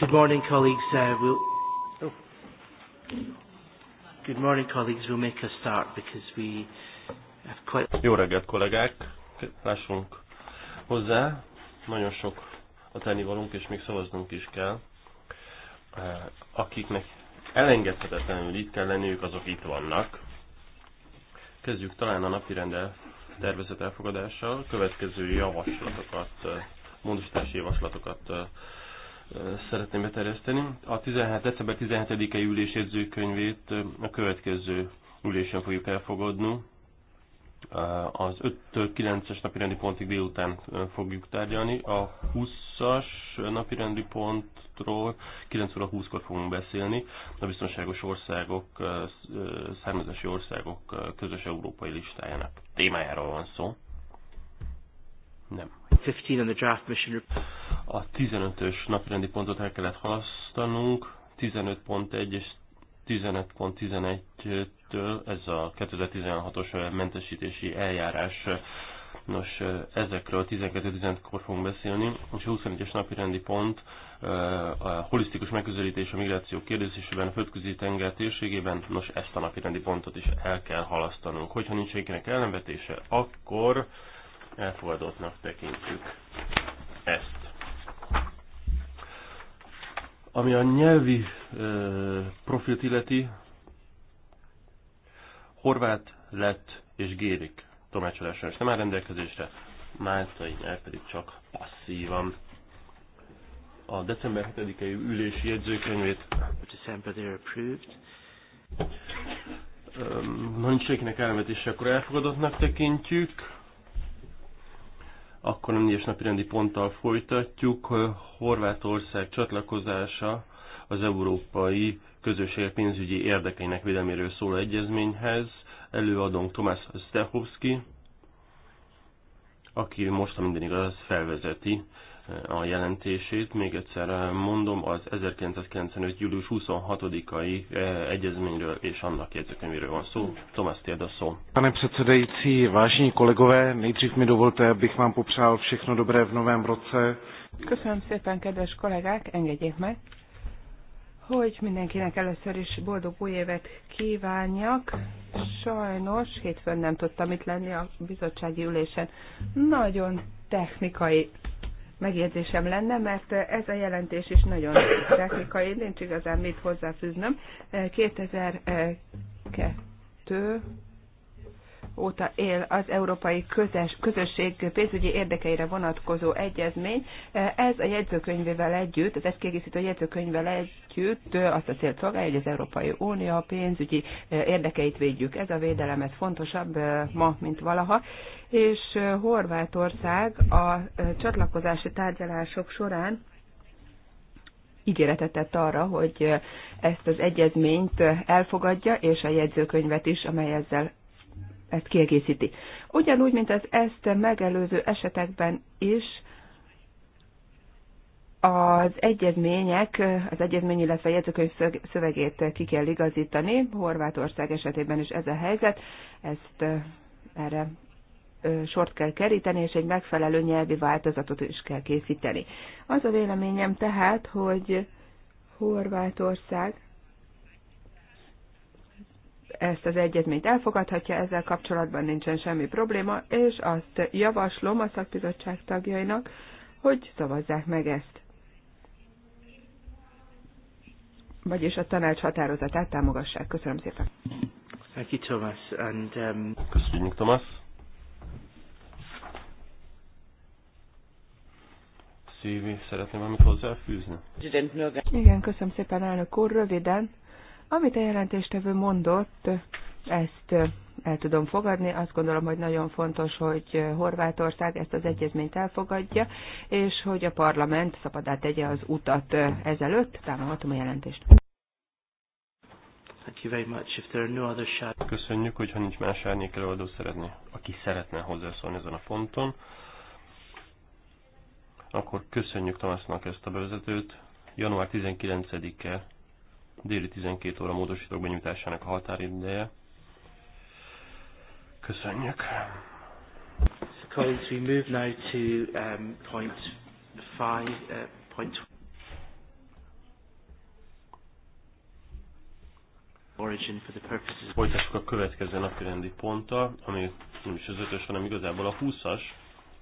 Good morning, colleagues. Uh, we'll. Oh. Good morning, colleagues. We'll make a start because we have quite. Jó reggelt, kollégák! Lássunk hozzá. Nagyon sok a tennivalónk, és még szavaznunk is kell. Uh, akiknek elengedhetetlenül itt kell lenniük, azok itt vannak. Kezdjük talán a napi rendel tervezett elfogadással. Következő javaslatokat, uh, módosítási javaslatokat uh, szeretném beterjeszteni. A 17. december 17 i ülés jegyzőkönyvét a következő ülésen fogjuk elfogadni. Az 5-től 9-es napirendi pontig délután fogjuk tárgyalni. A 20-as napirendi pontról 9 óra 20-kor fogunk beszélni. A biztonságos országok, származási országok közös európai listájának témájáról van szó. Nem. 15 on the draft mission A 15-ös napirendi pontot el kellett halasztanunk, 15.1 és 15.11-től ez a 2016-os mentesítési eljárás. Nos, ezekről 12-15-kor fogunk beszélni, és a 21-es napi rendi pont eh, a holisztikus megközelítés a migráció kérdésében a földközi tenger térségében, nos ezt a napi rendi pontot is el kell halasztanunk. Hogyha nincs senkinek ellenvetése, akkor elfogadottnak tekintjük ezt. Ami a nyelvi ö, profilt illeti, horvát, lett és gérik tomácsolásra és nem áll rendelkezésre, máltai nyelv pedig csak passzívan. A december 7-i ülési jegyzőkönyvét December approved. nincs senkinek elvetése, akkor elfogadottnak tekintjük akkor a négyes napirendi ponttal folytatjuk. Horvátország csatlakozása az Európai Közösség pénzügyi érdekeinek védelméről szóló egyezményhez. Előadónk Tomás Stehovski, aki most, a minden igaz, felvezeti a jelentését. Még egyszer mondom, az 1995. július 26-ai eh, egyezményről és annak jegyzőkönyvéről van szó. Tomás Térd a szó. Pane předsedající, vážení kolegové, nejdřív mi dovolte, abych vám popřál všechno dobré v novém roce. Köszönöm szépen, kedves kollégák, engedjék meg, hogy mindenkinek először is boldog új évet kívánjak. Sajnos hétfőn nem tudtam itt lenni a bizottsági ülésen. Nagyon technikai megjegyzésem lenne, mert ez a jelentés is nagyon technikai, nincs igazán mit hozzáfűznöm. 2002 óta él az Európai Közös, Közösség pénzügyi érdekeire vonatkozó egyezmény. Ez a jegyzőkönyvével együtt, az egy kiegészítő jegyzőkönyvvel együtt azt a célt szolgálja, hogy az Európai Unió a pénzügyi érdekeit védjük. Ez a védelem, ez fontosabb eh, ma, mint valaha. És eh, Horvátország a eh, csatlakozási tárgyalások során ígéretet tett arra, hogy ezt az egyezményt elfogadja, és a jegyzőkönyvet is, amely ezzel ezt kiegészíti. Ugyanúgy, mint az ezt megelőző esetekben is, az egyezmények, az egyezmény, illetve jegyzőkönyv szövegét ki kell igazítani. Horvátország esetében is ez a helyzet. Ezt erre sort kell keríteni, és egy megfelelő nyelvi változatot is kell készíteni. Az a véleményem tehát, hogy Horvátország ezt az egyezményt elfogadhatja, ezzel kapcsolatban nincsen semmi probléma, és azt javaslom a szakbizottság tagjainak, hogy szavazzák meg ezt. Vagyis a tanács határozatát támogassák. Köszönöm szépen. Thomas. Um, Köszönjük, Thomas. Szívi, szeretném valamit hozzáfűzni? Igen, köszönöm szépen, elnök úr. Röviden, amit a jelentéstevő mondott, ezt el tudom fogadni. Azt gondolom, hogy nagyon fontos, hogy Horvátország ezt az egyezményt elfogadja, és hogy a parlament szabadá tegye az utat ezelőtt. Támogatom a jelentést. Thank you very much. If there are no other Köszönjük, hogyha nincs más árnyék előadó szeretné, aki szeretne hozzászólni ezen a ponton. Akkor köszönjük Tamásnak ezt a bevezetőt. Január 19-e déli 12 óra módosítók benyújtásának a határideje. Köszönjük. Colleagues, we move now to um, point five, uh, point origin for the purposes. Folytassuk a következő napi rendi ponttal, ami nem is az ötös, hanem igazából a 20-as,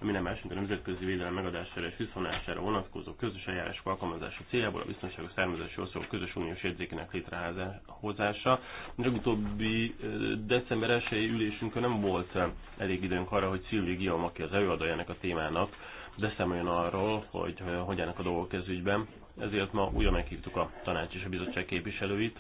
ami nem más, mint a nemzetközi védelem megadására és visszavonására vonatkozó közös eljárás alkalmazása céljából a biztonságos származási országok közös uniós jegyzékének létrehozása. Legutóbbi december 1 ülésünkön nem volt elég időnk arra, hogy Szilvi Guillaume, aki az előadójának a témának, beszámoljon arról, hogy hogyan a dolgok ez Ezért ma újra meghívtuk a tanács és a bizottság képviselőit,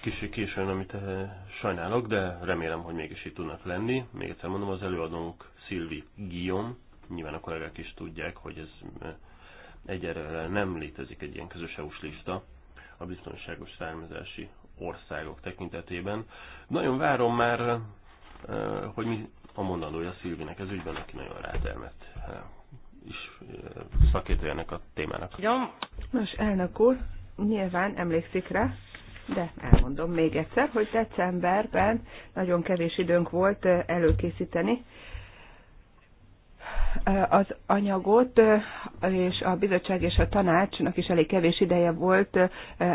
Kicsi későn, amit eh, sajnálok, de remélem, hogy mégis itt tudnak lenni. Még egyszer mondom, az előadónk Szilvi Gion. Nyilván a kollégák is tudják, hogy ez eh, egyelőre nem létezik egy ilyen közös EU-s lista a biztonságos származási országok tekintetében. Nagyon várom már, eh, hogy mi a mondandója Szilvinek ez ügyben, aki nagyon rátermett is szakértőjének a témának. Nos, elnök úr, nyilván emlékszik rá, de elmondom még egyszer, hogy decemberben nagyon kevés időnk volt előkészíteni az anyagot, és a bizottság és a tanácsnak is elég kevés ideje volt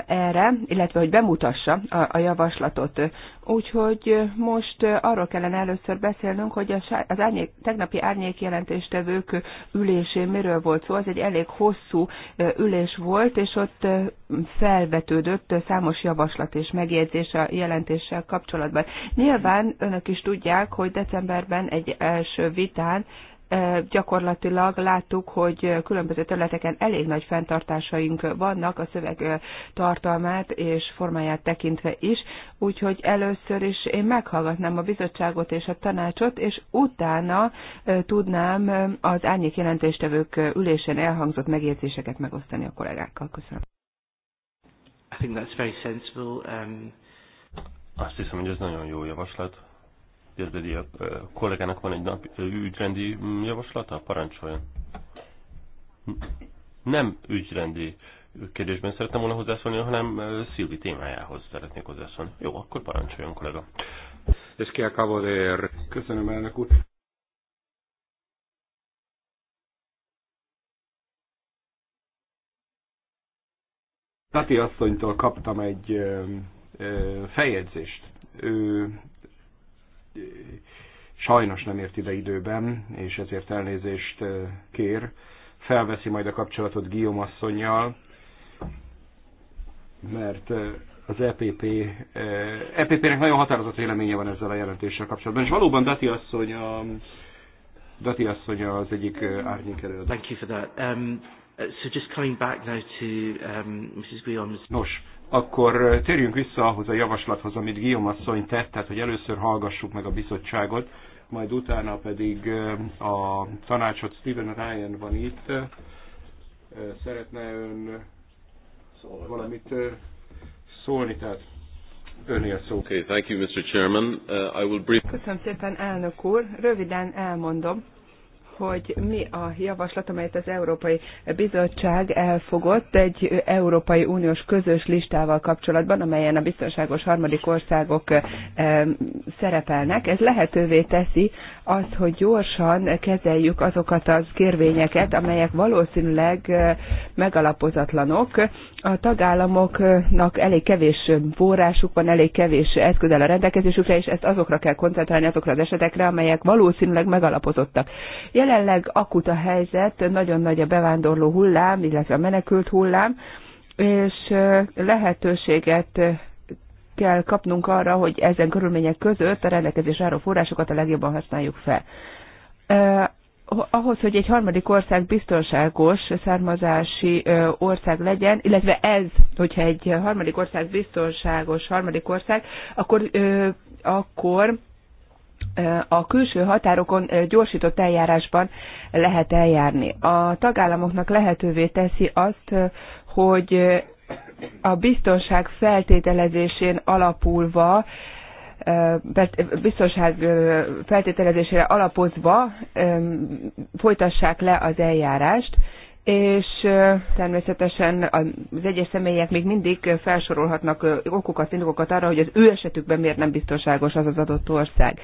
erre, illetve hogy bemutassa a javaslatot. Úgyhogy most arról kellene először beszélnünk, hogy az árnyék, tegnapi árnyék jelentéstevők ülésén miről volt szó. az egy elég hosszú ülés volt, és ott felvetődött számos javaslat és megjegyzés a jelentéssel kapcsolatban. Nyilván önök is tudják, hogy decemberben egy első vitán gyakorlatilag láttuk, hogy különböző területeken elég nagy fenntartásaink vannak a szöveg tartalmát és formáját tekintve is, úgyhogy először is én meghallgatnám a bizottságot és a tanácsot, és utána tudnám az árnyék jelentéstevők ülésen elhangzott megjegyzéseket megosztani a kollégákkal. Köszönöm. I think that's very sensible. Um... Azt hiszem, hogy ez nagyon jó javaslat Gerbedi a kollégának van egy nap, ügyrendi mm, javaslata? Parancsoljon. Nem ügyrendi kérdésben szerettem volna hozzászólni, hanem Szilvi témájához szeretnék hozzászólni. Jó, akkor parancsoljon, kollega. És ki a Köszönöm, elnök úr. Tati asszonytól kaptam egy ö, ö, feljegyzést. Ő sajnos nem ért ide időben, és ezért elnézést kér. Felveszi majd a kapcsolatot Guillaume asszonynal, mert az EPP, EPP-nek nagyon határozott véleménye van ezzel a jelentéssel kapcsolatban. És valóban Dati asszony, a, Dati asszony az egyik árnyék előtt. Thank you for that. Um, uh, so just coming back now to um, Mrs. Guillaume's... Nos, akkor térjünk vissza ahhoz a javaslathoz, amit Guillaume asszony tett, tehát hogy először hallgassuk meg a bizottságot, majd utána pedig a tanácsot Steven Ryan van itt. Szeretne ön szólni. valamit szólni, tehát önél szó. Okay, thank you, Mr. Chairman. Uh, I will brief... Köszönöm szépen, elnök úr. Röviden elmondom hogy mi a javaslat, amelyet az Európai Bizottság elfogott egy Európai Uniós közös listával kapcsolatban, amelyen a biztonságos harmadik országok eh, szerepelnek. Ez lehetővé teszi azt, hogy gyorsan kezeljük azokat az kérvényeket, amelyek valószínűleg eh, megalapozatlanok. A tagállamoknak elég kevés forrásuk van, elég kevés eszközel a rendelkezésükre, és ezt azokra kell koncentrálni, azokra az esetekre, amelyek valószínűleg megalapozottak. Jelenleg akut a helyzet, nagyon nagy a bevándorló hullám, illetve a menekült hullám, és lehetőséget kell kapnunk arra, hogy ezen körülmények között a rendelkezés álló forrásokat a legjobban használjuk fel. Ahhoz, hogy egy harmadik ország biztonságos származási ország legyen, illetve ez, hogyha egy harmadik ország biztonságos harmadik ország, akkor, akkor a külső határokon gyorsított eljárásban lehet eljárni. A tagállamoknak lehetővé teszi azt, hogy a biztonság feltételezésén alapulva, biztonság feltételezésére alapozva folytassák le az eljárást, és természetesen az egyes személyek még mindig felsorolhatnak okokat, indokokat arra, hogy az ő esetükben miért nem biztonságos az az adott ország.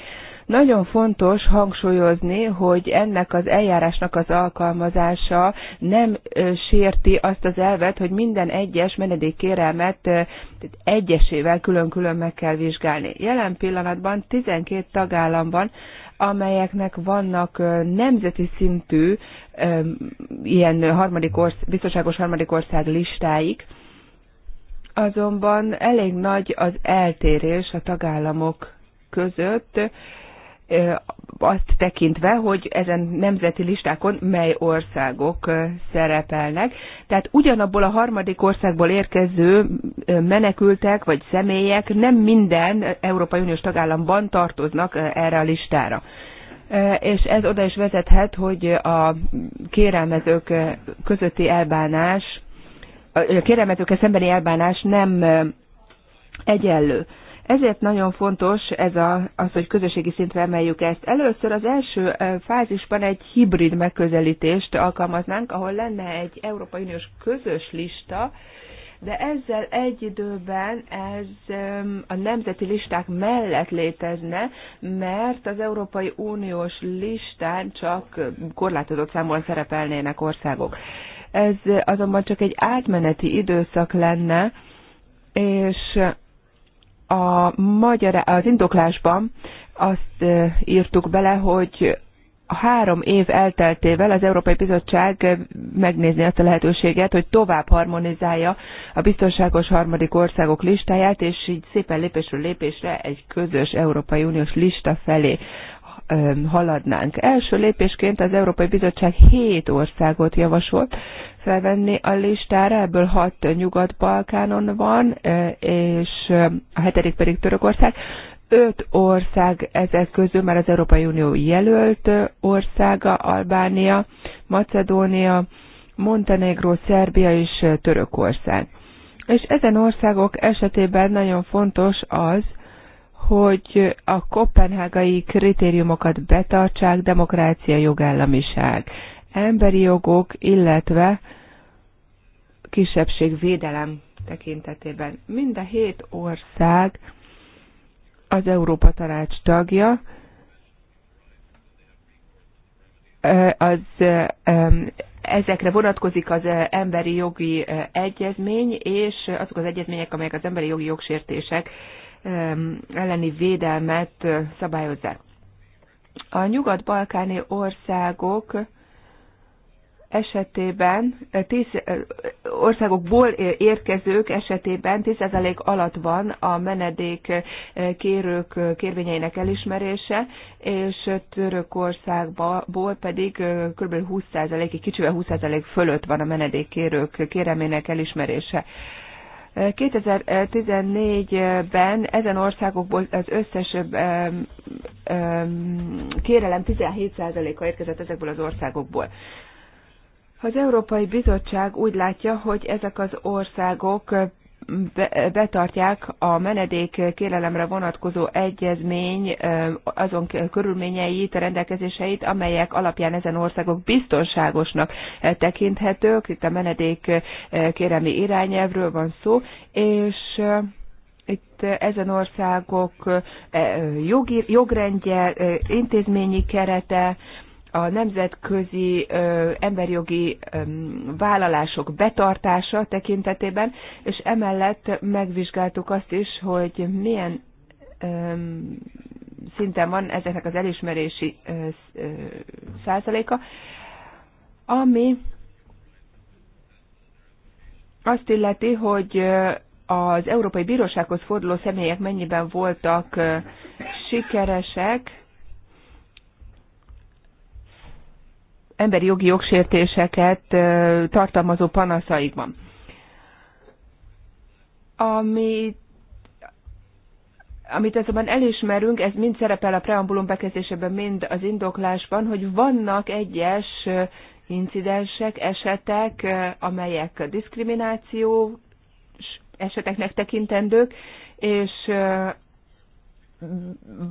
Nagyon fontos hangsúlyozni, hogy ennek az eljárásnak az alkalmazása nem sérti azt az elvet, hogy minden egyes menedékkérelmet egyesével külön-külön meg kell vizsgálni. Jelen pillanatban 12 tagállamban amelyeknek vannak nemzeti szintű ilyen harmadik orsz, biztonságos harmadik ország listáik, azonban elég nagy az eltérés a tagállamok között, azt tekintve, hogy ezen nemzeti listákon mely országok szerepelnek. Tehát ugyanabból a harmadik országból érkező menekültek vagy személyek nem minden Európai Uniós tagállamban tartoznak erre a listára. És ez oda is vezethet, hogy a kérelmezők közötti elbánás, a kérelmezőkkel szembeni elbánás nem egyenlő. Ezért nagyon fontos ez a, az, hogy közösségi szintre emeljük ezt. Először az első fázisban egy hibrid megközelítést alkalmaznánk, ahol lenne egy Európai Uniós közös lista, de ezzel egy időben ez a nemzeti listák mellett létezne, mert az Európai Uniós listán csak korlátozott számban szerepelnének országok. Ez azonban csak egy átmeneti időszak lenne, és a magyar, az indoklásban azt írtuk bele, hogy a három év elteltével az Európai Bizottság megnézni azt a lehetőséget, hogy tovább harmonizálja a biztonságos harmadik országok listáját, és így szépen lépésről lépésre egy közös Európai Uniós lista felé haladnánk. Első lépésként az Európai Bizottság hét országot javasolt felvenni a listára, ebből hat Nyugat-Balkánon van, és a hetedik pedig Törökország. Öt ország ezek közül már az Európai Unió jelölt országa, Albánia, Macedónia, Montenegró, Szerbia és Törökország. És ezen országok esetében nagyon fontos az, hogy a kopenhágai kritériumokat betartsák, demokrácia, jogállamiság, emberi jogok, illetve kisebbségvédelem tekintetében. Mind a hét ország az Európa Tanács tagja, az ezekre vonatkozik az emberi jogi egyezmény, és azok az egyezmények, amelyek az emberi jogi jogsértések elleni védelmet szabályozzák. A nyugat-balkáni országok esetében, 10 országokból érkezők esetében 10% alatt van a menedék kérők kérvényeinek elismerése, és Törökországból pedig kb. 20%, egy kicsivel 20% fölött van a menedékkérők kéremének elismerése. 2014-ben ezen országokból az összes kérelem 17%-a érkezett ezekből az országokból. Az Európai Bizottság úgy látja, hogy ezek az országok betartják a menedék kérelemre vonatkozó egyezmény azon körülményeit, rendelkezéseit, amelyek alapján ezen országok biztonságosnak tekinthetők. Itt a menedék kérelmi irányelvről van szó, és itt ezen országok jogi, jogrendje, intézményi kerete, a nemzetközi ö, emberjogi ö, vállalások betartása tekintetében, és emellett megvizsgáltuk azt is, hogy milyen ö, szinten van ezeknek az elismerési ö, ö, százaléka, ami azt illeti, hogy az Európai Bírósághoz forduló személyek mennyiben voltak sikeresek, emberi jogi jogsértéseket tartalmazó panaszaikban. Amit amit azonban elismerünk, ez mind szerepel a preambulum bekezdésében, mind az indoklásban, hogy vannak egyes incidensek, esetek, amelyek a diszkrimináció eseteknek tekintendők, és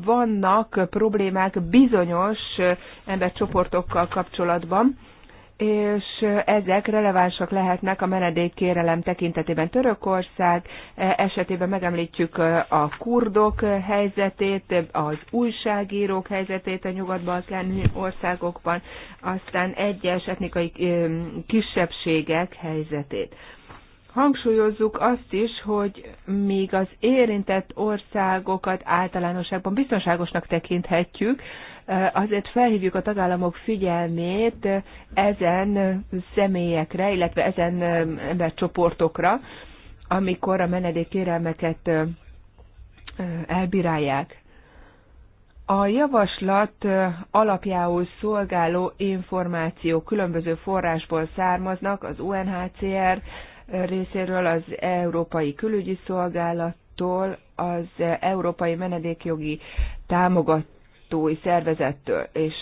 vannak problémák bizonyos embercsoportokkal kapcsolatban, és ezek relevánsak lehetnek a menedékkérelem tekintetében. Törökország esetében megemlítjük a kurdok helyzetét, az újságírók helyzetét a nyugat-balkáni országokban, aztán egyes etnikai kisebbségek helyzetét hangsúlyozzuk azt is, hogy még az érintett országokat általánosságban biztonságosnak tekinthetjük, azért felhívjuk a tagállamok figyelmét ezen személyekre, illetve ezen embercsoportokra, amikor a menedékkérelmeket elbírálják. A javaslat alapjául szolgáló információ különböző forrásból származnak, az UNHCR, részéről, az Európai Külügyi Szolgálattól, az Európai Menedékjogi Támogatói Szervezettől, és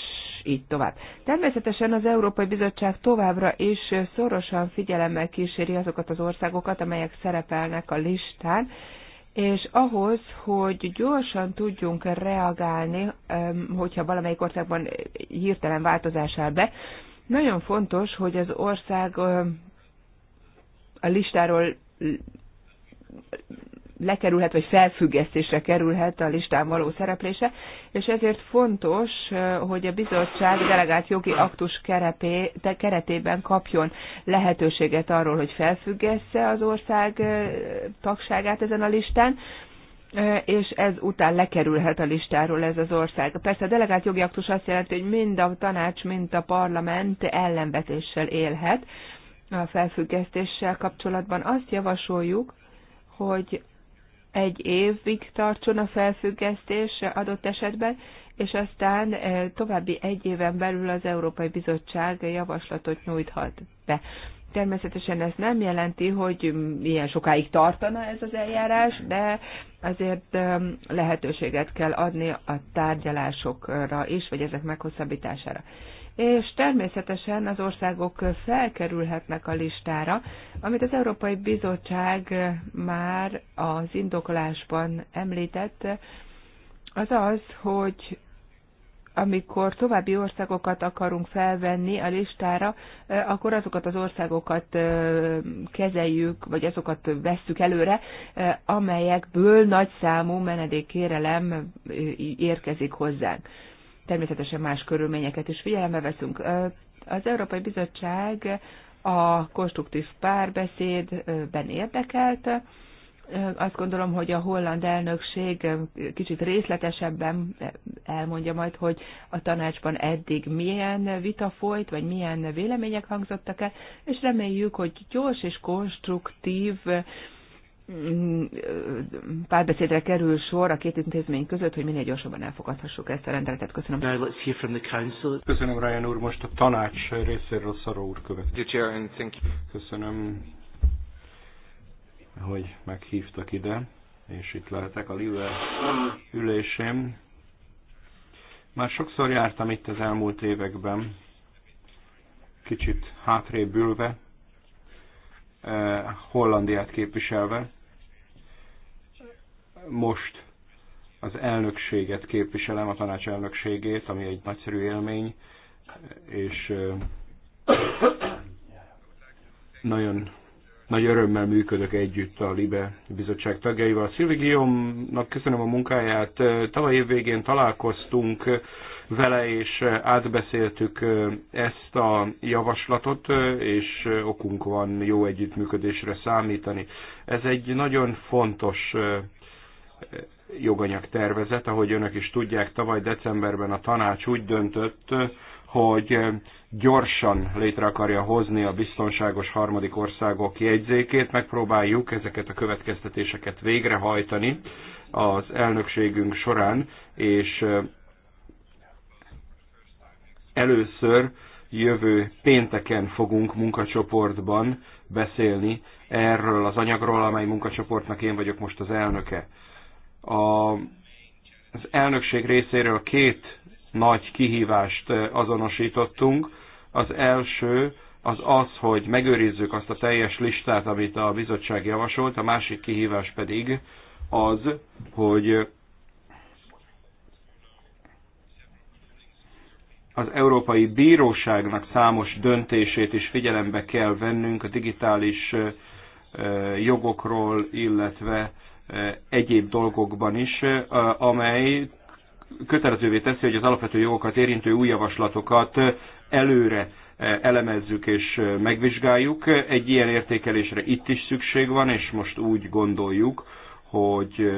így tovább. Természetesen az Európai Bizottság továbbra is szorosan figyelemmel kíséri azokat az országokat, amelyek szerepelnek a listán, és ahhoz, hogy gyorsan tudjunk reagálni, hogyha valamelyik országban hirtelen változás áll be, nagyon fontos, hogy az ország a listáról lekerülhet, vagy felfüggesztésre kerülhet a listán való szereplése, és ezért fontos, hogy a bizottság delegált jogi aktus kerepé, keretében kapjon lehetőséget arról, hogy felfüggesse az ország tagságát ezen a listán, és ez után lekerülhet a listáról ez az ország. Persze a delegált jogi aktus azt jelenti, hogy mind a tanács, mind a parlament ellenvetéssel élhet, a felfüggesztéssel kapcsolatban. Azt javasoljuk, hogy egy évig tartson a felfüggesztés adott esetben, és aztán eh, további egy éven belül az Európai Bizottság javaslatot nyújthat be. Természetesen ez nem jelenti, hogy milyen sokáig tartana ez az eljárás, de azért eh, lehetőséget kell adni a tárgyalásokra is, vagy ezek meghosszabbítására és természetesen az országok felkerülhetnek a listára, amit az Európai Bizottság már az indoklásban említett, az az, hogy amikor további országokat akarunk felvenni a listára, akkor azokat az országokat kezeljük, vagy azokat vesszük előre, amelyekből nagy számú menedékkérelem érkezik hozzánk természetesen más körülményeket is figyelembe veszünk. Az Európai Bizottság a konstruktív párbeszédben érdekelt. Azt gondolom, hogy a holland elnökség kicsit részletesebben elmondja majd, hogy a tanácsban eddig milyen vita folyt, vagy milyen vélemények hangzottak el, és reméljük, hogy gyors és konstruktív párbeszédre kerül sor a két intézmény között, hogy minél gyorsabban elfogadhassuk ezt a rendeletet. Köszönöm. Now let's hear from the council. Köszönöm, Ryan úr. Most a tanács részéről Szaró úr következik. Köszönöm, hogy meghívtak ide, és itt lehetek a Lille ülésén. Már sokszor jártam itt az elmúlt években, kicsit hátrébb ülve, eh, Hollandiát képviselve, most az elnökséget képviselem, a tanács elnökségét, ami egy nagyszerű élmény, és nagyon nagy örömmel működök együtt a LIBE bizottság tagjaival. Szilvi Guillaume-nak köszönöm a munkáját. Tavaly év végén találkoztunk vele, és átbeszéltük ezt a javaslatot, és okunk van jó együttműködésre számítani. Ez egy nagyon fontos joganyagtervezet. Ahogy önök is tudják, tavaly decemberben a tanács úgy döntött, hogy gyorsan létre akarja hozni a biztonságos harmadik országok jegyzékét. Megpróbáljuk ezeket a következtetéseket végrehajtani az elnökségünk során, és először jövő pénteken fogunk munkacsoportban beszélni erről az anyagról, amely munkacsoportnak én vagyok most az elnöke. A, az elnökség részéről két nagy kihívást azonosítottunk. Az első az az, hogy megőrizzük azt a teljes listát, amit a bizottság javasolt, a másik kihívás pedig az, hogy az Európai Bíróságnak számos döntését is figyelembe kell vennünk a digitális jogokról, illetve egyéb dolgokban is, amely kötelezővé teszi, hogy az alapvető jogokat érintő új javaslatokat előre elemezzük és megvizsgáljuk. Egy ilyen értékelésre itt is szükség van, és most úgy gondoljuk, hogy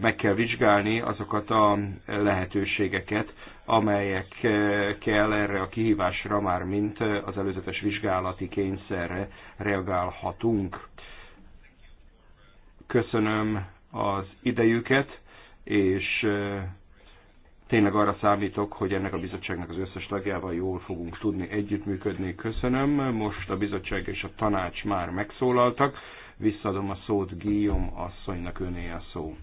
meg kell vizsgálni azokat a lehetőségeket, amelyek kell erre a kihívásra már mint az előzetes vizsgálati kényszerre reagálhatunk köszönöm az idejüket, és tényleg arra számítok, hogy ennek a bizottságnak az összes tagjával jól fogunk tudni együttműködni. Köszönöm. Most a bizottság és a tanács már megszólaltak. Visszadom a szót Guillaume asszonynak öné a szó.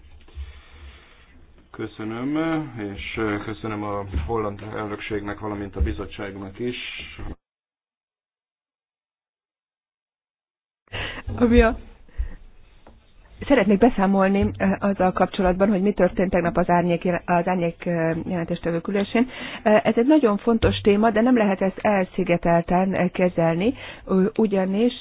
Köszönöm, és köszönöm a holland elnökségnek, valamint a bizottságnak is. Ami a Szeretnék beszámolni azzal kapcsolatban, hogy mi történt tegnap az árnyék, az árnyék jelentéstevők Ez egy nagyon fontos téma, de nem lehet ezt elszigetelten kezelni, ugyanis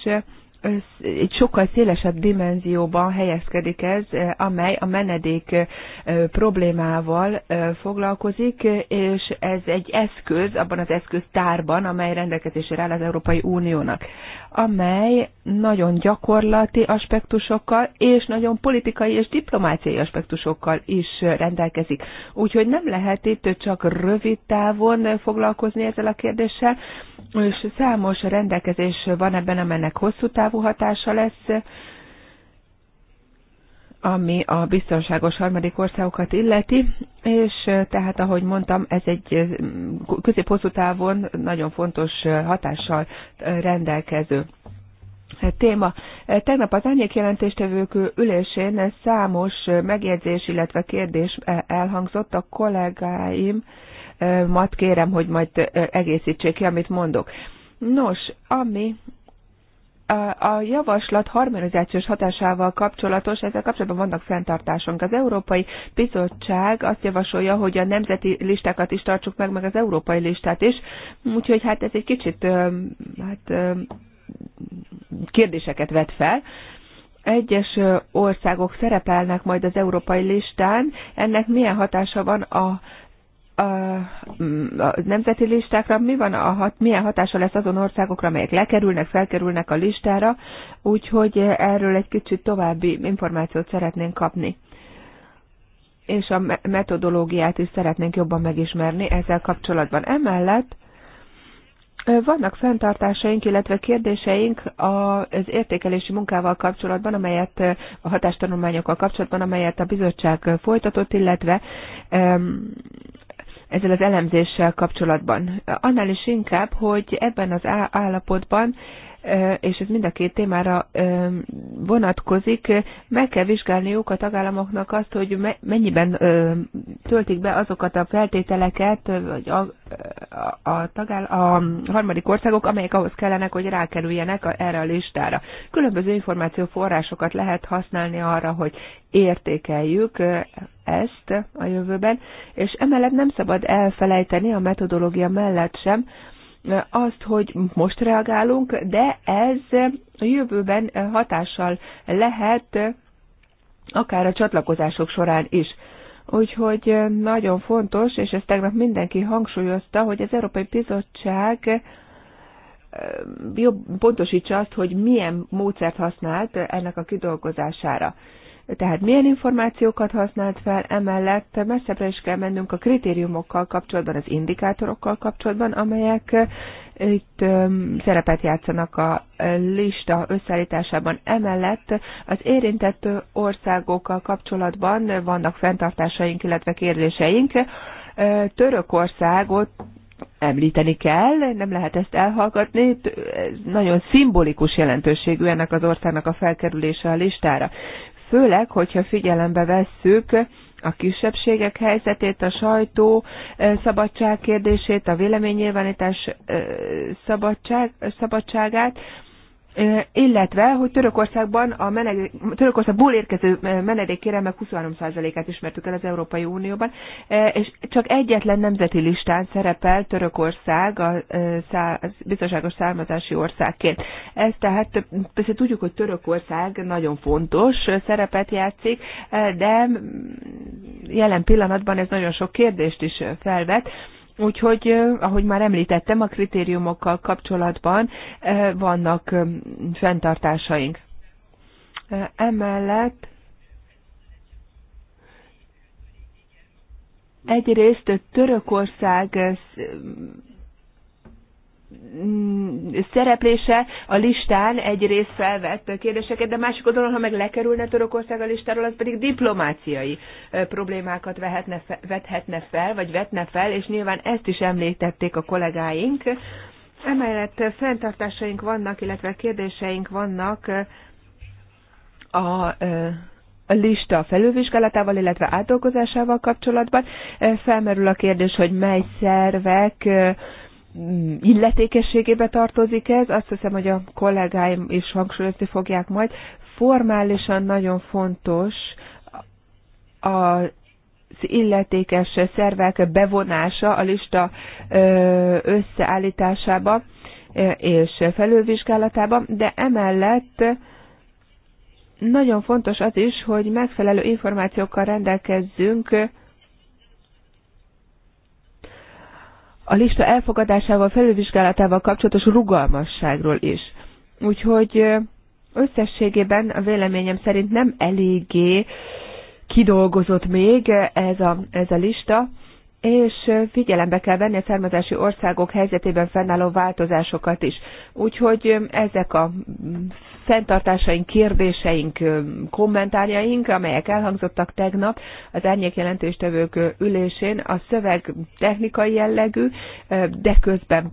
egy sokkal szélesebb dimenzióban helyezkedik ez, amely a menedék problémával foglalkozik, és ez egy eszköz abban az eszköztárban, amely rendelkezésére áll az Európai Uniónak amely nagyon gyakorlati aspektusokkal és nagyon politikai és diplomáciai aspektusokkal is rendelkezik. Úgyhogy nem lehet itt csak rövid távon foglalkozni ezzel a kérdéssel, és számos rendelkezés van ebben, amennek hosszú távú hatása lesz, ami a biztonságos harmadik országokat illeti, és tehát, ahogy mondtam, ez egy közép-hosszú távon nagyon fontos hatással rendelkező téma. Tegnap az ennyi jelentéstevők ülésén számos megjegyzés, illetve kérdés elhangzott a kollégáim, mat kérem, hogy majd egészítsék ki, amit mondok. Nos, ami a javaslat harmonizációs hatásával kapcsolatos, ezzel kapcsolatban vannak fenntartásunk. Az Európai Bizottság azt javasolja, hogy a nemzeti listákat is tartsuk meg, meg az európai listát is, úgyhogy hát ez egy kicsit hát, kérdéseket vet fel. Egyes országok szerepelnek majd az európai listán, ennek milyen hatása van a a, a nemzeti listákra, mi van a hat, milyen hatása lesz azon országokra, amelyek lekerülnek, felkerülnek a listára, úgyhogy erről egy kicsit további információt szeretnénk kapni. És a metodológiát is szeretnénk jobban megismerni ezzel kapcsolatban. Emellett vannak fenntartásaink, illetve kérdéseink az értékelési munkával kapcsolatban, amelyet a hatástanulmányokkal kapcsolatban, amelyet a bizottság folytatott, illetve ezzel az elemzéssel kapcsolatban. Annál is inkább, hogy ebben az állapotban és ez mind a két témára vonatkozik, meg kell vizsgálniuk a tagállamoknak azt, hogy mennyiben töltik be azokat a feltételeket, vagy a, a, tagáll- a harmadik országok, amelyek ahhoz kellenek, hogy rákerüljenek erre a listára. Különböző információforrásokat lehet használni arra, hogy értékeljük ezt a jövőben, és emellett nem szabad elfelejteni a metodológia mellett sem, azt, hogy most reagálunk, de ez a jövőben hatással lehet akár a csatlakozások során is. Úgyhogy nagyon fontos, és ezt tegnap mindenki hangsúlyozta, hogy az Európai Bizottság eh, jobb, pontosítsa azt, hogy milyen módszert használt ennek a kidolgozására. Tehát milyen információkat használt fel, emellett messzebbre is kell mennünk a kritériumokkal kapcsolatban, az indikátorokkal kapcsolatban, amelyek eh, itt szerepet játszanak a eh, lista összeállításában. Emellett az érintett országokkal kapcsolatban vannak fenntartásaink, illetve kérdéseink. Eh, Törökországot említeni kell, nem lehet ezt elhallgatni, ez nagyon szimbolikus jelentőségű ennek az országnak a felkerülése a listára főleg, hogyha figyelembe vesszük a kisebbségek helyzetét, a sajtó szabadság kérdését, a véleménynyilvánítás szabadság, szabadságát, illetve, hogy Törökországban a menedék, Törökországból érkező menedékkérelmek 23%-át ismertük el az Európai Unióban, és csak egyetlen nemzeti listán szerepel Törökország a biztonságos származási országként. Ez tehát, persze tudjuk, hogy Törökország nagyon fontos szerepet játszik, de jelen pillanatban ez nagyon sok kérdést is felvet, Úgyhogy, ahogy már említettem, a kritériumokkal kapcsolatban vannak fenntartásaink. Emellett egyrészt Törökország Mm, szereplése a listán egyrészt felvett kérdéseket, de másik oldalon, ha meg lekerülne Törökország a listáról, az pedig diplomáciai problémákat vehetne, vethetne fel, vagy vetne fel, és nyilván ezt is említették a kollégáink. Emellett fenntartásaink vannak, illetve kérdéseink vannak a a lista felülvizsgálatával, illetve átdolgozásával kapcsolatban. Felmerül a kérdés, hogy mely szervek Mm, illetékességébe tartozik ez, azt hiszem, hogy a kollégáim is hangsúlyozni fogják majd. Formálisan nagyon fontos a az illetékes szervek bevonása a lista összeállításába és felülvizsgálatába, de emellett nagyon fontos az is, hogy megfelelő információkkal rendelkezzünk a lista elfogadásával, felülvizsgálatával kapcsolatos rugalmasságról is. Úgyhogy összességében a véleményem szerint nem eléggé kidolgozott még ez a, ez a lista, és figyelembe kell venni a származási országok helyzetében fennálló változásokat is. Úgyhogy ezek a fenntartásaink, kérdéseink, kommentárjaink, amelyek elhangzottak tegnap az árnyék jelentéstevők ülésén. A szöveg technikai jellegű, de közben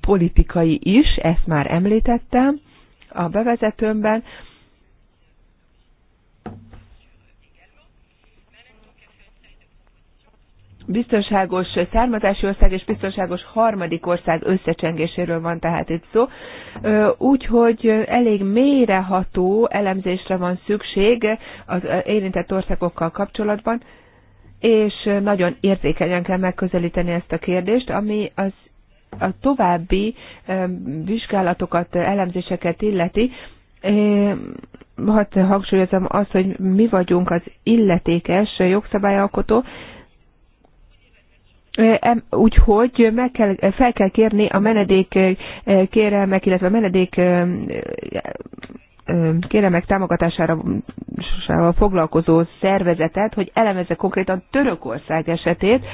politikai is, ezt már említettem a bevezetőmben. biztonságos származási ország és biztonságos harmadik ország összecsengéséről van tehát itt szó. Úgyhogy elég mélyreható elemzésre van szükség az érintett országokkal kapcsolatban, és nagyon érzékenyen kell megközelíteni ezt a kérdést, ami az a további vizsgálatokat, elemzéseket illeti, hadd hangsúlyozom azt, hogy mi vagyunk az illetékes jogszabályalkotó, Úgyhogy meg kell, fel kell kérni a menedék kérelmek, illetve a menedék kérelmek támogatására foglalkozó szervezetet, hogy elemezze konkrétan Törökország esetét,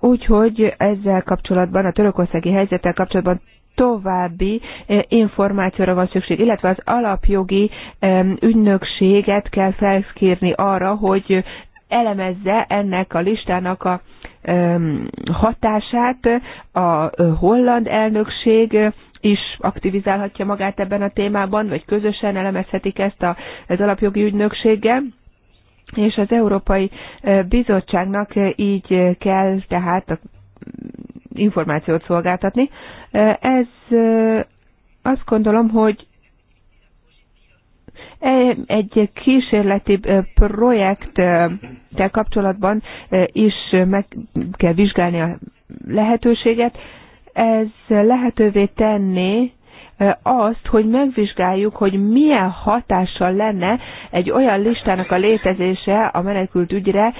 úgyhogy ezzel kapcsolatban, a törökországi helyzettel kapcsolatban további információra van szükség, illetve az alapjogi ügynökséget kell felkérni arra, hogy elemezze ennek a listának a hatását. A holland elnökség is aktivizálhatja magát ebben a témában, vagy közösen elemezhetik ezt a, az alapjogi ügynökséggel és az Európai Bizottságnak így kell tehát információt szolgáltatni. Ez azt gondolom, hogy E, egy kísérleti projekttel kapcsolatban is meg kell vizsgálni a lehetőséget. Ez lehetővé tenni azt, hogy megvizsgáljuk, hogy milyen hatással lenne egy olyan listának a létezése a menekült ügyre,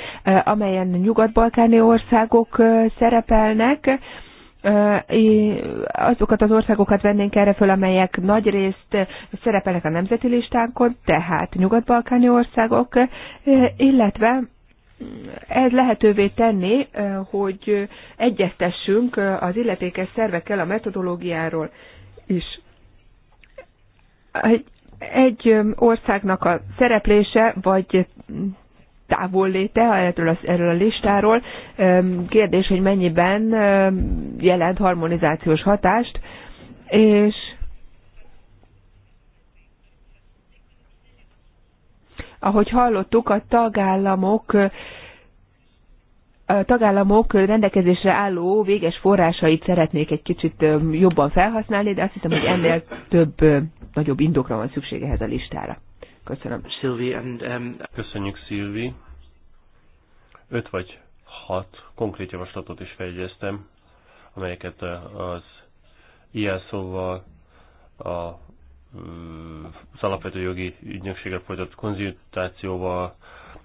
amelyen nyugat-balkáni országok szerepelnek, azokat az országokat vennénk erre föl, amelyek nagy részt szerepelnek a nemzeti listánkon, tehát nyugat-balkáni országok, illetve ez lehetővé tenni, hogy egyeztessünk az illetékes szervekkel a metodológiáról is. Egy országnak a szereplése vagy léte erről a, erről a listáról. Kérdés, hogy mennyiben jelent harmonizációs hatást, és ahogy hallottuk, a tagállamok a tagállamok rendelkezésre álló véges forrásait szeretnék egy kicsit jobban felhasználni, de azt hiszem, hogy ennél több, nagyobb indokra van szükség ehhez a listára. Köszönöm. and, um... Köszönjük, Szilvi. Öt vagy hat konkrét javaslatot is feljegyeztem, amelyeket uh, az ilyen szóval a mm, az alapvető jogi ügynökséggel folytatott konzultációval,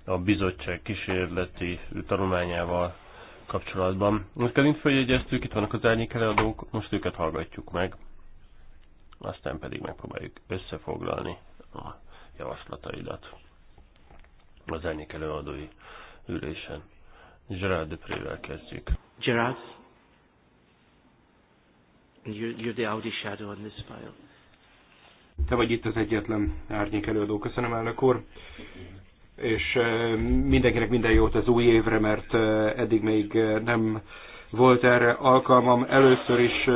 a bizottság kísérleti tanulmányával kapcsolatban. Most szerint följegyeztük, itt vannak az árnyék előadók, most őket hallgatjuk meg, aztán pedig megpróbáljuk összefoglalni a javaslataidat az elnyék előadói ülésen. Gerard Deprével kezdjük. Gerard, you're, you're the Audi shadow on this file. Te vagy itt az egyetlen árnyék előadó. Köszönöm, elnök úr és eh, mindenkinek minden jót az új évre, mert eh, eddig még eh, nem volt erre alkalmam. Először is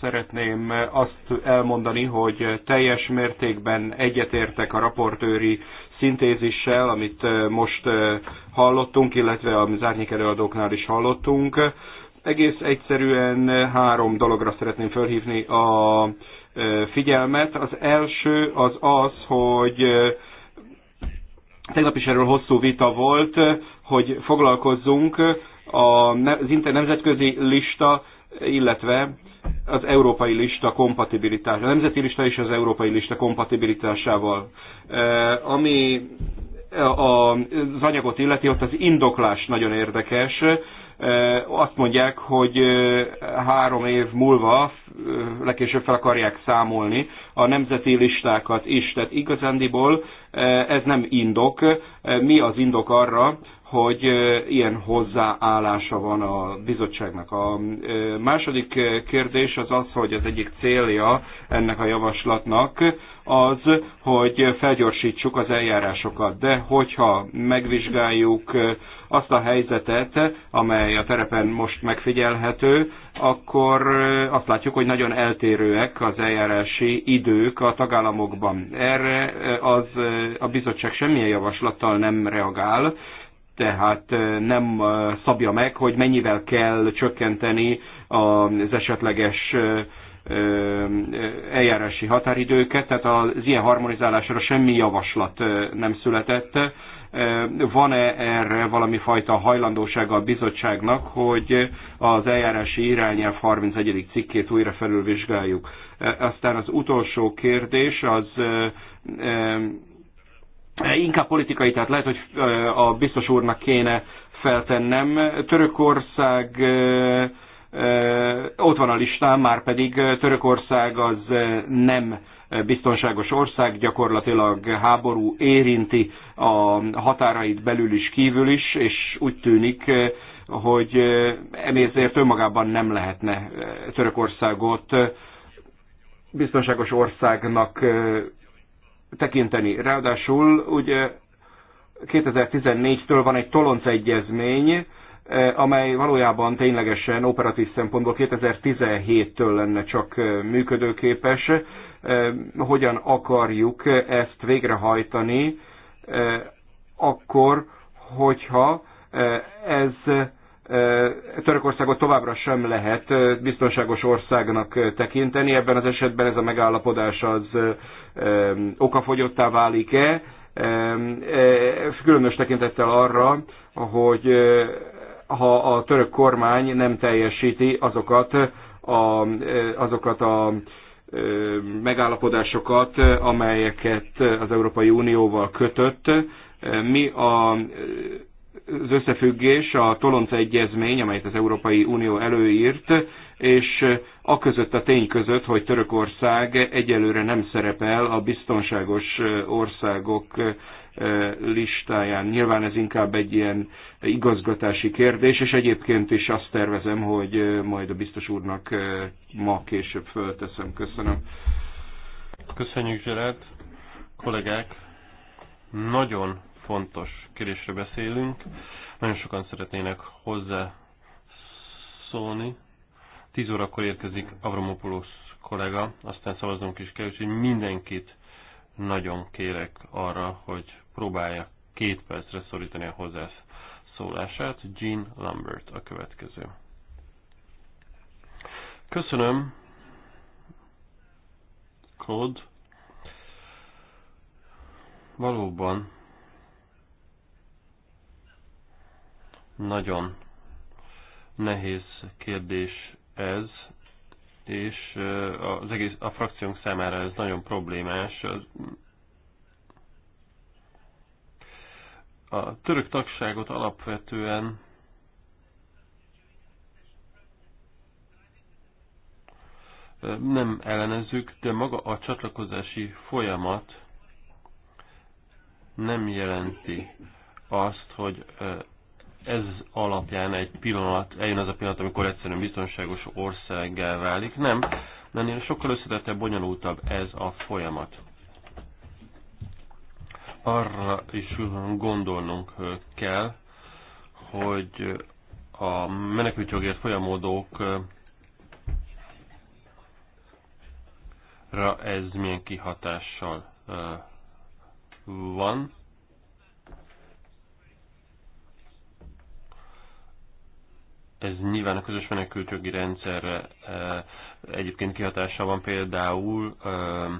szeretném azt elmondani, hogy teljes mértékben egyetértek a raportőri szintézissel, amit most hallottunk, illetve az árnyék előadóknál is hallottunk. Egész egyszerűen három dologra szeretném felhívni a figyelmet. Az első az az, hogy tegnap is erről hosszú vita volt, hogy foglalkozzunk az nemzetközi lista, illetve az európai lista kompatibilitás, a nemzeti lista és az európai lista kompatibilitásával. E, ami e, az anyagot illeti, ott az indoklás nagyon érdekes. E, azt mondják, hogy három év múlva legkésőbb fel akarják számolni a nemzeti listákat is. Tehát igazándiból ez nem indok. Mi az indok arra, hogy ilyen hozzáállása van a bizottságnak. A második kérdés az az, hogy az egyik célja ennek a javaslatnak az, hogy felgyorsítsuk az eljárásokat. De hogyha megvizsgáljuk azt a helyzetet, amely a terepen most megfigyelhető, akkor azt látjuk, hogy nagyon eltérőek az eljárási idők a tagállamokban. Erre az, a bizottság semmilyen javaslattal nem reagál, tehát nem szabja meg, hogy mennyivel kell csökkenteni az esetleges eljárási határidőket, tehát az ilyen harmonizálásra semmi javaslat nem született. Van-e erre valami fajta hajlandósága a bizottságnak, hogy az eljárási irányelv 31. cikkét újra felülvizsgáljuk? Aztán az utolsó kérdés az inkább politikai, tehát lehet, hogy a biztos úrnak kéne feltennem. Törökország ott van a listán, már pedig Törökország az nem biztonságos ország, gyakorlatilag háború érinti a határait belül is, kívül is, és úgy tűnik, hogy emézért önmagában nem lehetne Törökországot biztonságos országnak tekinteni. Ráadásul ugye 2014-től van egy tolonc egyezmény, eh, amely valójában ténylegesen operatív szempontból 2017-től lenne csak eh, működőképes. Eh, hogyan akarjuk ezt végrehajtani akkor, hogyha ez Törökországot továbbra sem lehet biztonságos országnak tekinteni, ebben az esetben ez a megállapodás az okafogyottá válik-e, e, különös tekintettel arra, hogy e, ha a török kormány nem teljesíti azokat a, e, azokat a megállapodásokat, amelyeket az Európai Unióval kötött. Mi a, az összefüggés a Tolonca Egyezmény, amelyet az Európai Unió előírt, és aközött a tény között, hogy Törökország egyelőre nem szerepel a biztonságos országok listáján. Nyilván ez inkább egy ilyen igazgatási kérdés, és egyébként is azt tervezem, hogy majd a biztos úrnak ma később fölteszem. Köszönöm. Köszönjük, Zsered. Kollégák, nagyon fontos kérdésre beszélünk. Nagyon sokan szeretnének hozzá szólni. 10 órakor érkezik Avramopoulos kollega, aztán szavazunk is kell, úgyhogy mindenkit nagyon kérek arra, hogy próbálja két percre szorítani a hozzászólását. Jean Lambert a következő. Köszönöm, Claude. Valóban nagyon nehéz kérdés ez, és az egész, a frakciónk számára ez nagyon problémás. A török tagságot alapvetően nem ellenezzük, de maga a csatlakozási folyamat nem jelenti azt, hogy ez alapján egy pillanat, eljön az a pillanat, amikor egyszerűen biztonságos országgá válik. Nem, ennél sokkal összetettebb, bonyolultabb ez a folyamat. Arra is gondolnunk kell, hogy a menekültjogért folyamodók ez milyen kihatással van Ez nyilván a közös menekültjogi rendszerre eh, egyébként kihatása van például eh,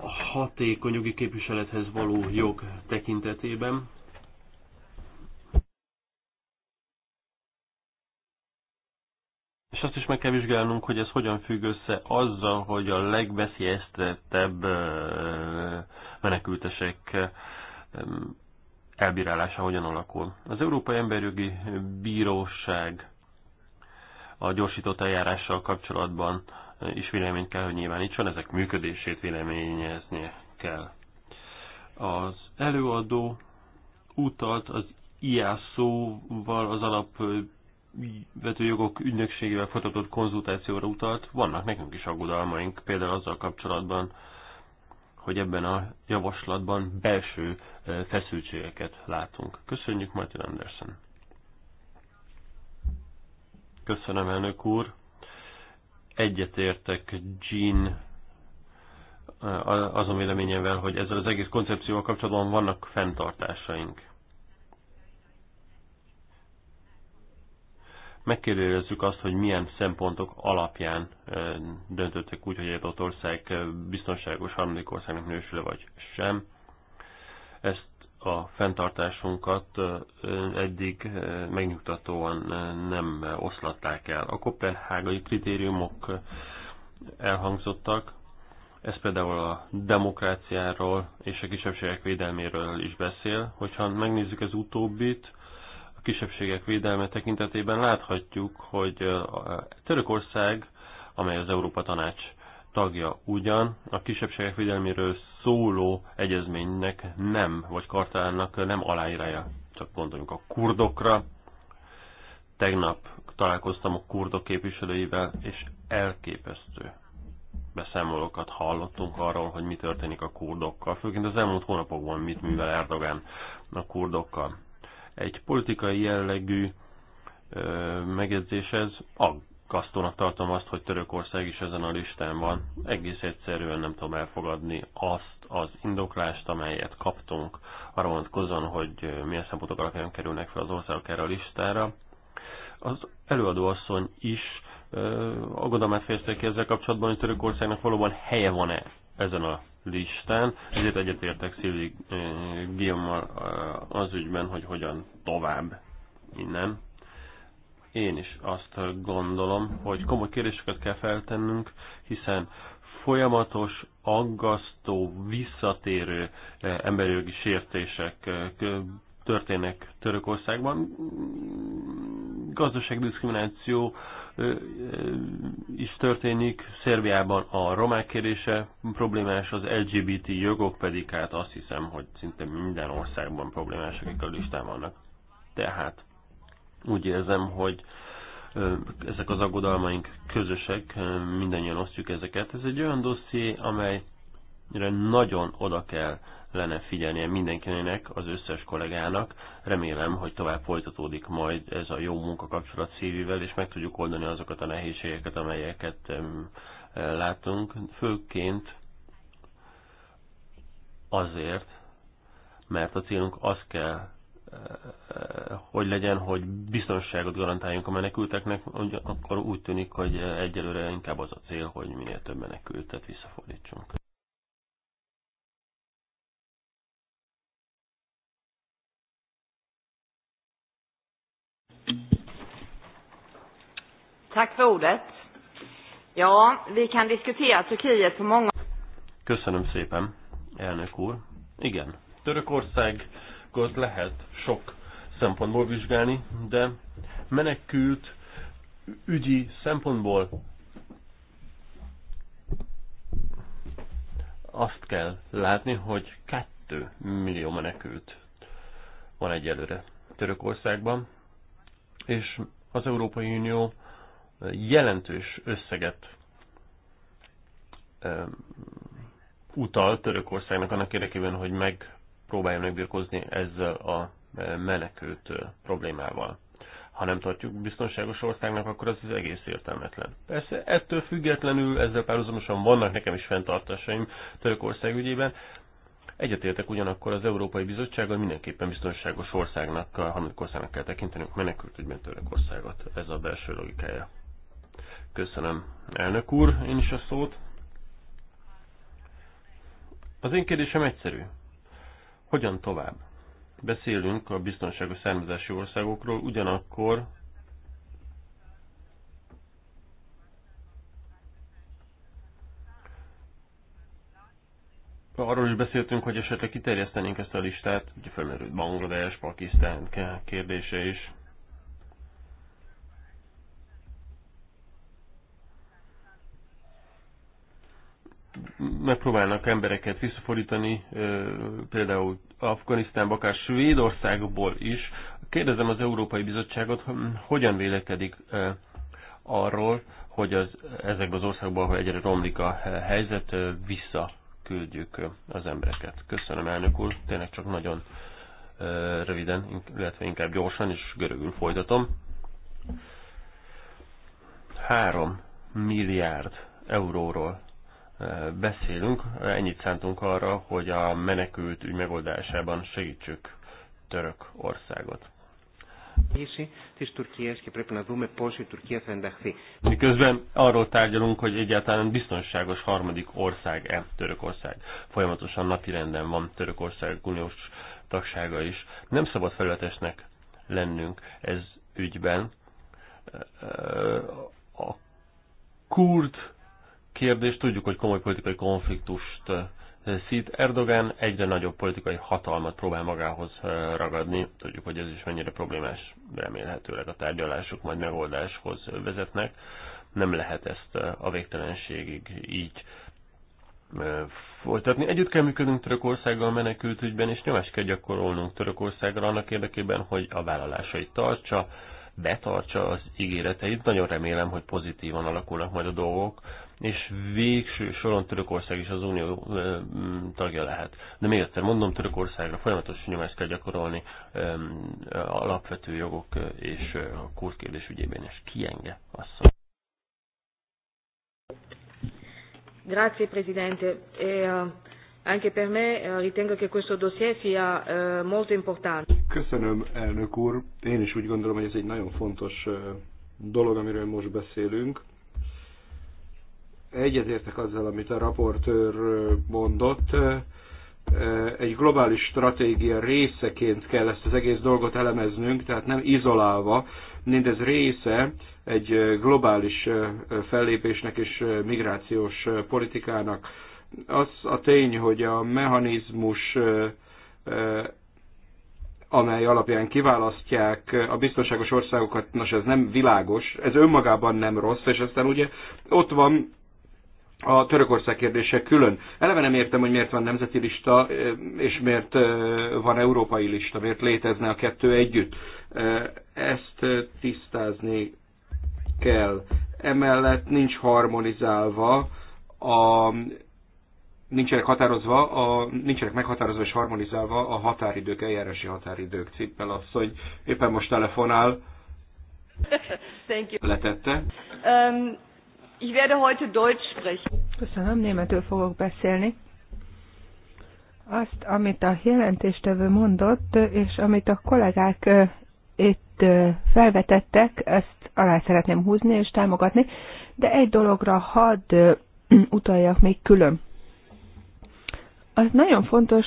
a hatékony jogi képviselethez való jog tekintetében, és azt is meg kell vizsgálnunk, hogy ez hogyan függ össze azzal, hogy a legveszélyeztettebb eh, menekültesek elbírálása hogyan alakul. Az Európai Emberjogi Bíróság a gyorsított eljárással kapcsolatban eh, is véleményt kell, hogy nyilvánítson, ezek működését véleményeznie kell. Az előadó utalt az IASZ-val az alapvető jogok ügynökségével folytatott konzultációra utalt. Vannak nekünk is aggodalmaink, például azzal kapcsolatban, hogy ebben a javaslatban belső eh, feszültségeket látunk. Köszönjük, Martin Anderson. Köszönöm, elnök úr. Egyetértek Jean eh, azon véleményével, hogy ezzel az egész koncepcióval kapcsolatban vannak fenntartásaink. megkérdezzük azt, hogy milyen szempontok alapján döntöttek úgy, hogy egy adott ország biztonságos harmadik országnak nősül vagy sem. Ezt a fenntartásunkat eddig megnyugtatóan nem oszlatták el. A kopenhágai kritériumok elhangzottak, ez például a demokráciáról és a kisebbségek védelméről is beszél. Hogyha megnézzük az utóbbit, a kisebbségek védelme tekintetében láthatjuk, hogy a Törökország, amely az Európa Tanács tagja ugyan, a kisebbségek védelméről szóló egyezménynek nem, vagy kartának nem aláírája. Csak gondoljunk a kurdokra. Tegnap találkoztam a kurdok képviselőivel, és elképesztő beszámolókat hallottunk arról, hogy mi történik a kurdokkal, főként az elmúlt hónapokban mit művel Erdogan a kurdokkal. Egy politikai jellegű megjegyzéshez aggasztónak tartom azt, hogy Törökország is ezen a listán van. Egész egyszerűen nem tudom elfogadni azt az indoklást, amelyet kaptunk arra vonatkozóan, hogy milyen szempontok alapján kerülnek fel az országok erre a listára. Az előadóasszony is aggodalmát fejezte ki ezzel kapcsolatban, hogy Törökországnak valóban helye van-e ezen a listán, ezért egyetértek Szilvi eh, guillaume eh, az ügyben, hogy hogyan tovább innen. Én is azt gondolom, hogy komoly kérdéseket kell feltennünk, hiszen folyamatos, aggasztó, visszatérő eh, emberjogi sértések történnek Törökországban. Gazdaságdiszkrimináció, is történik. Szerbiában a romák kérése problémás, az LGBT jogok pedig hát azt hiszem, hogy szinte minden országban problémás, akik a listán vannak. Tehát úgy érzem, hogy ezek az aggodalmaink közösek, mindannyian osztjuk ezeket. Ez egy olyan dosszié, amelyre nagyon oda kell lenne figyelnie mindenkinek, az összes kollégának. Remélem, hogy tovább folytatódik majd ez a jó munka kapcsolat szívivel, és meg tudjuk oldani azokat a nehézségeket, amelyeket látunk. Főként azért, mert a célunk az kell, eh, hogy legyen, hogy biztonságot garantáljunk a menekülteknek, akkor úgy tűnik, hogy egyelőre inkább az a cél, hogy minél több menekültet visszafordítsunk. Tack för ordet. Ja, vi kan diskutera Turkiet på många... Köszönöm szépen, elnök úr. Igen, Törökországot lehet sok szempontból vizsgálni, de menekült ügyi szempontból azt kell látni, hogy kettő millió menekült van egyelőre Törökországban, és az Európai Unió jelentős összeget utal Törökországnak annak érdekében, hogy megpróbáljon megbirkózni ezzel a menekült problémával. Ha nem tartjuk biztonságos országnak, akkor az az egész értelmetlen. Persze ettől függetlenül ezzel párhuzamosan vannak nekem is fenntartásaim Törökország ügyében, Egyetértek ugyanakkor az Európai Bizottsággal mindenképpen biztonságos országnak, a harmadik országnak kell tekintenünk török országot. Ez a belső logikája. Köszönöm, elnök úr, én is a szót. Az én kérdésem egyszerű. Hogyan tovább? Beszélünk a biztonságos származási országokról, ugyanakkor Arról is beszéltünk, hogy esetleg kiterjesztenénk ezt a listát, ugye felmerült Banglades, Pakisztán kérdése is. Megpróbálnak embereket visszafordítani, például Afganisztánba, akár Svédországból is. Kérdezem az Európai Bizottságot, hogyan vélekedik arról, hogy az, ezekben az országokban, ahol egyre romlik a helyzet, vissza küldjük az embereket. Köszönöm, elnök úr, tényleg csak nagyon röviden, illetve inkább gyorsan, és görögül folytatom. 3 milliárd euróról beszélünk, ennyit szántunk arra, hogy a menekült ügy megoldásában segítsük Törökországot. Miközben arról tárgyalunk, hogy egyáltalán biztonságos harmadik ország-e Törökország. Folyamatosan napirenden van Törökország uniós tagsága is. Nem szabad felületesnek lennünk ez ügyben. A kurd kérdés tudjuk, hogy komoly politikai konfliktust szít. Erdogan egyre nagyobb politikai hatalmat próbál magához ragadni. Tudjuk, hogy ez is mennyire problémás, remélhetőleg a tárgyalások majd megoldáshoz vezetnek. Nem lehet ezt a végtelenségig így folytatni. Együtt kell működnünk Törökországgal a menekültügyben, és nyomást kell gyakorolnunk Törökországra annak érdekében, hogy a vállalásait tartsa, betartsa az ígéreteit. Nagyon remélem, hogy pozitívan alakulnak majd a dolgok és végső soron Törökország is az unió tagja lehet. De még egyszer mondom, Törökországra folyamatos nyomást kell gyakorolni alapvető jogok és a kurd kérdés ügyében, és kienge mondja. Grazie Presidente. E, uh, anche per me uh, ritengo che questo dossier sia uh, molto importante. Köszönöm, elnök úr. Én is úgy gondolom, hogy ez egy nagyon fontos uh, dolog, amiről most beszélünk Egyetértek azzal, amit a raportőr mondott. Egy globális stratégia részeként kell ezt az egész dolgot elemeznünk, tehát nem izolálva. Mindez része egy globális fellépésnek és migrációs politikának. Az a tény, hogy a mechanizmus amely alapján kiválasztják a biztonságos országokat, nos ez nem világos, ez önmagában nem rossz, és aztán ugye ott van a Törökország kérdése külön. Eleve nem értem, hogy miért van nemzeti lista, és miért van európai lista, miért létezne a kettő együtt. Ezt tisztázni kell. Emellett nincs harmonizálva a nincsenek határozva, a, nincsenek meghatározva és harmonizálva a határidők, eljárási határidők. Cippel hogy éppen most telefonál. Thank you. Letette. Um, Ich werde heute Deutsch sprechen. Köszönöm, németül fogok beszélni. Azt, amit a jelentéstevő mondott, és amit a kollégák itt felvetettek, ezt alá szeretném húzni és támogatni, de egy dologra hadd utaljak még külön. Az nagyon fontos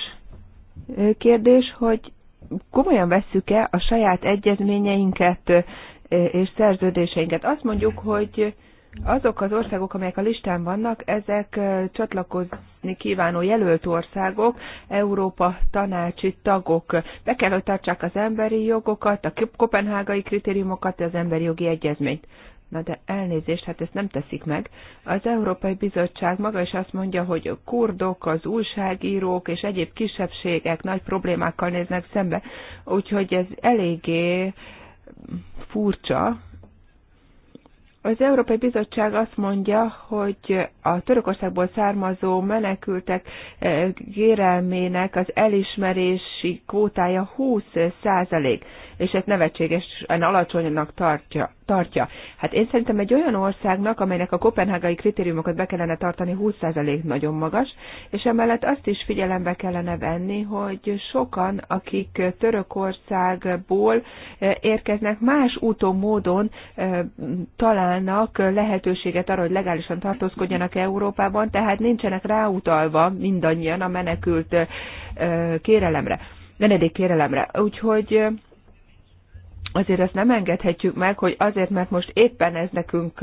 kérdés, hogy komolyan vesszük-e a saját egyezményeinket és szerződéseinket. Azt mondjuk, hogy azok az országok, amelyek a listán vannak, ezek csatlakozni kívánó jelölt országok, Európa tanácsi tagok. Be kell, hogy tartsák az emberi jogokat, a kopenhágai kritériumokat, az emberi jogi egyezményt. Na de elnézést, hát ezt nem teszik meg. Az Európai Bizottság maga is azt mondja, hogy a kurdok, az újságírók és egyéb kisebbségek nagy problémákkal néznek szembe, úgyhogy ez eléggé furcsa, az Európai Bizottság azt mondja, hogy a Törökországból származó menekültek eh, gérelmének az elismerési kvótája 20 százalék és ezt nevetségesen alacsonynak tartja. tartja. Hát én szerintem egy olyan országnak, amelynek a kopenhágai kritériumokat be kellene tartani, 20% nagyon magas, és emellett azt is figyelembe kellene venni, hogy sokan, akik Törökországból eh, érkeznek, más úton, módon eh, találnak lehetőséget arra, hogy legálisan tartózkodjanak Európában, tehát nincsenek ráutalva mindannyian a menekült eh, kérelemre, kérelemre. Úgyhogy azért ezt nem engedhetjük meg, hogy azért, mert most éppen ez nekünk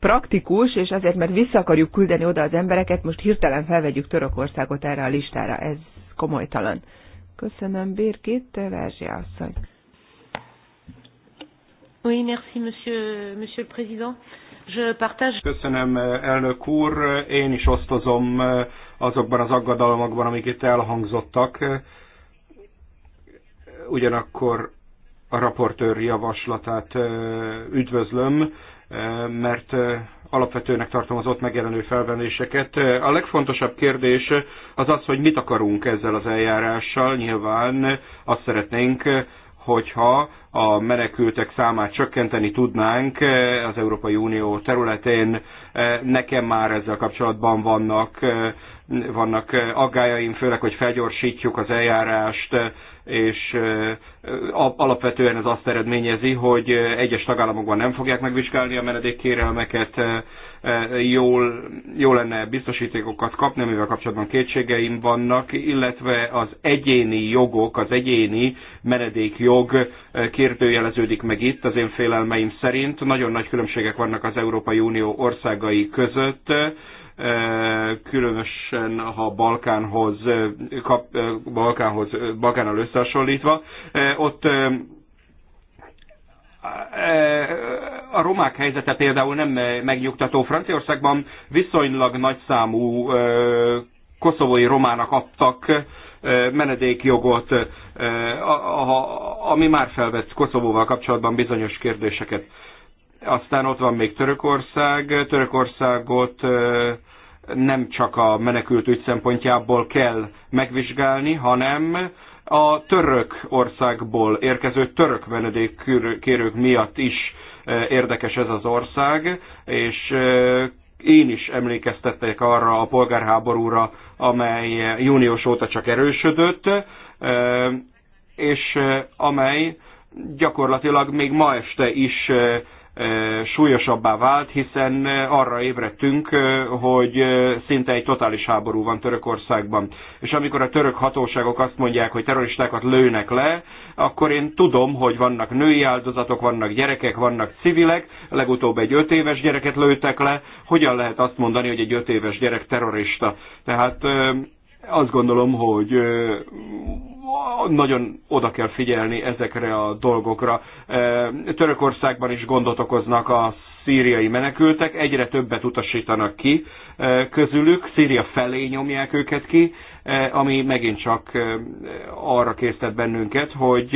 praktikus, és azért, mert vissza akarjuk küldeni oda az embereket, most hirtelen felvegyük Törökországot erre a listára. Ez komolytalan. Köszönöm, Birgit, Verzsia asszony. Oui, merci, monsieur, monsieur le président. Je partage... Köszönöm, elnök úr. Én is osztozom azokban az aggodalmakban, amik itt elhangzottak. Ugyanakkor a raportőr javaslatát üdvözlöm, mert alapvetőnek tartom az ott megjelenő felvenéseket. A legfontosabb kérdés az az, hogy mit akarunk ezzel az eljárással. Nyilván azt szeretnénk, hogyha a menekültek számát csökkenteni tudnánk az Európai Unió területén. Nekem már ezzel kapcsolatban vannak vannak aggájaim, főleg, hogy felgyorsítjuk az eljárást, és alapvetően ez azt eredményezi, hogy egyes tagállamokban nem fogják megvizsgálni a menedékkérelmeket, jól, jól lenne biztosítékokat kapni, amivel kapcsolatban kétségeim vannak, illetve az egyéni jogok, az egyéni menedékjog kérdőjeleződik meg itt az én félelmeim szerint. Nagyon nagy különbségek vannak az Európai Unió országai között különösen ha Balkánhoz, kap, Balkánhoz, Balkánnal összehasonlítva. Ott a romák helyzete például nem megnyugtató. Franciaországban viszonylag számú koszovói romának adtak menedékjogot, ami már felvett Koszovóval kapcsolatban bizonyos kérdéseket. Aztán ott van még Törökország. Törökországot nem csak a menekült ügy szempontjából kell megvizsgálni, hanem a török országból érkező török menedékkérők miatt is e, érdekes ez az ország, és e, én is emlékeztettek arra a polgárháborúra, amely június óta csak erősödött, e, és amely gyakorlatilag még ma este is súlyosabbá vált, hiszen arra ébredtünk, hogy szinte egy totális háború van Törökországban. És amikor a török hatóságok azt mondják, hogy terroristákat lőnek le, akkor én tudom, hogy vannak női áldozatok, vannak gyerekek, vannak civilek, legutóbb egy öt éves gyereket lőttek le. Hogyan lehet azt mondani, hogy egy öt éves gyerek terrorista? Tehát azt gondolom, hogy nagyon oda kell figyelni ezekre a dolgokra. Törökországban is gondot okoznak a szíriai menekültek, egyre többet utasítanak ki közülük, Szíria felé nyomják őket ki, ami megint csak arra késztet bennünket, hogy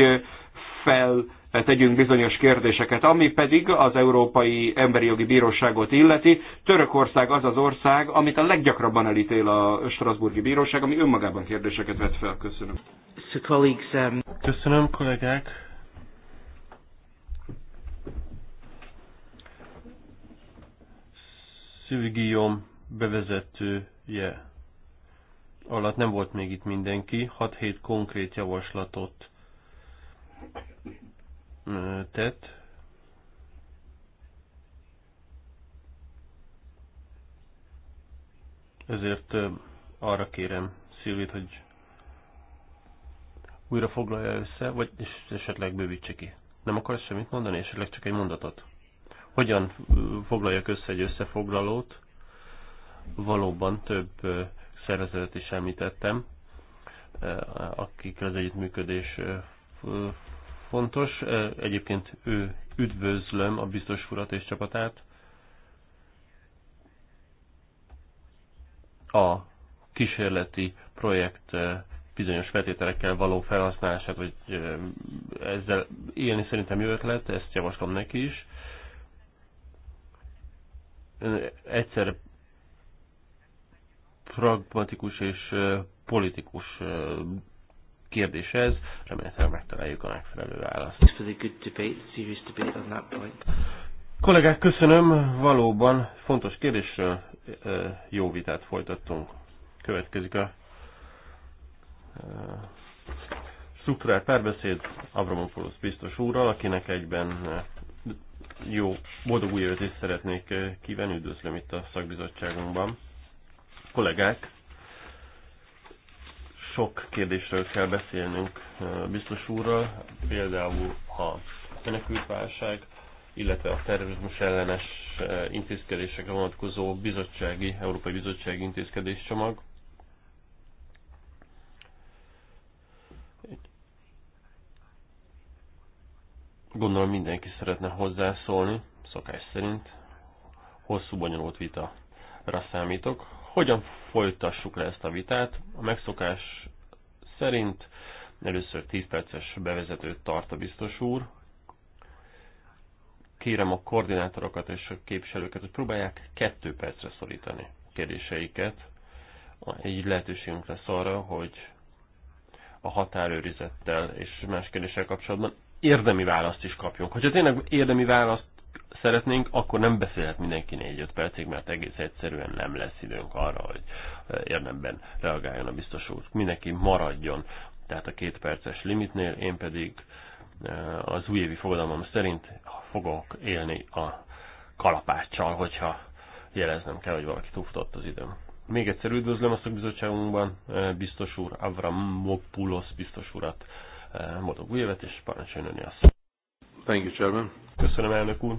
fel tegyünk bizonyos kérdéseket. Ami pedig az Európai Emberi Jogi Bíróságot illeti, Törökország az az ország, amit a leggyakrabban elítél a Strasburgi Bíróság, ami önmagában kérdéseket vet fel. Köszönöm. Um, Köszönöm, kollégák. Szűri bevezetője alatt nem volt még itt mindenki, 6-7 konkrét javaslatot tett. Ezért arra kérem Szilvit, hogy újra foglalja össze, vagy és esetleg bővítse ki. Nem akarsz semmit mondani, esetleg csak egy mondatot? Hogyan foglaljak össze egy összefoglalót? Valóban több szervezetet is említettem, akikkel az együttműködés fontos. Egyébként ő üdvözlöm a biztos urat és csapatát. A kísérleti projekt bizonyos feltételekkel való felhasználását, vagy ezzel élni szerintem jó ötlet, ezt javaslom neki is. Egyszer pragmatikus és politikus kérdés ez, remélhetően megtaláljuk a megfelelő választ. Kollégák, köszönöm, valóban fontos kérdésről jó vitát folytattunk. Következik a struktúrál párbeszéd Avramopoulos biztos úrral, akinek egyben jó, boldog új is szeretnék kívánni, üdvözlöm itt a szakbizottságunkban. Kollégák, sok kérdésről kell beszélnünk biztos úrral, például a menekültválság, illetve a terrorizmus ellenes intézkedésekre vonatkozó bizottsági, Európai Bizottsági Intézkedés csomag. Gondolom mindenki szeretne hozzászólni, szokás szerint. Hosszú bonyolult vita. Rá számítok, hogyan folytassuk le ezt a vitát? A megszokás szerint először 10 perces bevezetőt tart a biztos úr. Kérem a koordinátorokat és a képviselőket, hogy próbálják 2 percre szorítani kérdéseiket. egy lehetőségünk lesz arra, hogy a határőrizettel és más kérdéssel kapcsolatban érdemi választ is kapjunk. Hogyha tényleg érdemi választ szeretnénk, akkor nem beszélhet mindenki 4-5 percig, mert egész egyszerűen nem lesz időnk arra, hogy érdemben reagáljon a biztos úr. Mindenki maradjon, tehát a két perces limitnél, én pedig az újévi fogadalmam szerint fogok élni a kalapáccsal, hogyha jeleznem kell, hogy valaki túlfutott az időm. Még egyszer üdvözlöm a szakbizottságunkban biztos úr Avramopoulos biztos urat, boldog új évet, és parancsoljon a Thank you, Chairman. Köszönöm, elnök úr.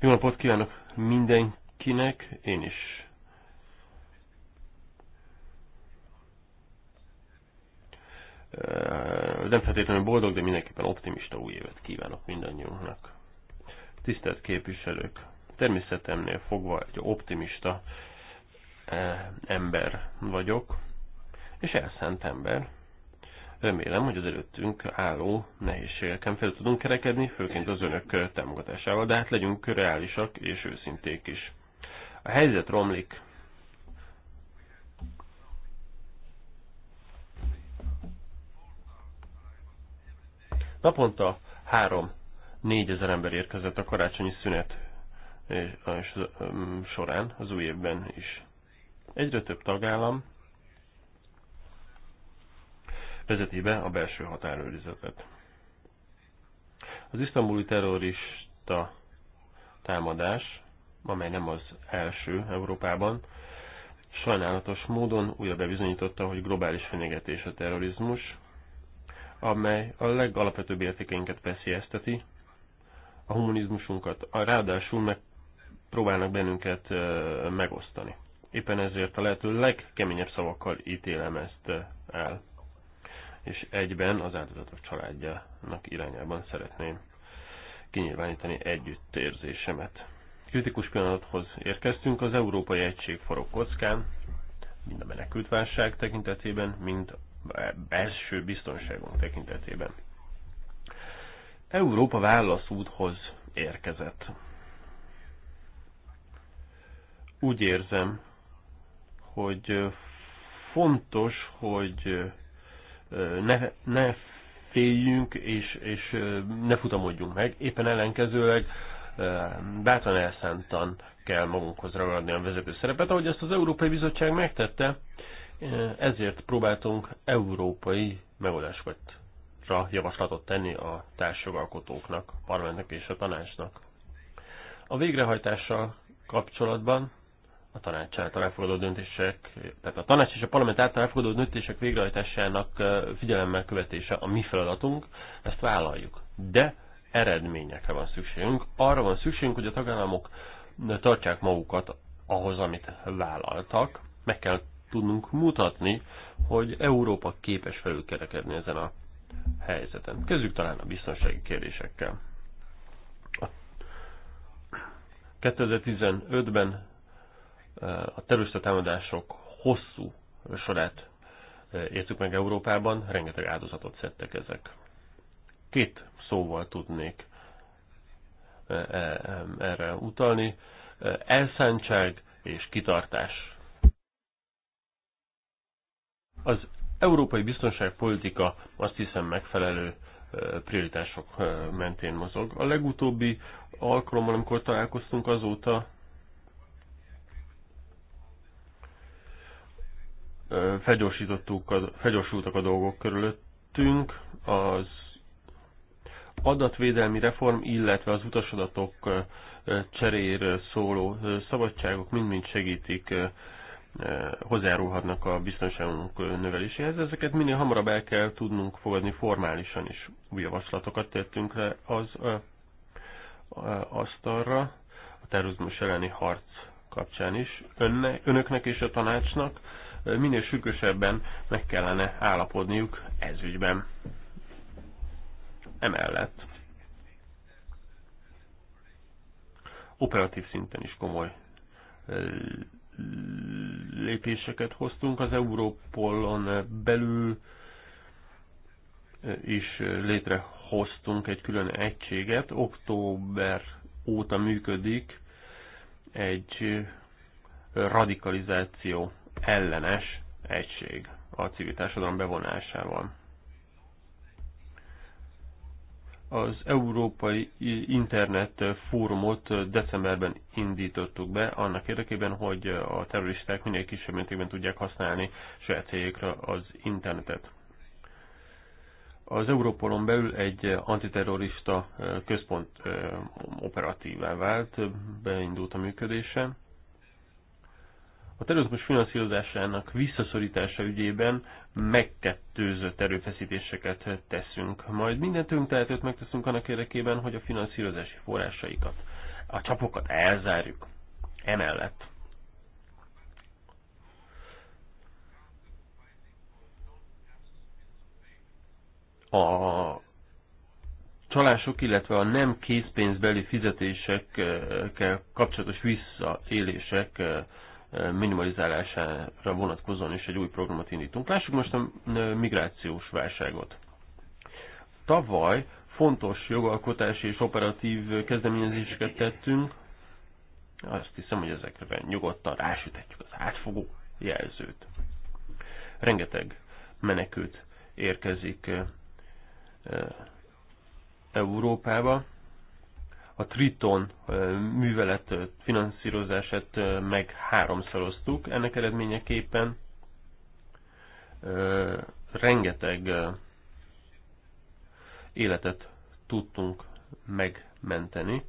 Jó napot kívánok mindenkinek, én is. Nem feltétlenül boldog, de mindenképpen optimista új évet kívánok mindannyiunknak. Tisztelt képviselők, természetemnél fogva egy optimista ember vagyok, és elszánt ember. Remélem, hogy az előttünk álló nehézségeken fel tudunk kerekedni, főként az önök támogatásával, de hát legyünk reálisak és őszinték is. A helyzet romlik. Naponta három, ezer ember érkezett a karácsonyi szünet eh, és, um, során, az új évben is. Egyre több tagállam vezeti be a belső határőrizetet. Az isztambuli terrorista támadás, amely nem az első Európában, sajnálatos módon újra bebizonyította, hogy globális fenyegetés a terrorizmus, amely a legalapvetőbb értékeinket veszélyezteti, a humanizmusunkat, A ráadásul meg próbálnak bennünket megosztani. Éppen ezért a lehető legkeményebb szavakkal ítélem ezt el és egyben az áldozatok családjának irányában szeretném kinyilvánítani együttérzésemet. Kritikus pillanathoz érkeztünk, az Európai Egység forog kockán, mind a menekültválság tekintetében, mind a belső biztonságunk tekintetében. Európa válaszúthoz érkezett. Úgy érzem, hogy fontos, hogy ne, ne féljünk és, és ne futamodjunk meg, éppen ellenkezőleg bátran elszántan kell magunkhoz ragadni a vezető szerepet, ahogy ezt az Európai Bizottság megtette, ezért próbáltunk európai megoldásokat javaslatot tenni a társjogalkotóknak, parlamentnek és a tanácsnak. A végrehajtással kapcsolatban a tanács által elfogadó döntések, tehát a tanács és a parlament által elfogadó döntések végrehajtásának figyelemmel követése a mi feladatunk, ezt vállaljuk. De eredményekre van szükségünk. Arra van szükségünk, hogy a tagállamok tartják magukat ahhoz, amit vállaltak. Meg kell tudnunk mutatni, hogy Európa képes felülkerekedni ezen a helyzeten. Kezdjük talán a biztonsági kérdésekkel. 2015-ben a terrorista támadások hosszú sorát e, értük meg Európában, rengeteg áldozatot szedtek ezek. Két szóval tudnék e, e, erre utalni. Elszántság és kitartás. Az európai biztonságpolitika azt hiszem megfelelő prioritások mentén mozog. A legutóbbi alkalommal, amikor találkoztunk azóta fegyorsítottuk, a, felgyorsultak a dolgok körülöttünk, az adatvédelmi reform, illetve az utasadatok cseréjéről szóló szabadságok mind-mind segítik, hozzájárulhatnak a biztonságunk növeléséhez. Ezeket minél hamarabb el kell tudnunk fogadni formálisan is. Új javaslatokat tettünk le az asztalra, a terrorizmus elleni harc kapcsán is, önnek, önöknek és a tanácsnak minél sürgősebben meg kellene állapodniuk ez ügyben. Emellett operatív szinten is komoly lépéseket hoztunk az Európolon belül, is létrehoztunk egy külön egységet. Október óta működik egy radikalizáció ellenes egység a civil társadalom bevonásával. Az Európai Internet Fórumot decemberben indítottuk be, annak érdekében, hogy a terroristák minél kisebb mértékben tudják használni saját céljaikra az internetet. Az Európolon belül egy antiterrorista központ operatívá vált, beindult a működése, a terrorizmus finanszírozásának visszaszorítása ügyében megkettőzött erőfeszítéseket teszünk. Majd minden tőnk tehetőt megteszünk annak érdekében, hogy a finanszírozási forrásaikat, a csapokat elzárjuk. Emellett a csalások, illetve a nem készpénzbeli fizetésekkel kapcsolatos visszaélések minimalizálására vonatkozóan is egy új programot indítunk. Lássuk most a migrációs válságot. Tavaly fontos jogalkotási és operatív kezdeményezéseket tettünk. Azt hiszem, hogy ezekben nyugodtan rásütetjük az átfogó jelzőt. Rengeteg menekült érkezik Európába, a Triton művelet finanszírozását meg háromszoroztuk. Ennek eredményeképpen rengeteg életet tudtunk megmenteni.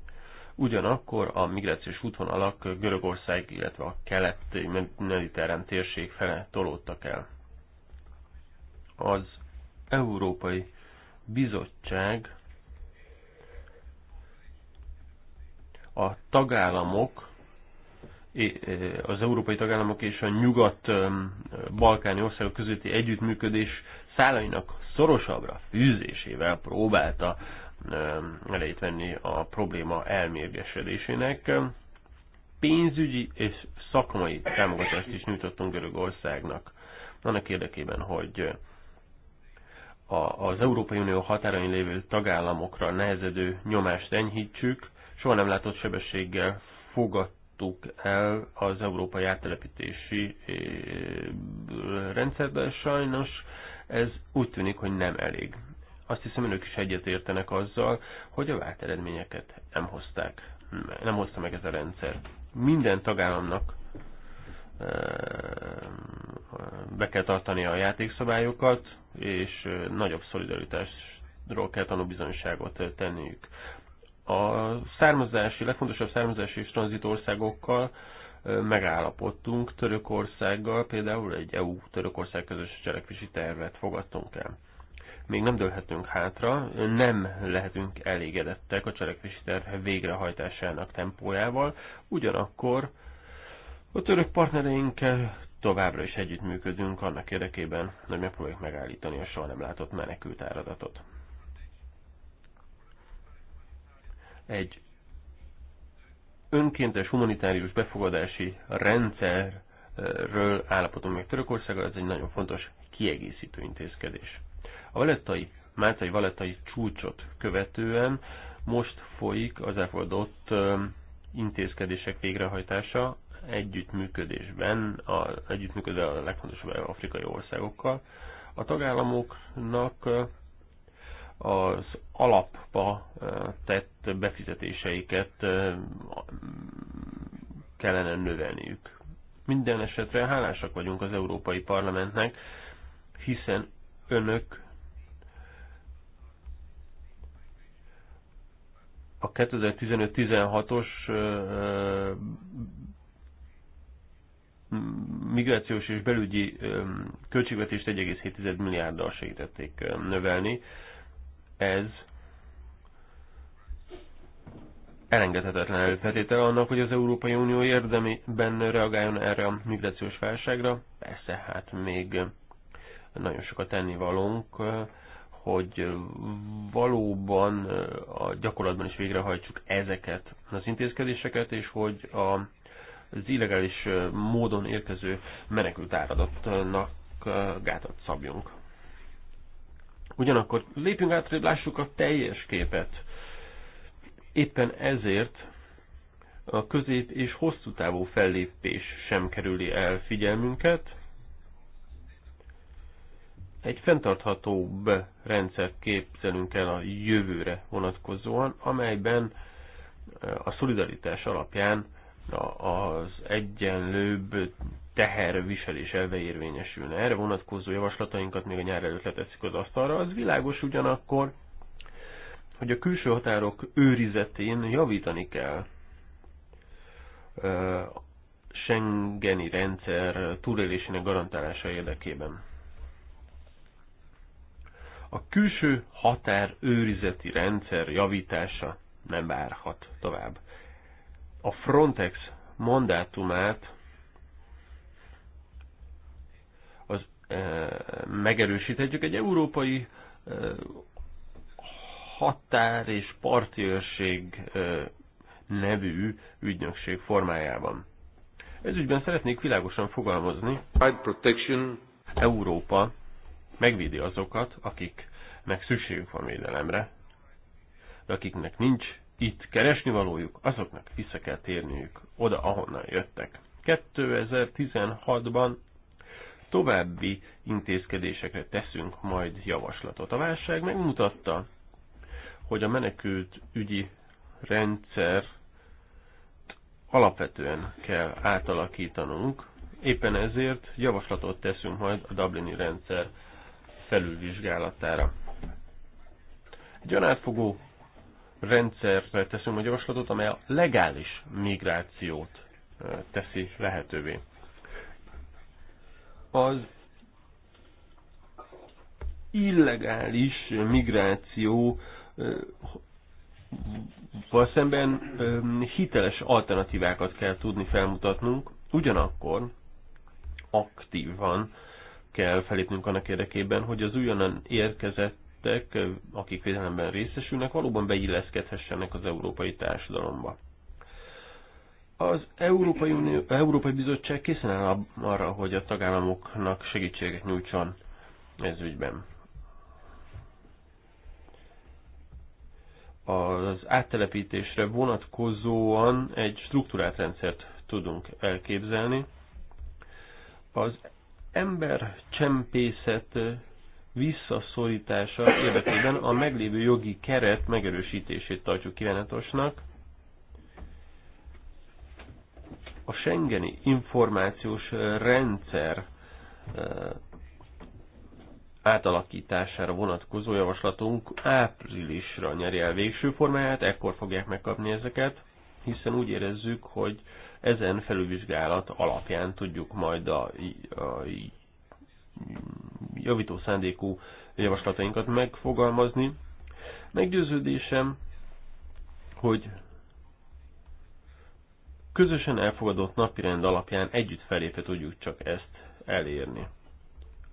Ugyanakkor a migrációs útvonalak Görögország, illetve a keleti mediterrán térség fele tolódtak el. Az Európai Bizottság a tagállamok, az európai tagállamok és a nyugat-balkáni országok közötti együttműködés szálainak szorosabbra fűzésével próbálta elejét venni a probléma elmérgesedésének. Pénzügyi és szakmai támogatást is nyújtottunk Görögországnak annak érdekében, hogy az Európai Unió határain lévő tagállamokra nehezedő nyomást enyhítsük, soha nem látott sebességgel fogadtuk el az európai áttelepítési eh, rendszerben. Sajnos ez úgy tűnik, hogy nem elég. Azt hiszem, önök is egyetértenek azzal, hogy a vált eredményeket nem hozták, nem hozta meg ez a rendszer. Minden tagállamnak eh, be kell tartani a játékszabályokat, és eh, nagyobb szolidaritásról kell tanúbizonyságot tenniük a származási, legfontosabb származási és tranzitországokkal megállapodtunk. Törökországgal például egy EU-Törökország közös cselekvési tervet fogadtunk el. Még nem dőlhetünk hátra, nem lehetünk elégedettek a cselekvési terv végrehajtásának tempójával, ugyanakkor a török partnereinkkel továbbra is együttműködünk annak érdekében, hogy megpróbáljuk megállítani a soha nem látott menekült áradatot. egy önkéntes humanitárius befogadási rendszerről állapodunk meg Törökországgal, ez egy nagyon fontos kiegészítő intézkedés. A valettai, Máltai valettai csúcsot követően most folyik az elfogadott intézkedések végrehajtása együttműködésben, a, együttműködve a legfontosabb afrikai országokkal. A tagállamoknak az alapba tett befizetéseiket kellene növelniük. Minden esetre hálásak vagyunk az Európai Parlamentnek, hiszen önök a 2015-16-os migrációs és belügyi költségvetést 1,7 milliárddal segítették növelni ez elengedhetetlen előfeltétele annak, hogy az Európai Unió érdemében reagáljon erre a migrációs válságra. Persze, hát még nagyon sokat valunk, hogy valóban a gyakorlatban is végrehajtsuk ezeket az intézkedéseket, és hogy a, az illegális módon érkező menekült áradatnak eh, gátat szabjunk. Ugyanakkor lépjünk át, hogy lássuk a teljes képet. Éppen ezért a közép és hosszú távú fellépés sem kerüli el figyelmünket. Egy fenntarthatóbb rendszer képzelünk el a jövőre vonatkozóan, amelyben a szolidaritás alapján az egyenlőbb teherviselés elve érvényesülne. Erre vonatkozó javaslatainkat még a nyár előtt leteszik az asztalra. Az világos ugyanakkor, hogy a külső határok őrizetén javítani kell. Schengeni rendszer túlélésének garantálása érdekében. A külső határ őrizeti rendszer javítása nem várhat tovább. A Frontex mandátumát megerősíthetjük. Egy európai határ és parti őrség nevű ügynökség formájában. Ez ügyben szeretnék világosan fogalmazni. Protection. Európa megvédi azokat, akiknek szükségük van védelemre, de akiknek nincs itt keresni valójuk, azoknak vissza kell térniük oda, ahonnan jöttek. 2016-ban további intézkedésekre teszünk majd javaslatot. A válság megmutatta, hogy a menekült ügyi rendszer alapvetően kell átalakítanunk, éppen ezért javaslatot teszünk majd a Dublini rendszer felülvizsgálatára. Egy olyan átfogó rendszerre teszünk a javaslatot, amely a legális migrációt eh, teszi lehetővé az illegális migráció szemben hiteles alternatívákat kell tudni felmutatnunk, ugyanakkor aktívan kell felépnünk annak érdekében, hogy az újonnan érkezettek, akik védelemben részesülnek, valóban beilleszkedhessenek az európai társadalomba. Az Európai, Unió, Európai Bizottság készen áll arra, hogy a tagállamoknak segítséget nyújtson ez ügyben. Az áttelepítésre vonatkozóan egy struktúrált rendszert tudunk elképzelni. Az ember csempészet visszaszorítása érdekében a meglévő jogi keret megerősítését tartjuk kívánatosnak, a Schengeni információs rendszer átalakítására vonatkozó javaslatunk áprilisra nyeri el végső formáját, ekkor fogják megkapni ezeket, hiszen úgy érezzük, hogy ezen felülvizsgálat alapján tudjuk majd a, a javító szándékú javaslatainkat megfogalmazni. Meggyőződésem, hogy közösen elfogadott napirend alapján együtt felépe tudjuk csak ezt elérni.